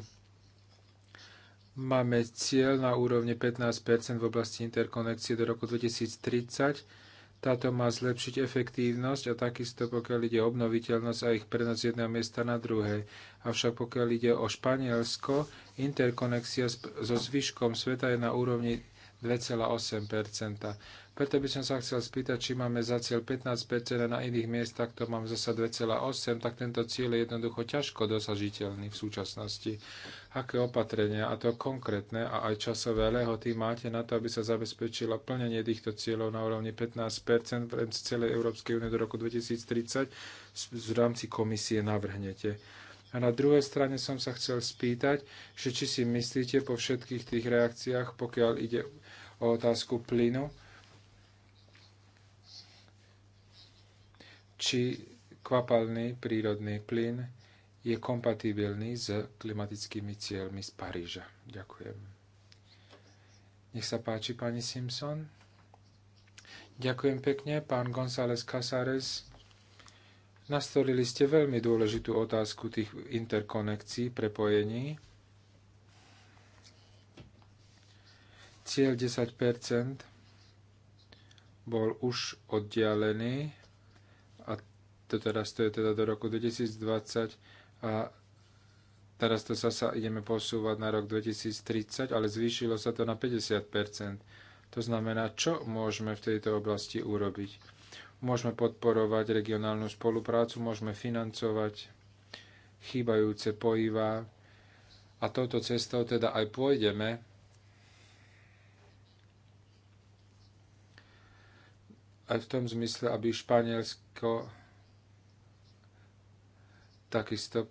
Máme cieľ na úrovni 15 v oblasti interkonekcie do roku 2030. Táto má zlepšiť efektívnosť a takisto pokiaľ ide o obnoviteľnosť a ich prenos z jedného miesta na druhé. Avšak pokiaľ ide o Španielsko, interkonexia so zvyškom sveta je na úrovni 2,8 preto by som sa chcel spýtať, či máme za cieľ 15% a na iných miestach to máme zasa 2,8, tak tento cieľ je jednoducho ťažko dosažiteľný v súčasnosti. Aké opatrenia, a to konkrétne, a aj časové lehoty máte na to, aby sa zabezpečilo plnenie týchto cieľov na úrovni 15% v rámci celej Európskej únie do roku 2030 v rámci komisie navrhnete. A na druhej strane som sa chcel spýtať, že či si myslíte po všetkých tých reakciách, pokiaľ ide o otázku plynu, či kvapalný prírodný plyn je kompatibilný s klimatickými cieľmi z Paríža. Ďakujem. Nech sa páči, pani Simpson. Ďakujem pekne, pán González Casares. Nastolili ste veľmi dôležitú otázku tých interkonekcií, prepojení. Cieľ 10 bol už oddialený to teraz to je teda do roku 2020 a teraz to sa ideme posúvať na rok 2030, ale zvýšilo sa to na 50 To znamená, čo môžeme v tejto oblasti urobiť? Môžeme podporovať regionálnu spoluprácu, môžeme financovať chýbajúce pojivá a touto cestou teda aj pôjdeme, aj v tom zmysle, aby Španielsko Takisto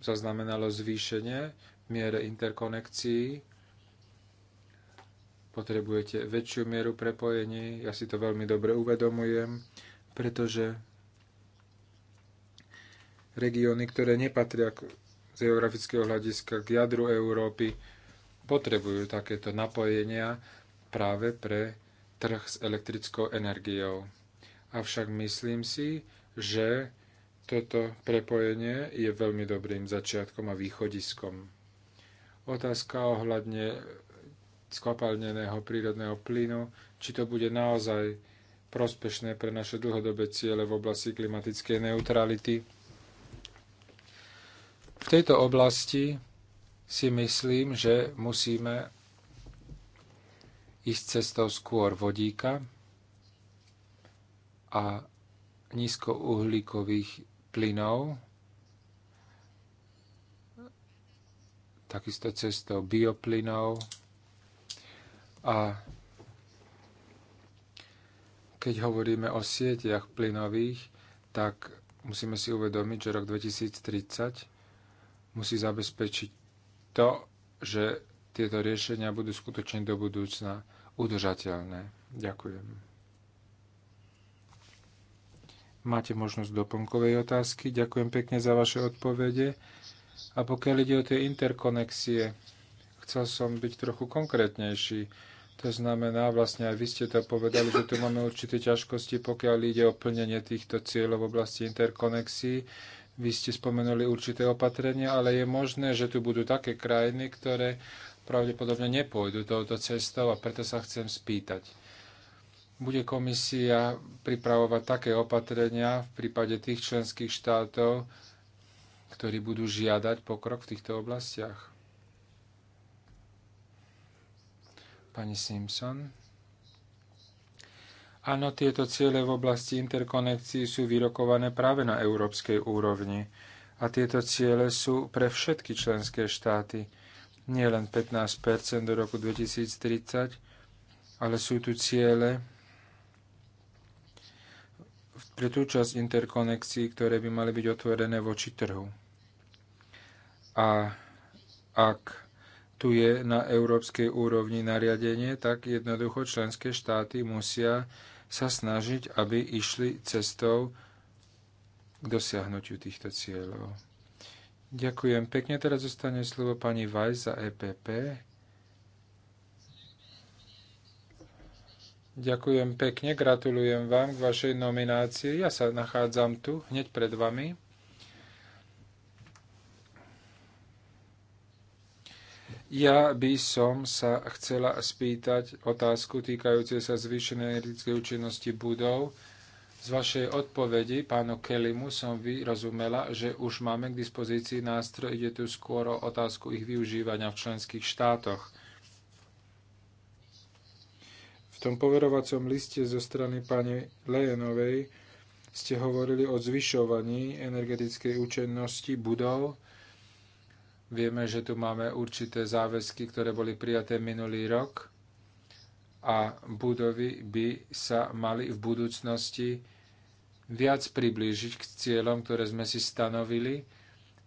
zaznamenalo zvýšenie v miere interkonekcií. Potrebujete väčšiu mieru prepojení. Ja si to veľmi dobre uvedomujem, pretože regióny, ktoré nepatria z geografického hľadiska k jadru Európy, potrebujú takéto napojenia práve pre trh s elektrickou energiou. Avšak myslím si, že toto prepojenie je veľmi dobrým začiatkom a východiskom. Otázka ohľadne skvapalneného prírodného plynu, či to bude naozaj prospešné pre naše dlhodobé ciele v oblasti klimatickej neutrality. V tejto oblasti si myslím, že musíme ísť cestou skôr vodíka a nízkouhlíkových plynov, takisto cestou bioplynov a keď hovoríme o sieťach plynových, tak musíme si uvedomiť, že rok 2030 musí zabezpečiť to, že tieto riešenia budú skutočne do budúcna udržateľné. Ďakujem. Máte možnosť doplnkovej otázky. Ďakujem pekne za vaše odpovede. A pokiaľ ide o tie interkonexie, chcel som byť trochu konkrétnejší. To znamená, vlastne aj vy ste to povedali, že tu máme určité ťažkosti, pokiaľ ide o plnenie týchto cieľov v oblasti interkonexií. Vy ste spomenuli určité opatrenia, ale je možné, že tu budú také krajiny, ktoré pravdepodobne nepôjdu touto cestou a preto sa chcem spýtať bude komisia pripravovať také opatrenia v prípade tých členských štátov, ktorí budú žiadať pokrok v týchto oblastiach? Pani Simpson. Áno, tieto ciele v oblasti interkonekcií sú vyrokované práve na európskej úrovni. A tieto ciele sú pre všetky členské štáty. Nie len 15 do roku 2030, ale sú tu ciele pre tú časť interkonekcií, ktoré by mali byť otvorené voči trhu. A ak tu je na európskej úrovni nariadenie, tak jednoducho členské štáty musia sa snažiť, aby išli cestou k dosiahnutiu týchto cieľov. Ďakujem pekne. Teraz zostane slovo pani Vajs za EPP. Ďakujem pekne, gratulujem vám k vašej nominácii. Ja sa nachádzam tu, hneď pred vami. Ja by som sa chcela spýtať otázku týkajúce sa zvýšenej energetickej účinnosti budov. Z vašej odpovedi pánu Kelimu som vyrozumela, že už máme k dispozícii nástroj, ide tu skôr o otázku ich využívania v členských štátoch. V tom poverovacom liste zo strany pani Lejenovej ste hovorili o zvyšovaní energetickej účinnosti budov. Vieme, že tu máme určité záväzky, ktoré boli prijaté minulý rok a budovy by sa mali v budúcnosti viac priblížiť k cieľom, ktoré sme si stanovili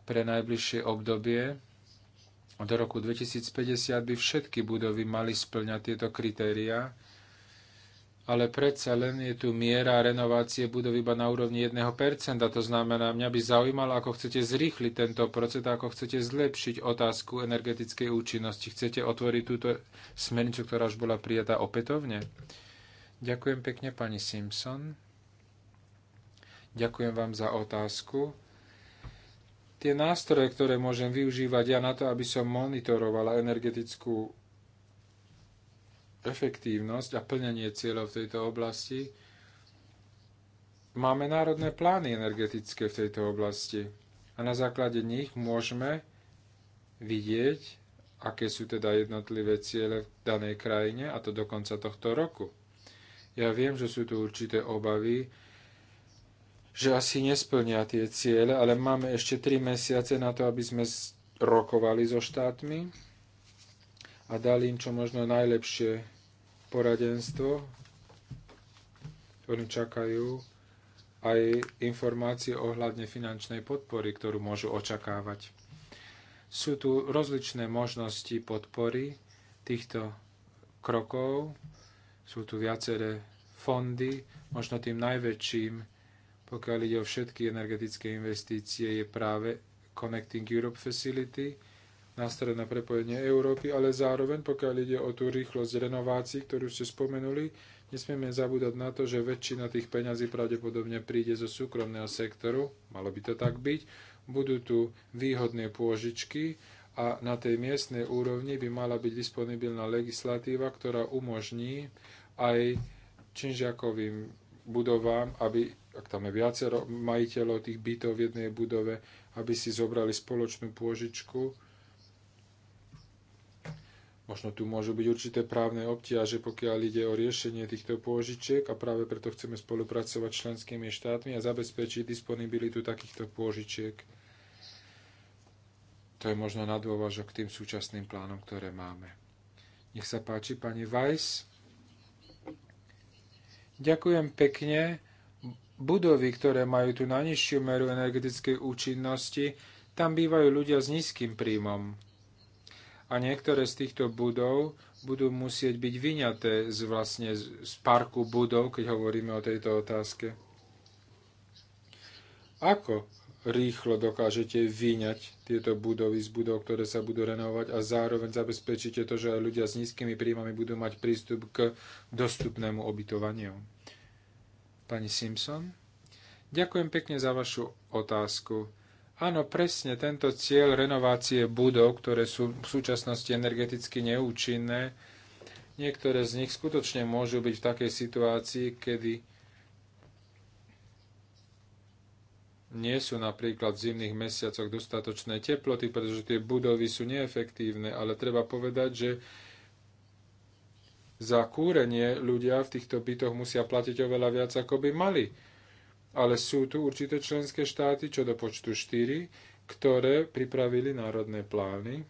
pre najbližšie obdobie. Do roku 2050 by všetky budovy mali splňať tieto kritériá ale predsa len je tu miera renovácie budovy iba na úrovni 1%. to znamená, mňa by zaujímalo, ako chcete zrýchliť tento proces, ako chcete zlepšiť otázku energetickej účinnosti. Chcete otvoriť túto smernicu, ktorá už bola prijatá opätovne? Ďakujem pekne, pani Simpson. Ďakujem vám za otázku. Tie nástroje, ktoré môžem využívať ja na to, aby som monitorovala energetickú efektívnosť a plnenie cieľov v tejto oblasti. Máme národné plány energetické v tejto oblasti a na základe nich môžeme vidieť, aké sú teda jednotlivé ciele v danej krajine a to do konca tohto roku. Ja viem, že sú tu určité obavy, že asi nesplnia tie ciele, ale máme ešte 3 mesiace na to, aby sme rokovali so štátmi a dali im čo možno najlepšie poradenstvo. Oni čakajú aj informácie ohľadne finančnej podpory, ktorú môžu očakávať. Sú tu rozličné možnosti podpory týchto krokov. Sú tu viaceré fondy. Možno tým najväčším, pokiaľ ide o všetky energetické investície, je práve Connecting Europe Facility – nástroj na prepojenie Európy, ale zároveň, pokiaľ ide o tú rýchlosť renovácií, ktorú ste spomenuli, nesmieme zabúdať na to, že väčšina tých peňazí pravdepodobne príde zo súkromného sektoru, malo by to tak byť, budú tu výhodné pôžičky a na tej miestnej úrovni by mala byť disponibilná legislatíva, ktorá umožní aj činžiakovým budovám, aby, ak tam je viacero majiteľov tých bytov v jednej budove, aby si zobrali spoločnú pôžičku, Možno tu môžu byť určité právne obtiaže, pokiaľ ide o riešenie týchto pôžičiek a práve preto chceme spolupracovať s členskými štátmi a zabezpečiť disponibilitu takýchto pôžičiek. To je možno na dôvažok k tým súčasným plánom, ktoré máme. Nech sa páči, pani Weiss. Ďakujem pekne. Budovy, ktoré majú tu najnižšiu meru energetickej účinnosti, tam bývajú ľudia s nízkym príjmom a niektoré z týchto budov budú musieť byť vyňaté z, vlastne, z parku budov, keď hovoríme o tejto otázke. Ako rýchlo dokážete vyňať tieto budovy z budov, ktoré sa budú renovovať a zároveň zabezpečíte to, že aj ľudia s nízkymi príjmami budú mať prístup k dostupnému obytovaniu? Pani Simpson? Ďakujem pekne za vašu otázku. Áno, presne, tento cieľ renovácie budov, ktoré sú v súčasnosti energeticky neúčinné, niektoré z nich skutočne môžu byť v takej situácii, kedy nie sú napríklad v zimných mesiacoch dostatočné teploty, pretože tie budovy sú neefektívne, ale treba povedať, že za kúrenie ľudia v týchto bytoch musia platiť oveľa viac, ako by mali ale sú tu určité členské štáty, čo do počtu 4, ktoré pripravili národné plány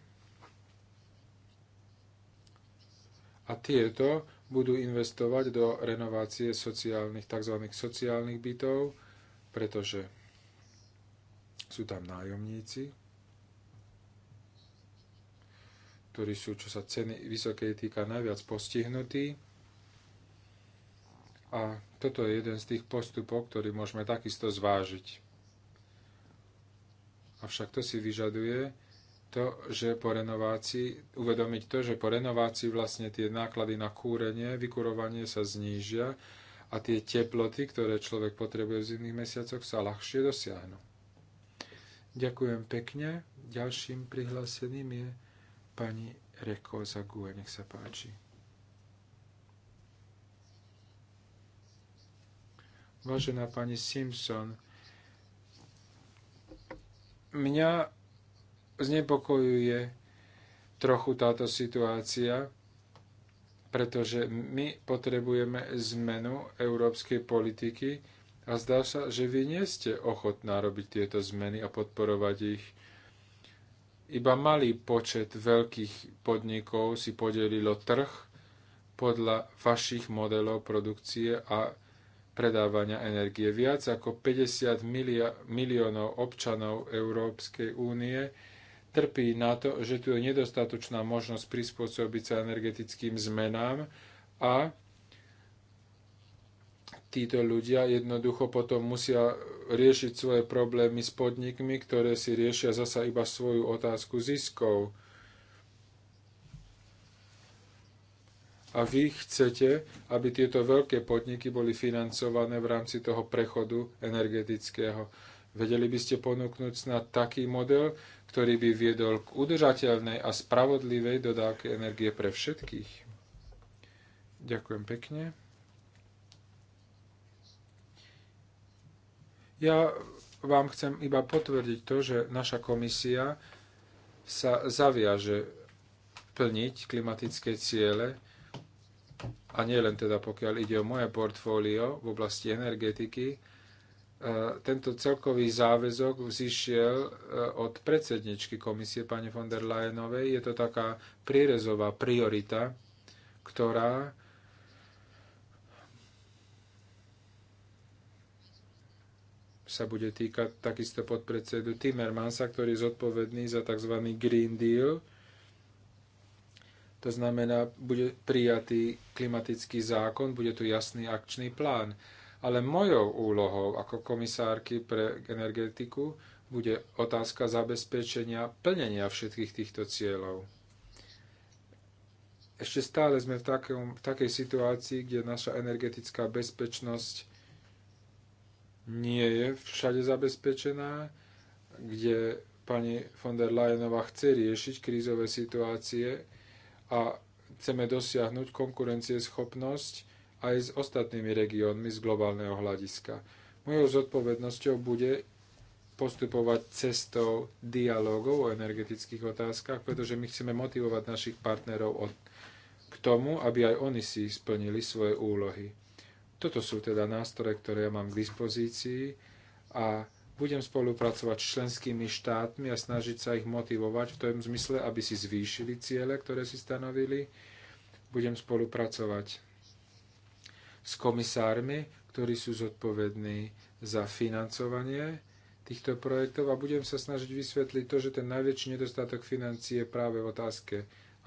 a tieto budú investovať do renovácie sociálnych, tzv. sociálnych bytov, pretože sú tam nájomníci, ktorí sú, čo sa ceny vysokej týka, najviac postihnutí a toto je jeden z tých postupov, ktorý môžeme takisto zvážiť. Avšak to si vyžaduje to, že po renovácii, uvedomiť to, že po renovácii vlastne tie náklady na kúrenie, vykurovanie sa znížia a tie teploty, ktoré človek potrebuje v zimných mesiacoch, sa ľahšie dosiahnu. Ďakujem pekne. Ďalším prihláseným je pani Reko Zague. Nech sa páči. Vážená pani Simpson, mňa znepokojuje trochu táto situácia, pretože my potrebujeme zmenu európskej politiky a zdá sa, že vy nie ste ochotná robiť tieto zmeny a podporovať ich. Iba malý počet veľkých podnikov si podelilo trh podľa vašich modelov produkcie a predávania energie. Viac ako 50 miliónov občanov Európskej únie trpí na to, že tu je nedostatočná možnosť prispôsobiť sa energetickým zmenám a títo ľudia jednoducho potom musia riešiť svoje problémy s podnikmi, ktoré si riešia zasa iba svoju otázku ziskov. A vy chcete, aby tieto veľké podniky boli financované v rámci toho prechodu energetického. Vedeli by ste ponúknuť snad taký model, ktorý by viedol k udržateľnej a spravodlivej dodávke energie pre všetkých? Ďakujem pekne. Ja vám chcem iba potvrdiť to, že naša komisia sa zaviaže plniť klimatické ciele a nie len teda pokiaľ ide o moje portfólio v oblasti energetiky, e, tento celkový záväzok vzýšiel e, od predsedničky komisie pani von der Leyenovej. Je to taká prierezová priorita, ktorá sa bude týkať takisto podpredsedu Timmermansa, ktorý je zodpovedný za tzv. Green Deal, to znamená, bude prijatý klimatický zákon, bude tu jasný akčný plán. Ale mojou úlohou ako komisárky pre energetiku bude otázka zabezpečenia plnenia všetkých týchto cieľov. Ešte stále sme v, takom, v takej situácii, kde naša energetická bezpečnosť nie je všade zabezpečená, kde pani von der Leyenová chce riešiť krízové situácie, a chceme dosiahnuť konkurencieschopnosť aj s ostatnými regiónmi z globálneho hľadiska. Mojou zodpovednosťou bude postupovať cestou dialogov o energetických otázkach, pretože my chceme motivovať našich partnerov od, k tomu, aby aj oni si splnili svoje úlohy. Toto sú teda nástroje, ktoré ja mám k dispozícii a budem spolupracovať s členskými štátmi a snažiť sa ich motivovať v tom zmysle, aby si zvýšili ciele, ktoré si stanovili. Budem spolupracovať s komisármi, ktorí sú zodpovední za financovanie týchto projektov a budem sa snažiť vysvetliť to, že ten najväčší nedostatok financie je práve v otázke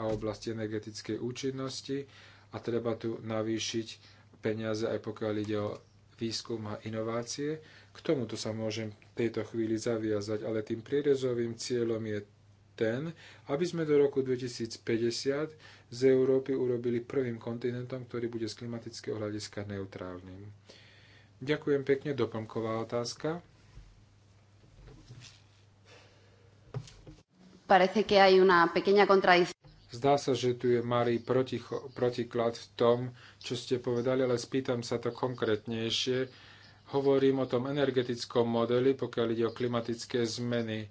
a oblasti energetickej účinnosti a treba tu navýšiť peniaze aj pokiaľ ide o výskum a inovácie. K tomuto sa môžem v tejto chvíli zaviazať, ale tým prierezovým cieľom je ten, aby sme do roku 2050 z Európy urobili prvým kontinentom, ktorý bude z klimatického hľadiska neutrálnym. Ďakujem pekne, doplnková otázka. Parece que hay una pequeña contradicción. Zdá sa, že tu je malý protiklad v tom, čo ste povedali, ale spýtam sa to konkrétnejšie Hovorím o tom energetickom modeli, pokiaľ ide o klimatické zmeny.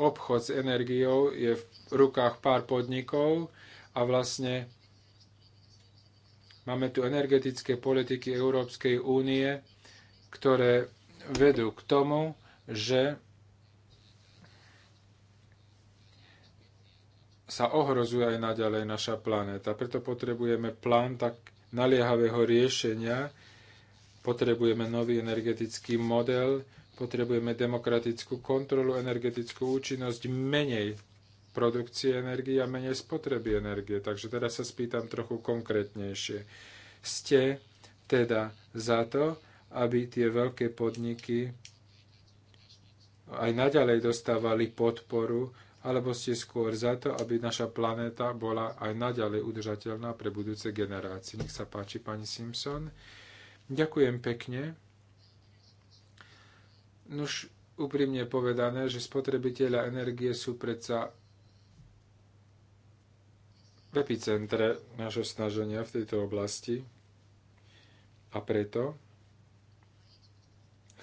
Obchod s energiou je v rukách pár podnikov a vlastne máme tu energetické politiky Európskej únie, ktoré vedú k tomu, že sa ohrozuje aj naďalej naša planéta. Preto potrebujeme plán tak naliehavého riešenia, Potrebujeme nový energetický model, potrebujeme demokratickú kontrolu, energetickú účinnosť, menej produkcie energie a menej spotreby energie. Takže teraz sa spýtam trochu konkrétnejšie. Ste teda za to, aby tie veľké podniky aj naďalej dostávali podporu, alebo ste skôr za to, aby naša planéta bola aj naďalej udržateľná pre budúce generácie. Nech sa páči, pani Simpson. Ďakujem pekne. Nuž úprimne povedané, že spotrebiteľa energie sú predsa v epicentre nášho snaženia v tejto oblasti a preto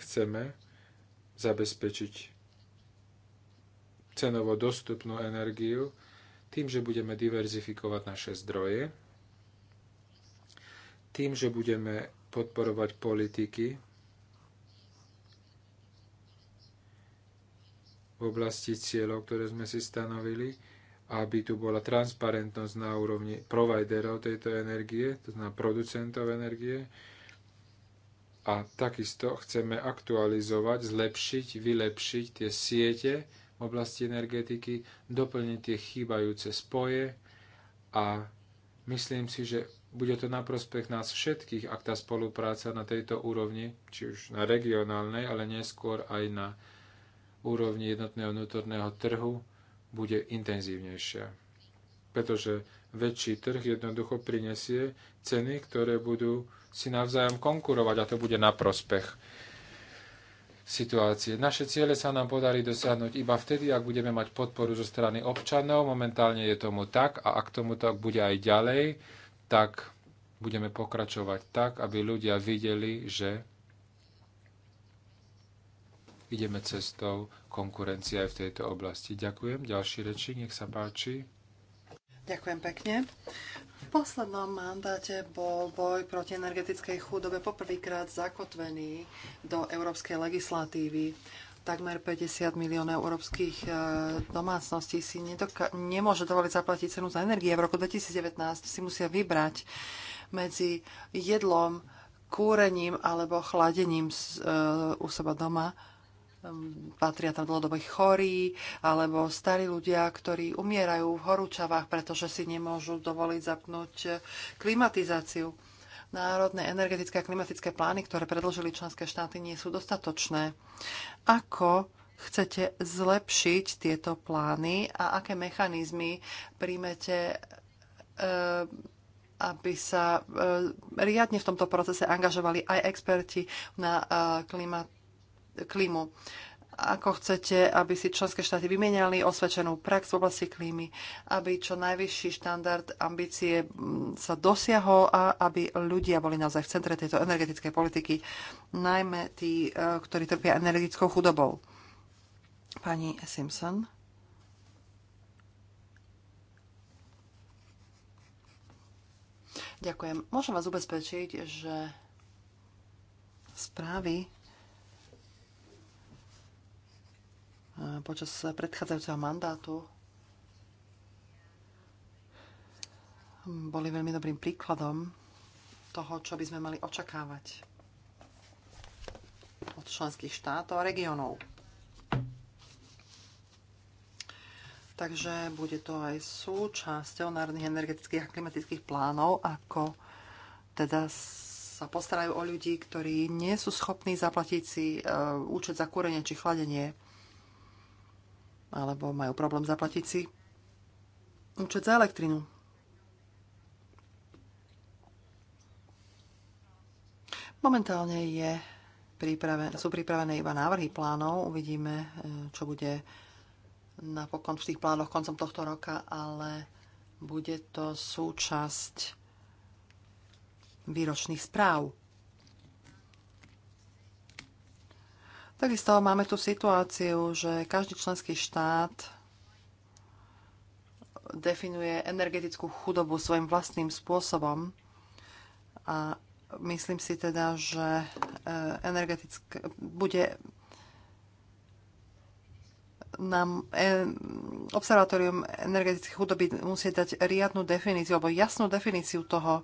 chceme zabezpečiť cenovo dostupnú energiu tým, že budeme diverzifikovať naše zdroje, tým, že budeme podporovať politiky v oblasti cieľov, ktoré sme si stanovili, aby tu bola transparentnosť na úrovni providerov tejto energie, to znamená producentov energie. A takisto chceme aktualizovať, zlepšiť, vylepšiť tie siete v oblasti energetiky, doplniť tie chýbajúce spoje a myslím si, že bude to na prospech nás všetkých, ak tá spolupráca na tejto úrovni, či už na regionálnej, ale neskôr aj na úrovni jednotného vnútorného trhu, bude intenzívnejšia. Pretože väčší trh jednoducho prinesie ceny, ktoré budú si navzájom konkurovať a to bude na prospech situácie. Naše ciele sa nám podarí dosiahnuť iba vtedy, ak budeme mať podporu zo strany občanov. Momentálne je tomu tak a ak tomu tak bude aj ďalej, tak budeme pokračovať tak, aby ľudia videli, že ideme cestou konkurencie aj v tejto oblasti. Ďakujem. Ďalší reči, nech sa páči. Ďakujem pekne. V poslednom mandáte bol boj proti energetickej chudobe poprvýkrát zakotvený do európskej legislatívy takmer 50 miliónov európskych e, domácností si nemôže dovoliť zaplatiť cenu za energie. V roku 2019 si musia vybrať medzi jedlom, kúrením alebo chladením e, u seba doma. Patria tam dlhodobo chorí alebo starí ľudia, ktorí umierajú v horúčavách, pretože si nemôžu dovoliť zapnúť e, klimatizáciu národné energetické a klimatické plány, ktoré predložili členské štáty, nie sú dostatočné. Ako chcete zlepšiť tieto plány a aké mechanizmy príjmete, e, aby sa e, riadne v tomto procese angažovali aj experti na e, klimat, klimu? ako chcete, aby si členské štáty vymieniali osvedčenú prax v oblasti klímy, aby čo najvyšší štandard ambície sa dosiahol a aby ľudia boli naozaj v centre tejto energetickej politiky, najmä tí, e, ktorí trpia energetickou chudobou. Pani Simpson. Ďakujem. Môžem vás ubezpečiť, že správy počas predchádzajúceho mandátu boli veľmi dobrým príkladom toho, čo by sme mali očakávať od členských štátov a regionov. Takže bude to aj súčasťou národných energetických a klimatických plánov, ako teda sa postarajú o ľudí, ktorí nie sú schopní zaplatiť si e, účet za kúrenie či chladenie alebo majú problém zaplatiť si účet za elektrinu. Momentálne je pripraven, sú pripravené iba návrhy plánov. Uvidíme, e, čo bude napokon v tých plánoch koncom tohto roka, ale bude to súčasť výročných správ. Takisto máme tu situáciu, že každý členský štát definuje energetickú chudobu svojim vlastným spôsobom a myslím si teda, že e, energetické bude nám e, observatórium energetických chudoby musí dať riadnu definíciu alebo jasnú definíciu toho,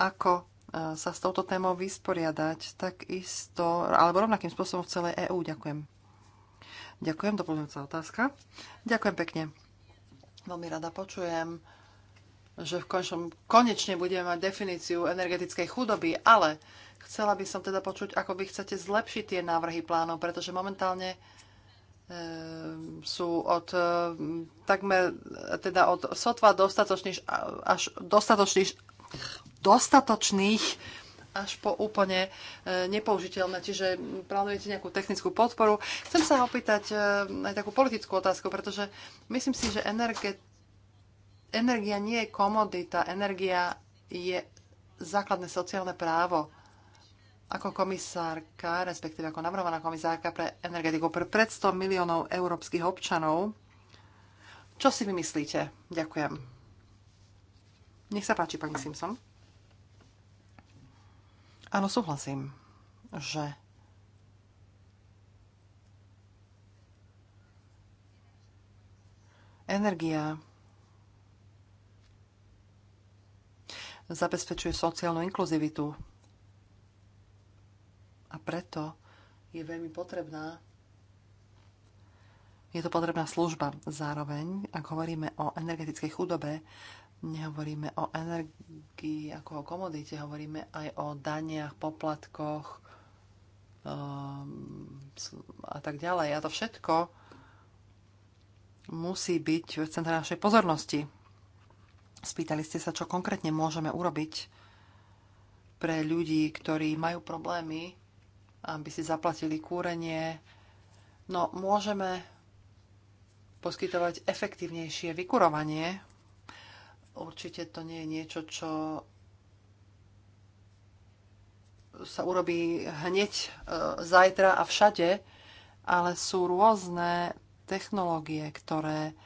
ako sa s touto témou vysporiadať takisto, alebo rovnakým spôsobom v celej EÚ. Ďakujem. Ďakujem, doplňujúca otázka. Ďakujem pekne. Veľmi rada počujem, že v končnom, konečne budeme mať definíciu energetickej chudoby, ale chcela by som teda počuť, ako vy chcete zlepšiť tie návrhy plánov, pretože momentálne e, sú od e, takmer, teda od sotva dostatočných až dostatočných dostatočných až po úplne e, nepoužiteľné. Čiže plánujete nejakú technickú podporu. Chcem sa opýtať e, aj takú politickú otázku, pretože myslím si, že energe, energia nie je komodita, energia je základné sociálne právo. Ako komisárka, respektíve ako navrhovaná komisárka pre energetiku pre pred 100 miliónov európskych občanov, čo si vymyslíte? Ďakujem. Nech sa páči, pani Simpson. Áno, súhlasím, že energia zabezpečuje sociálnu inkluzivitu a preto je veľmi potrebná je to potrebná služba. Zároveň, ak hovoríme o energetickej chudobe, Nehovoríme o energii ako o komodite, hovoríme aj o daniach, poplatkoch ehm, a tak ďalej. A to všetko musí byť v centre našej pozornosti. Spýtali ste sa, čo konkrétne môžeme urobiť pre ľudí, ktorí majú problémy, aby si zaplatili kúrenie. No, môžeme poskytovať efektívnejšie vykurovanie Určite to nie je niečo, čo sa urobí hneď e, zajtra a všade, ale sú rôzne technológie, ktoré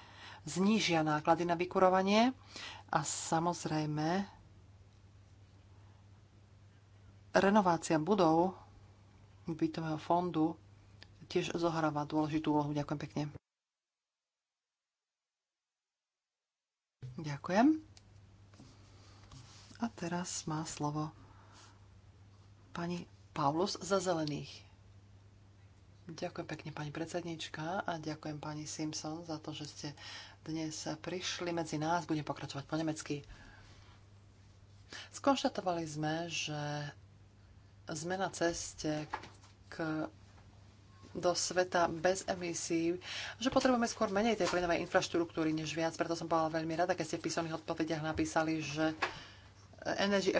znížia náklady na vykurovanie a samozrejme renovácia budov bytového fondu tiež zohráva dôležitú úlohu. Ďakujem pekne. Ďakujem. A teraz má slovo pani Paulus za zelených. Ďakujem pekne pani predsednička a ďakujem pani Simpson za to, že ste dnes prišli medzi nás. Budem pokračovať po nemecky. Skonštatovali sme, že sme na ceste k do sveta bez emisí, že potrebujeme skôr menej tej plynovej infraštruktúry než viac. Preto som bola veľmi rada, keď ste v písomných odpovediach napísali, že Energy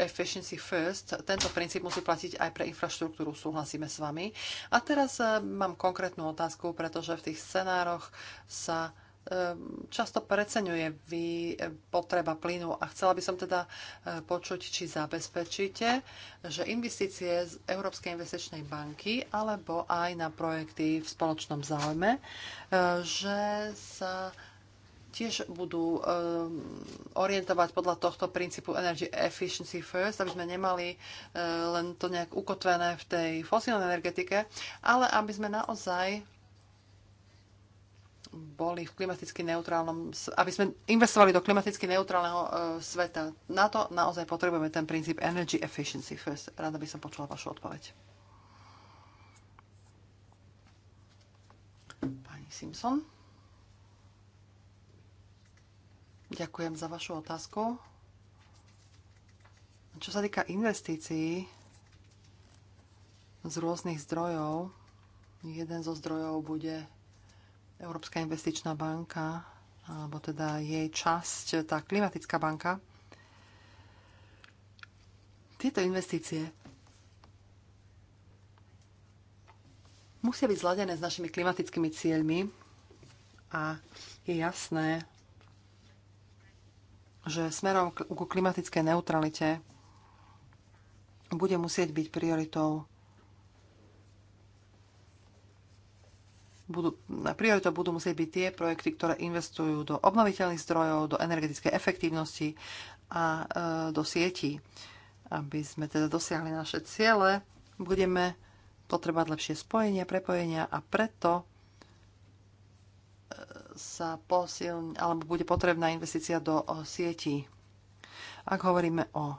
Efficiency First, tento princíp musí platiť aj pre infraštruktúru, súhlasíme s vami. A teraz eh, mám konkrétnu otázku, pretože v tých scenároch sa Ehm, často preceňuje vy potreba plynu a chcela by som teda eh, počuť, či zabezpečíte, že investície z Európskej investičnej banky alebo aj na projekty v spoločnom záujme, eh, že sa tiež budú um, orientovať podľa tohto princípu Energy Efficiency First, aby sme nemali uh, len to nejak ukotvené v tej fosílnej energetike, ale aby sme naozaj boli v klimaticky neutrálnom, aby sme investovali do klimaticky neutrálneho uh, sveta. Na to naozaj potrebujeme ten princíp energy efficiency first. Rada by som počula vašu odpoveď. Pani Simpson. Ďakujem za vašu otázku. Čo sa týka investícií z rôznych zdrojov, jeden zo zdrojov bude Európska investičná banka, alebo teda jej časť, tá klimatická banka. Tieto investície musia byť zladené s našimi klimatickými cieľmi a je jasné, že smerom ku klimatickej neutralite bude musieť byť prioritou budú, prioritou budú musieť byť tie projekty, ktoré investujú do obnoviteľných zdrojov, do energetickej efektívnosti a e, do sietí. Aby sme teda dosiahli naše ciele, budeme potrebať lepšie spojenia, prepojenia a preto e, sa posilň, alebo bude potrebná investícia do o, sietí. Ak hovoríme o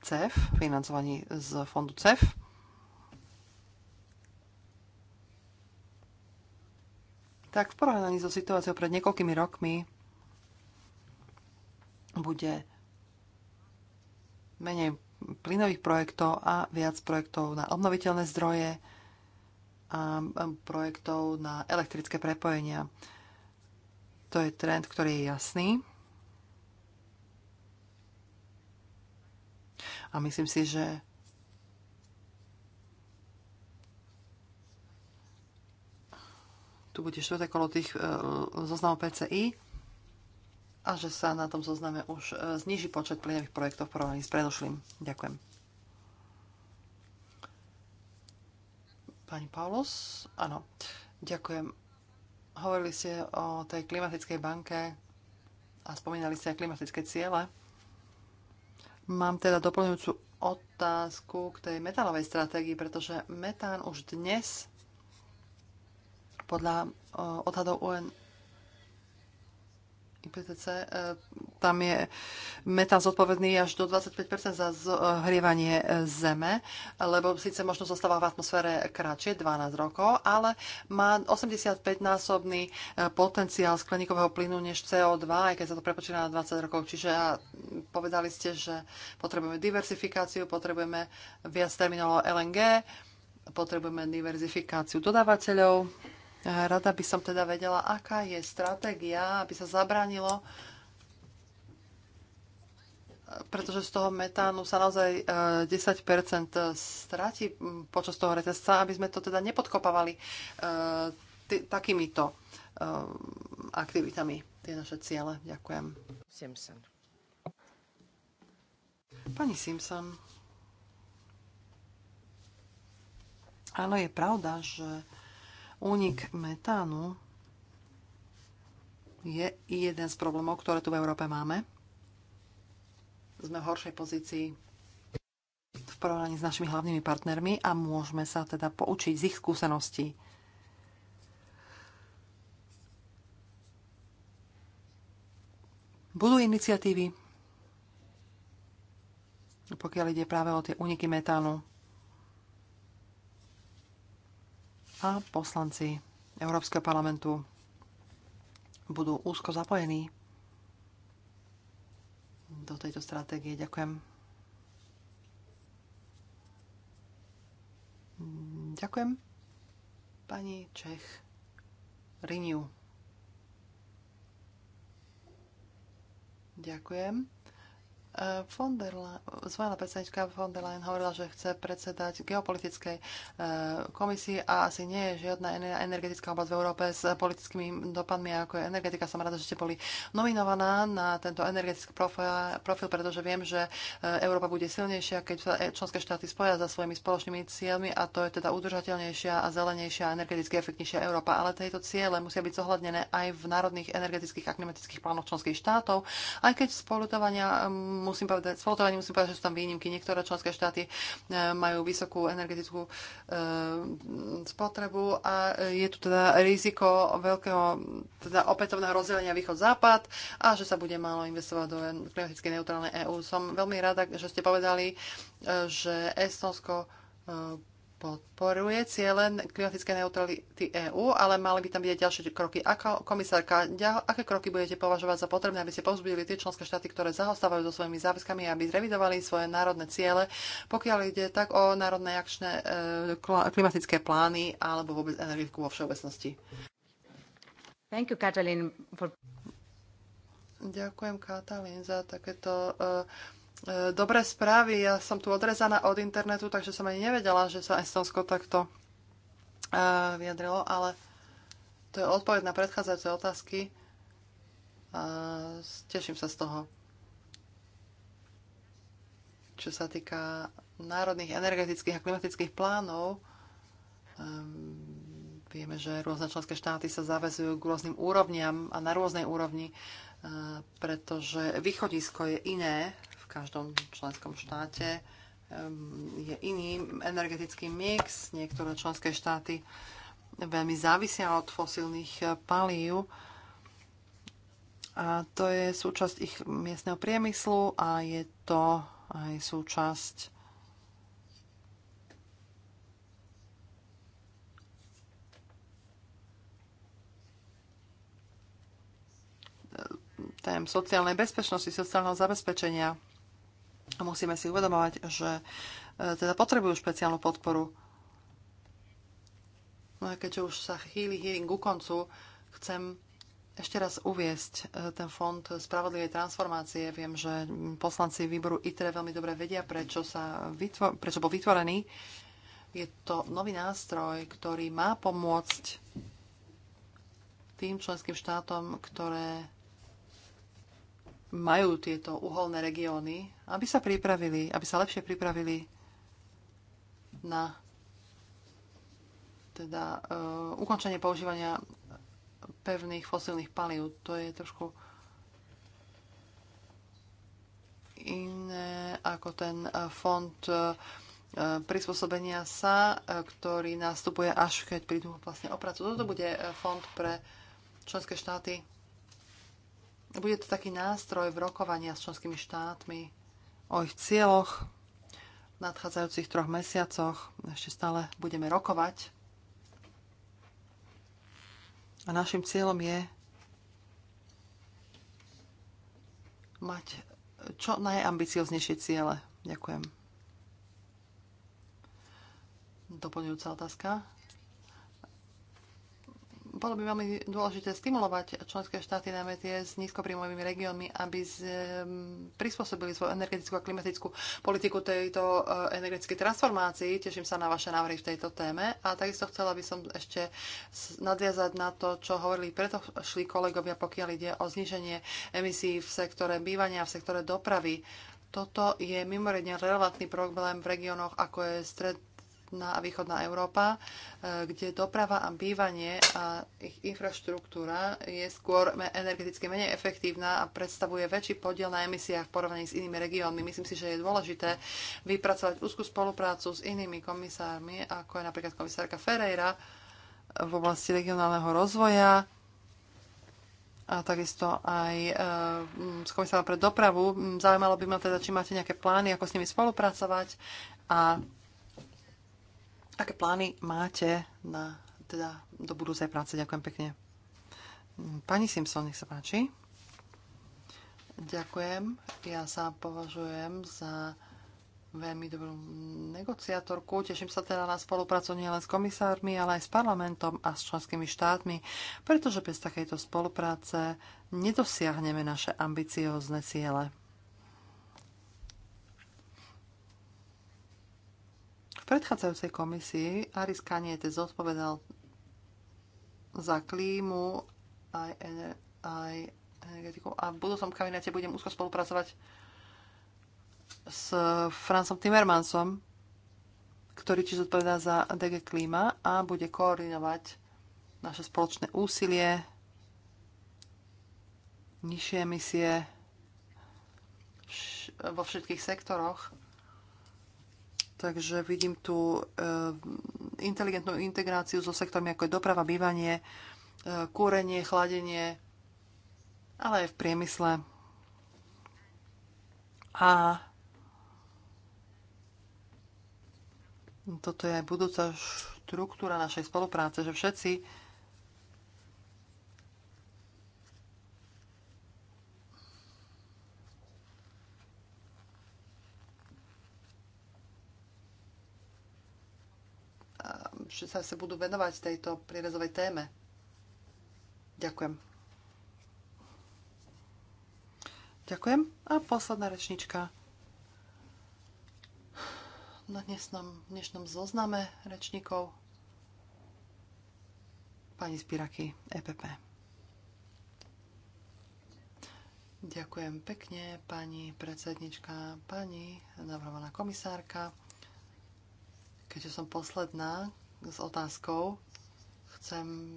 CEF, financovaní z fondu CEF, tak v porovnaní so situáciou pred niekoľkými rokmi bude menej plynových projektov a viac projektov na obnoviteľné zdroje a projektov na elektrické prepojenia. To je trend, ktorý je jasný. A myslím si, že tu bude štvrté kolo tých e, zoznamov PCI a že sa na tom zozname už e, zniží počet plynových projektov v porovnaní s predošlým. Ďakujem. Pani Paulus? Áno. Ďakujem. Hovorili ste o tej klimatickej banke a spomínali ste aj klimatické ciele. Mám teda doplňujúcu otázku k tej metalovej stratégii, pretože metán už dnes podľa e, odhadov UN IPCC, e, tam je metán zodpovedný až do 25% za zhrievanie Zeme, lebo síce možno zostáva v atmosfére kratšie, 12 rokov, ale má 85-násobný e, potenciál skleníkového plynu než CO2, aj keď sa to prepočína na 20 rokov. Čiže povedali ste, že potrebujeme diversifikáciu, potrebujeme viac terminálov LNG, potrebujeme diverzifikáciu dodávateľov, Rada by som teda vedela, aká je stratégia, aby sa zabránilo, pretože z toho metánu sa naozaj 10% e, stráti počas toho reťazca, aby sme to teda nepodkopávali e, takýmito e, aktivitami tie naše ciele. Ďakujem. Simpson. Pani Simpson. Áno, je pravda, že Únik metánu je jeden z problémov, ktoré tu v Európe máme. Sme v horšej pozícii v porovnaní s našimi hlavnými partnermi a môžeme sa teda poučiť z ich skúseností. Budú iniciatívy, pokiaľ ide práve o tie úniky metánu a poslanci Európskeho parlamentu budú úzko zapojení do tejto stratégie. Ďakujem. Ďakujem. Pani Čech Riniu. Ďakujem von der Leyen, zvolená predsednička von der Leyen hovorila, že chce predsedať geopolitickej eh, komisii a asi nie je žiadna energetická oblasť v Európe s politickými dopadmi, ako je energetika. Som rada, že ste boli nominovaná na tento energetický profil, pretože viem, že eh, Európa bude silnejšia, keď sa eh, členské štáty spoja za svojimi spoločnými cieľmi a to je teda udržateľnejšia a zelenejšia a energeticky efektnejšia Európa. Ale tieto ciele musia byť zohľadnené aj v národných energetických a klimatických plánoch členských štátov, aj keď spolutovania musím povedať, spolutovaní musím povedať, že sú tam výnimky. Niektoré členské štáty e, majú vysokú energetickú e, spotrebu a je tu teda riziko veľkého teda opätovného rozdelenia východ-západ a že sa bude málo investovať do klimaticky neutrálnej EÚ. Som veľmi rada, že ste povedali, e, že Estonsko podporuje ciele klimatické neutrality EÚ, ale mali by tam byť ďalšie kroky. Ako komisárka, aké kroky budete považovať za potrebné, aby ste povzbudili tie členské štáty, ktoré zaostávajú so svojimi záväzkami, aby zrevidovali svoje národné ciele, pokiaľ ide tak o národné akčné e, klimatické plány alebo vôbec energetiku vo všeobecnosti? Thank you, Katalin, for... Ďakujem, Katalin, za takéto uh, E, dobré správy. Ja som tu odrezaná od internetu, takže som ani nevedela, že sa Estonsko takto e, vyjadrilo, ale to je odpoveď na predchádzajúce otázky. E, teším sa z toho. Čo sa týka národných energetických a klimatických plánov, vieme, že rôzne členské štáty sa zavezujú k rôznym úrovniam a na rôznej úrovni, pretože východisko je iné každom členskom štáte je iný energetický mix. Niektoré členské štáty veľmi závisia od fosílnych eh, palív a to je súčasť ich miestneho priemyslu a je to aj súčasť tém sociálnej bezpečnosti, sociálneho zabezpečenia. A musíme si uvedomovať, že e, teda potrebujú špeciálnu podporu. No a keďže už sa chýli hearing ku koncu, chcem ešte raz uviesť e, ten fond spravodlivej transformácie. Viem, že poslanci výboru ITRE veľmi dobre vedia, prečo, sa vytvo- prečo bol vytvorený. Je to nový nástroj, ktorý má pomôcť tým členským štátom, ktoré majú tieto uholné regióny aby sa pripravili, aby sa lepšie pripravili na teda uh, ukončenie používania pevných fosílnych palív. To je trošku iné ako ten uh, fond uh, uh, prispôsobenia sa, uh, ktorý nastupuje až keď prídu vlastne o prácu. Toto bude uh, fond pre členské štáty. Bude to taký nástroj v rokovania s členskými štátmi o ich cieľoch v nadchádzajúcich troch mesiacoch. Ešte stále budeme rokovať. A našim cieľom je mať čo najambicioznejšie ciele. Ďakujem. Doplňujúca otázka bolo by veľmi dôležité stimulovať členské štáty, najmä tie s nízkopríjmovými regiónmi, aby z, prispôsobili svoju energetickú a klimatickú politiku tejto eh, energetickej transformácii. Teším sa na vaše návrhy v tejto téme. A takisto chcela by som ešte nadviazať na to, čo hovorili predošli kolegovia, pokiaľ ide o zníženie emisí v sektore bývania, v sektore dopravy. Toto je mimoriadne relevantný problém v regiónoch, ako je stred stredná a východná Európa, e, kde doprava a bývanie a ich infraštruktúra je skôr energeticky menej efektívna a predstavuje väčší podiel na emisiách v porovnaní s inými regiónmi. Myslím si, že je dôležité vypracovať úzkú spoluprácu s inými komisármi, ako je napríklad komisárka Ferreira v oblasti regionálneho rozvoja, a takisto aj e, s komisárom pre dopravu. Zaujímalo by ma teda, či máte nejaké plány, ako s nimi spolupracovať a aké plány máte na, teda, do budúcej práce. Ďakujem pekne. Pani Simpson, nech sa páči. Ďakujem. Ja sa považujem za veľmi dobrú negociatorku. Teším sa teda na spoluprácu nielen s komisármi, ale aj s parlamentom a s členskými štátmi, pretože bez takejto spolupráce nedosiahneme naše ambiciózne ciele. predchádzajúcej komisii Aris Kaniete zodpovedal za klímu aj, aj energetiku a v budúcom kabinete budem úzko spolupracovať s Francom Timmermansom, ktorý tiež zodpovedá za DG Klíma a bude koordinovať naše spoločné úsilie, nižšie emisie vo všetkých sektoroch Takže vidím tu e, inteligentnú integráciu so sektormi ako je doprava, bývanie, e, kúrenie, chladenie, ale aj v priemysle. A toto je aj budúca štruktúra našej spolupráce, že všetci že sa, sa budú venovať tejto prierezovej téme. Ďakujem. Ďakujem. A posledná rečnička. Na dnešnom, dnešnom zozname rečníkov pani Spiraky, EPP. Ďakujem pekne, pani predsednička, pani navrhovaná komisárka. Keďže som posledná, s otázkou. Chcem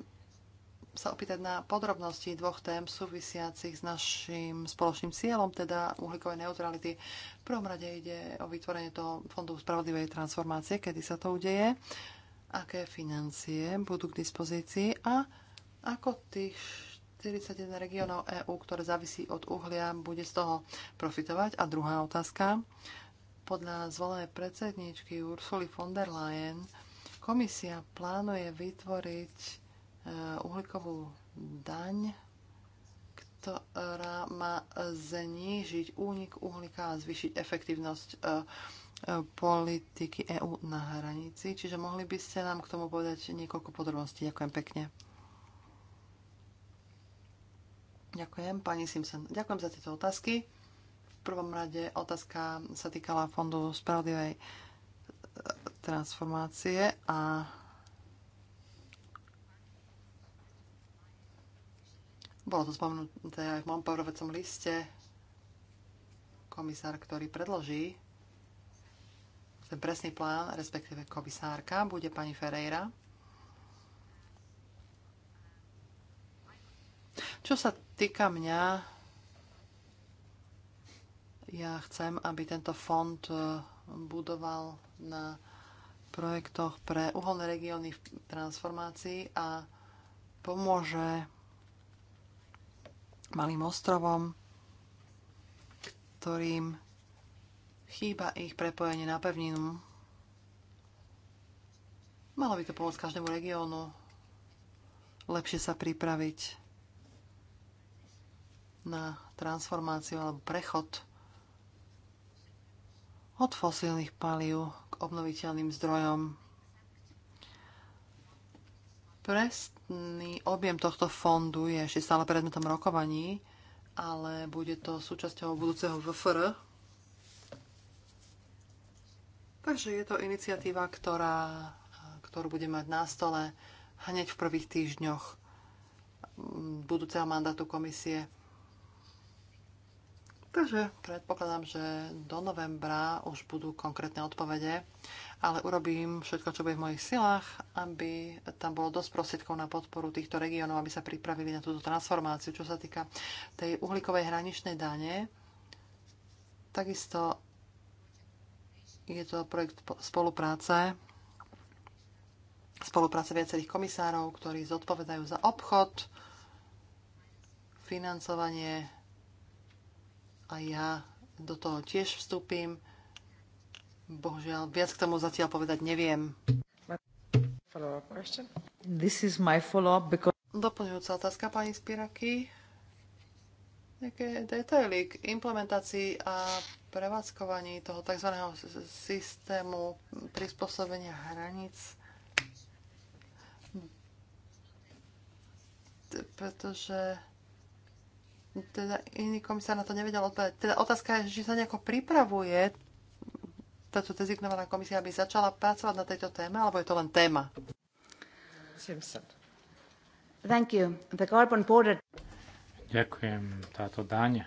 sa opýtať na podrobnosti dvoch tém súvisiacich s našim spoločným cieľom, teda uhlíkovej neutrality. V prvom rade ide o vytvorenie toho fondu spravodlivej transformácie, kedy sa to udeje, aké financie budú k dispozícii a ako tých 41 regiónov EÚ, ktoré závisí od uhlia, bude z toho profitovať. A druhá otázka. Podľa zvolenej predsedničky Ursuly von der Leyen Komisia plánuje vytvoriť eh, uhlíkovú daň, ktorá má znížiť únik uhlíka a zvýšiť efektívnosť eh, eh, politiky EÚ na hranici. Čiže mohli by ste nám k tomu povedať niekoľko podrobností. Ďakujem pekne. Ďakujem, pani Simpson. Ďakujem za tieto otázky. V prvom rade otázka sa týkala Fondu spravodlivej transformácie a bolo to spomenuté aj v mojom povrovecom liste. Komisár, ktorý predloží ten presný plán, respektíve komisárka, bude pani Ferreira. Čo sa týka mňa, ja chcem, aby tento fond budoval na projektoch pre uholné regióny v transformácii a pomôže malým ostrovom, ktorým chýba ich prepojenie na pevninu. Malo by to pomôcť každému regiónu lepšie sa pripraviť na transformáciu alebo prechod od fosílnych palív k obnoviteľným zdrojom. Presný objem tohto fondu je ešte stále predmetom rokovaní, ale bude to súčasťou budúceho VFR. Takže je to iniciatíva, ktorá, ktorú bude mať na stole hneď v prvých týždňoch budúceho mandátu komisie. Takže predpokladám, že do novembra už budú konkrétne odpovede, ale urobím všetko, čo bude v mojich silách, aby tam bolo dosť prostriedkov na podporu týchto regiónov, aby sa pripravili na túto transformáciu. Čo sa týka tej uhlíkovej hraničnej dane, takisto je to projekt spolupráce spolupráce viacerých komisárov, ktorí zodpovedajú za obchod, financovanie a ja do toho tiež vstúpim. Bohužiaľ, viac k tomu zatiaľ povedať neviem. This is my follow-up because... Doplňujúca otázka, pani Spiraky. Nejaké detaily k implementácii a prevádzkovaní toho tzv. systému prispôsobenia hraníc. Pretože teda iný komisár na to nevedel odpovedať. Teda otázka je, či sa nejako pripravuje táto dezignovaná komisia, aby začala pracovať na tejto téme, alebo je to len téma? Simpson. Thank you. The carbon border... Ďakujem. Táto daň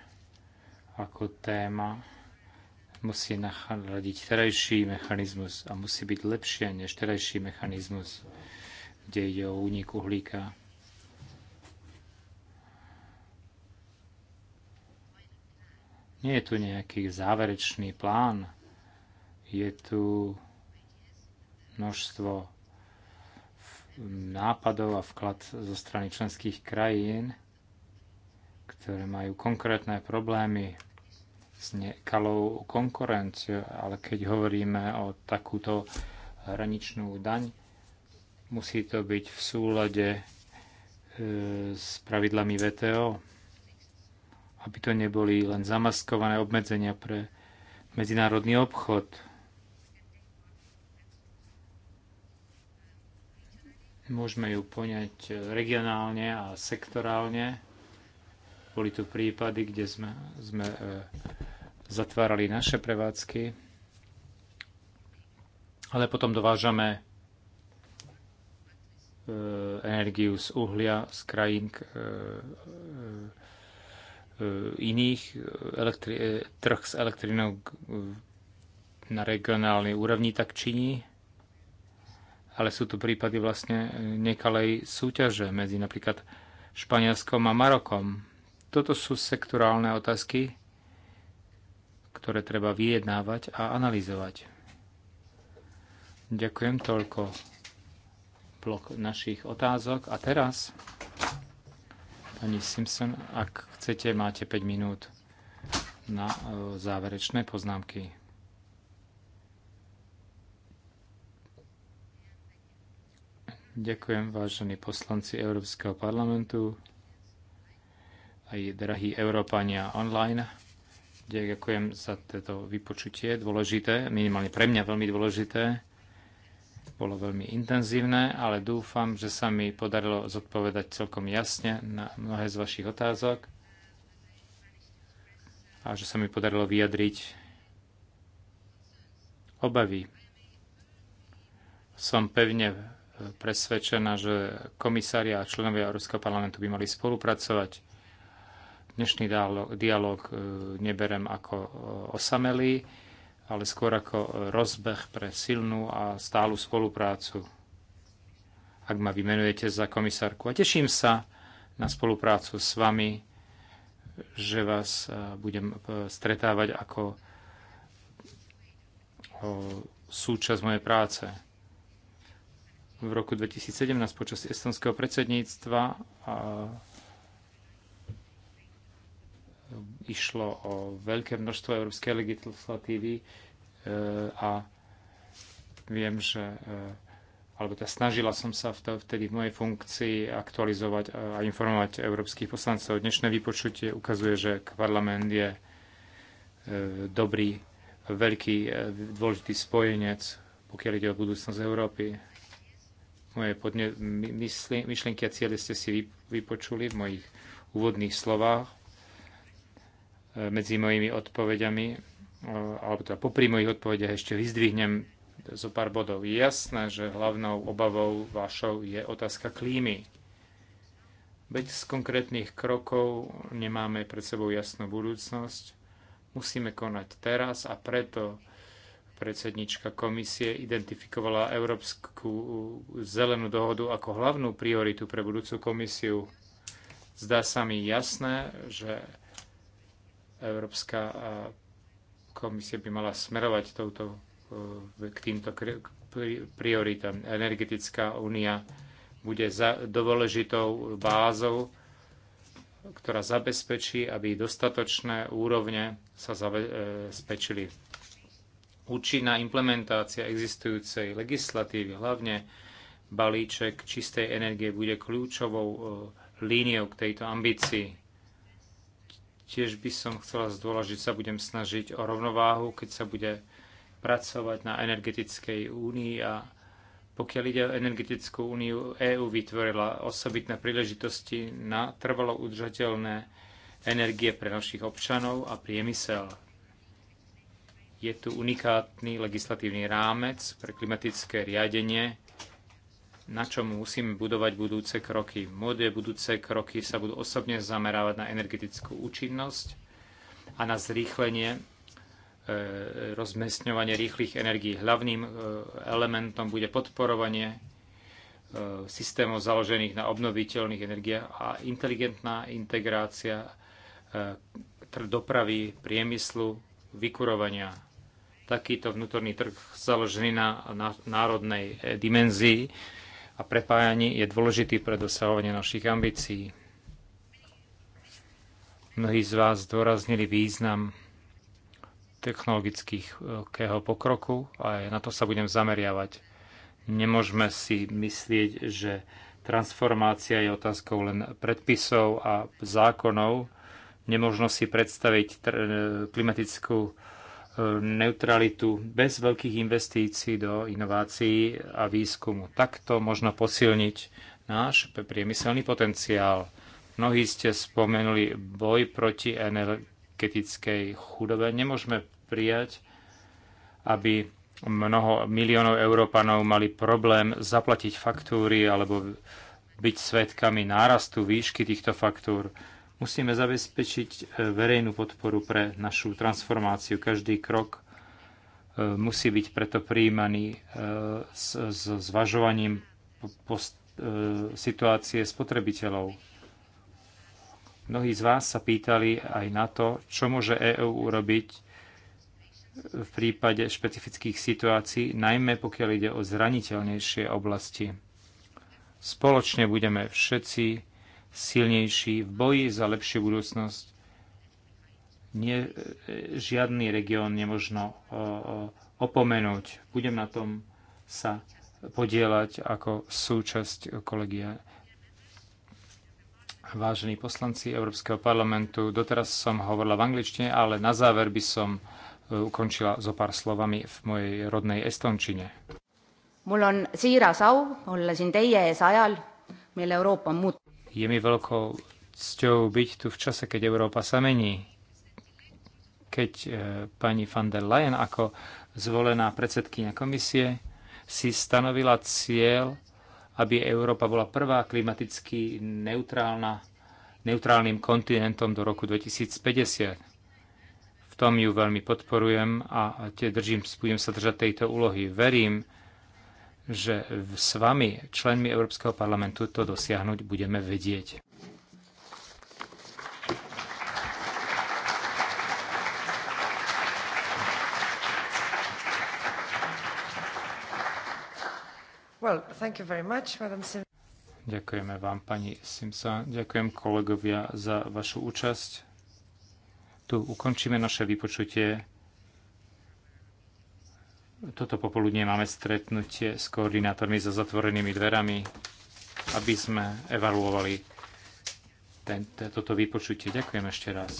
ako téma musí nahradiť terajší mechanizmus a musí byť lepšie než terajší mechanizmus, kde ide o únik uhlíka Nie je tu nejaký záverečný plán. Je tu množstvo nápadov a vklad zo strany členských krajín, ktoré majú konkrétne problémy s nekalou konkurenciou, ale keď hovoríme o takúto hraničnú daň, musí to byť v súlade e, s pravidlami VTO aby to neboli len zamaskované obmedzenia pre medzinárodný obchod. Môžeme ju poňať regionálne a sektorálne. Boli tu prípady, kde sme, sme e, zatvárali naše prevádzky, ale potom dovážame e, energiu z uhlia z krajín, e, E, iných e, elektri- e, trh s elektrinou na regionálnej úrovni tak činí, ale sú tu prípady vlastne nekalej súťaže medzi napríklad Španielskom a Marokom. Toto sú sektorálne otázky, ktoré treba vyjednávať a analyzovať. Ďakujem toľko blok našich otázok. A teraz Pani Simpson, ak chcete, máte 5 minút na e, záverečné poznámky. Ďakujem, vážení poslanci Európskeho parlamentu, aj drahí Európania online. Ďakujem za toto vypočutie, dôležité, minimálne pre mňa veľmi dôležité bolo veľmi intenzívne, ale dúfam, že sa mi podarilo zodpovedať celkom jasne na mnohé z vašich otázok a že sa mi podarilo vyjadriť obavy. Som pevne presvedčená, že komisária a členovia Európskeho parlamentu by mali spolupracovať. Dnešný dialog e, neberem ako e, osamelý ale skôr ako rozbeh pre silnú a stálu spoluprácu. Ak ma vymenujete za komisárku. A teším sa na spoluprácu s vami, že vás e, budem e, stretávať ako e, súčasť mojej práce. V roku 2017 počas estonského predsedníctva išlo o veľké množstvo európskej legislatívy e, a viem, že e, alebo teda snažila som sa vtedy v mojej funkcii aktualizovať a informovať európskych poslancov. Dnešné vypočutie ukazuje, že parlament je e, dobrý, veľký, dôležitý spojenec, pokiaľ ide o budúcnosť Európy. Moje podne, myšlienky a cieľe ste si vypočuli v mojich úvodných slovách medzi mojimi odpovediami, alebo teda popri mojich odpovediach ešte vyzdvihnem zo pár bodov. Je jasné, že hlavnou obavou vašou je otázka klímy. Bez konkrétnych krokov nemáme pred sebou jasnú budúcnosť. Musíme konať teraz a preto predsednička komisie identifikovala Európsku zelenú dohodu ako hlavnú prioritu pre budúcu komisiu. Zdá sa mi jasné, že Európska komisia by mala smerovať touto, e, k týmto prioritám. Energetická únia bude za, dôležitou bázou, ktorá zabezpečí, aby dostatočné úrovne sa zabezpečili. E, Účinná implementácia existujúcej legislatívy, hlavne balíček čistej energie, bude kľúčovou e, líniou k tejto ambícii Tiež by som chcela zdôležiť, sa budem snažiť o rovnováhu, keď sa bude pracovať na energetickej únii a pokiaľ ide o energetickú úniu, EÚ vytvorila osobitné príležitosti na trvalo udržateľné energie pre našich občanov a priemysel. Je tu unikátny legislatívny rámec pre klimatické riadenie, na čom musíme budovať budúce kroky. Moje budúce kroky sa budú osobne zamerávať na energetickú účinnosť a na zrýchlenie e, rozmestňovanie rýchlych energií. Hlavným e, elementom bude podporovanie e, systémov založených na obnoviteľných energiách a inteligentná integrácia dopravy, priemyslu, vykurovania. Takýto vnútorný trh založený na národnej dimenzii a prepájanie je dôležitý pre dosahovanie našich ambícií. Mnohí z vás zdôraznili význam technologického pokroku a aj na to sa budem zameriavať. Nemôžeme si myslieť, že transformácia je otázkou len predpisov a zákonov. Nemôžno si predstaviť klimatickú neutralitu bez veľkých investícií do inovácií a výskumu. Takto možno posilniť náš priemyselný potenciál. Mnohí ste spomenuli boj proti energetickej chudobe. Nemôžeme prijať, aby mnoho miliónov Európanov mali problém zaplatiť faktúry alebo byť svetkami nárastu výšky týchto faktúr Musíme zabezpečiť e, verejnú podporu pre našu transformáciu. Každý krok e, musí byť preto príjmaný e, s, s zvažovaním post, situácie spotrebiteľov. Mnohí z vás sa pýtali aj na to, čo môže EÚ urobiť v prípade špecifických situácií, najmä pokiaľ ide o zraniteľnejšie oblasti. Spoločne budeme všetci silnejší v boji za lepšiu budúcnosť. Nie, e, žiadny región nemožno e, e, opomenúť. Budem na tom sa podielať ako súčasť kolegia. Vážení poslanci Európskeho parlamentu, doteraz som hovorila v angličtine, ale na záver by som ukončila zo pár slovami v mojej rodnej estončine. Mul on siiras au olla siin teie ees ajal, mil Euroopa muutub. Je mi veľkou cťou byť tu v čase, keď Európa sa mení. Keď e, pani van der Leyen ako zvolená predsedkynia komisie si stanovila cieľ, aby Európa bola prvá klimaticky neutrálna, neutrálnym kontinentom do roku 2050. V tom ju veľmi podporujem a tie držím, budem sa držať tejto úlohy. Verím, že s vami, členmi Európskeho parlamentu, to dosiahnuť budeme vedieť. Well, much, Ďakujeme vám, pani Simpson. Ďakujem kolegovia za vašu účasť. Tu ukončíme naše vypočutie. Toto popoludne máme stretnutie s koordinátormi so zatvorenými dverami, aby sme evaluovali ten, toto vypočutie. Ďakujem ešte raz.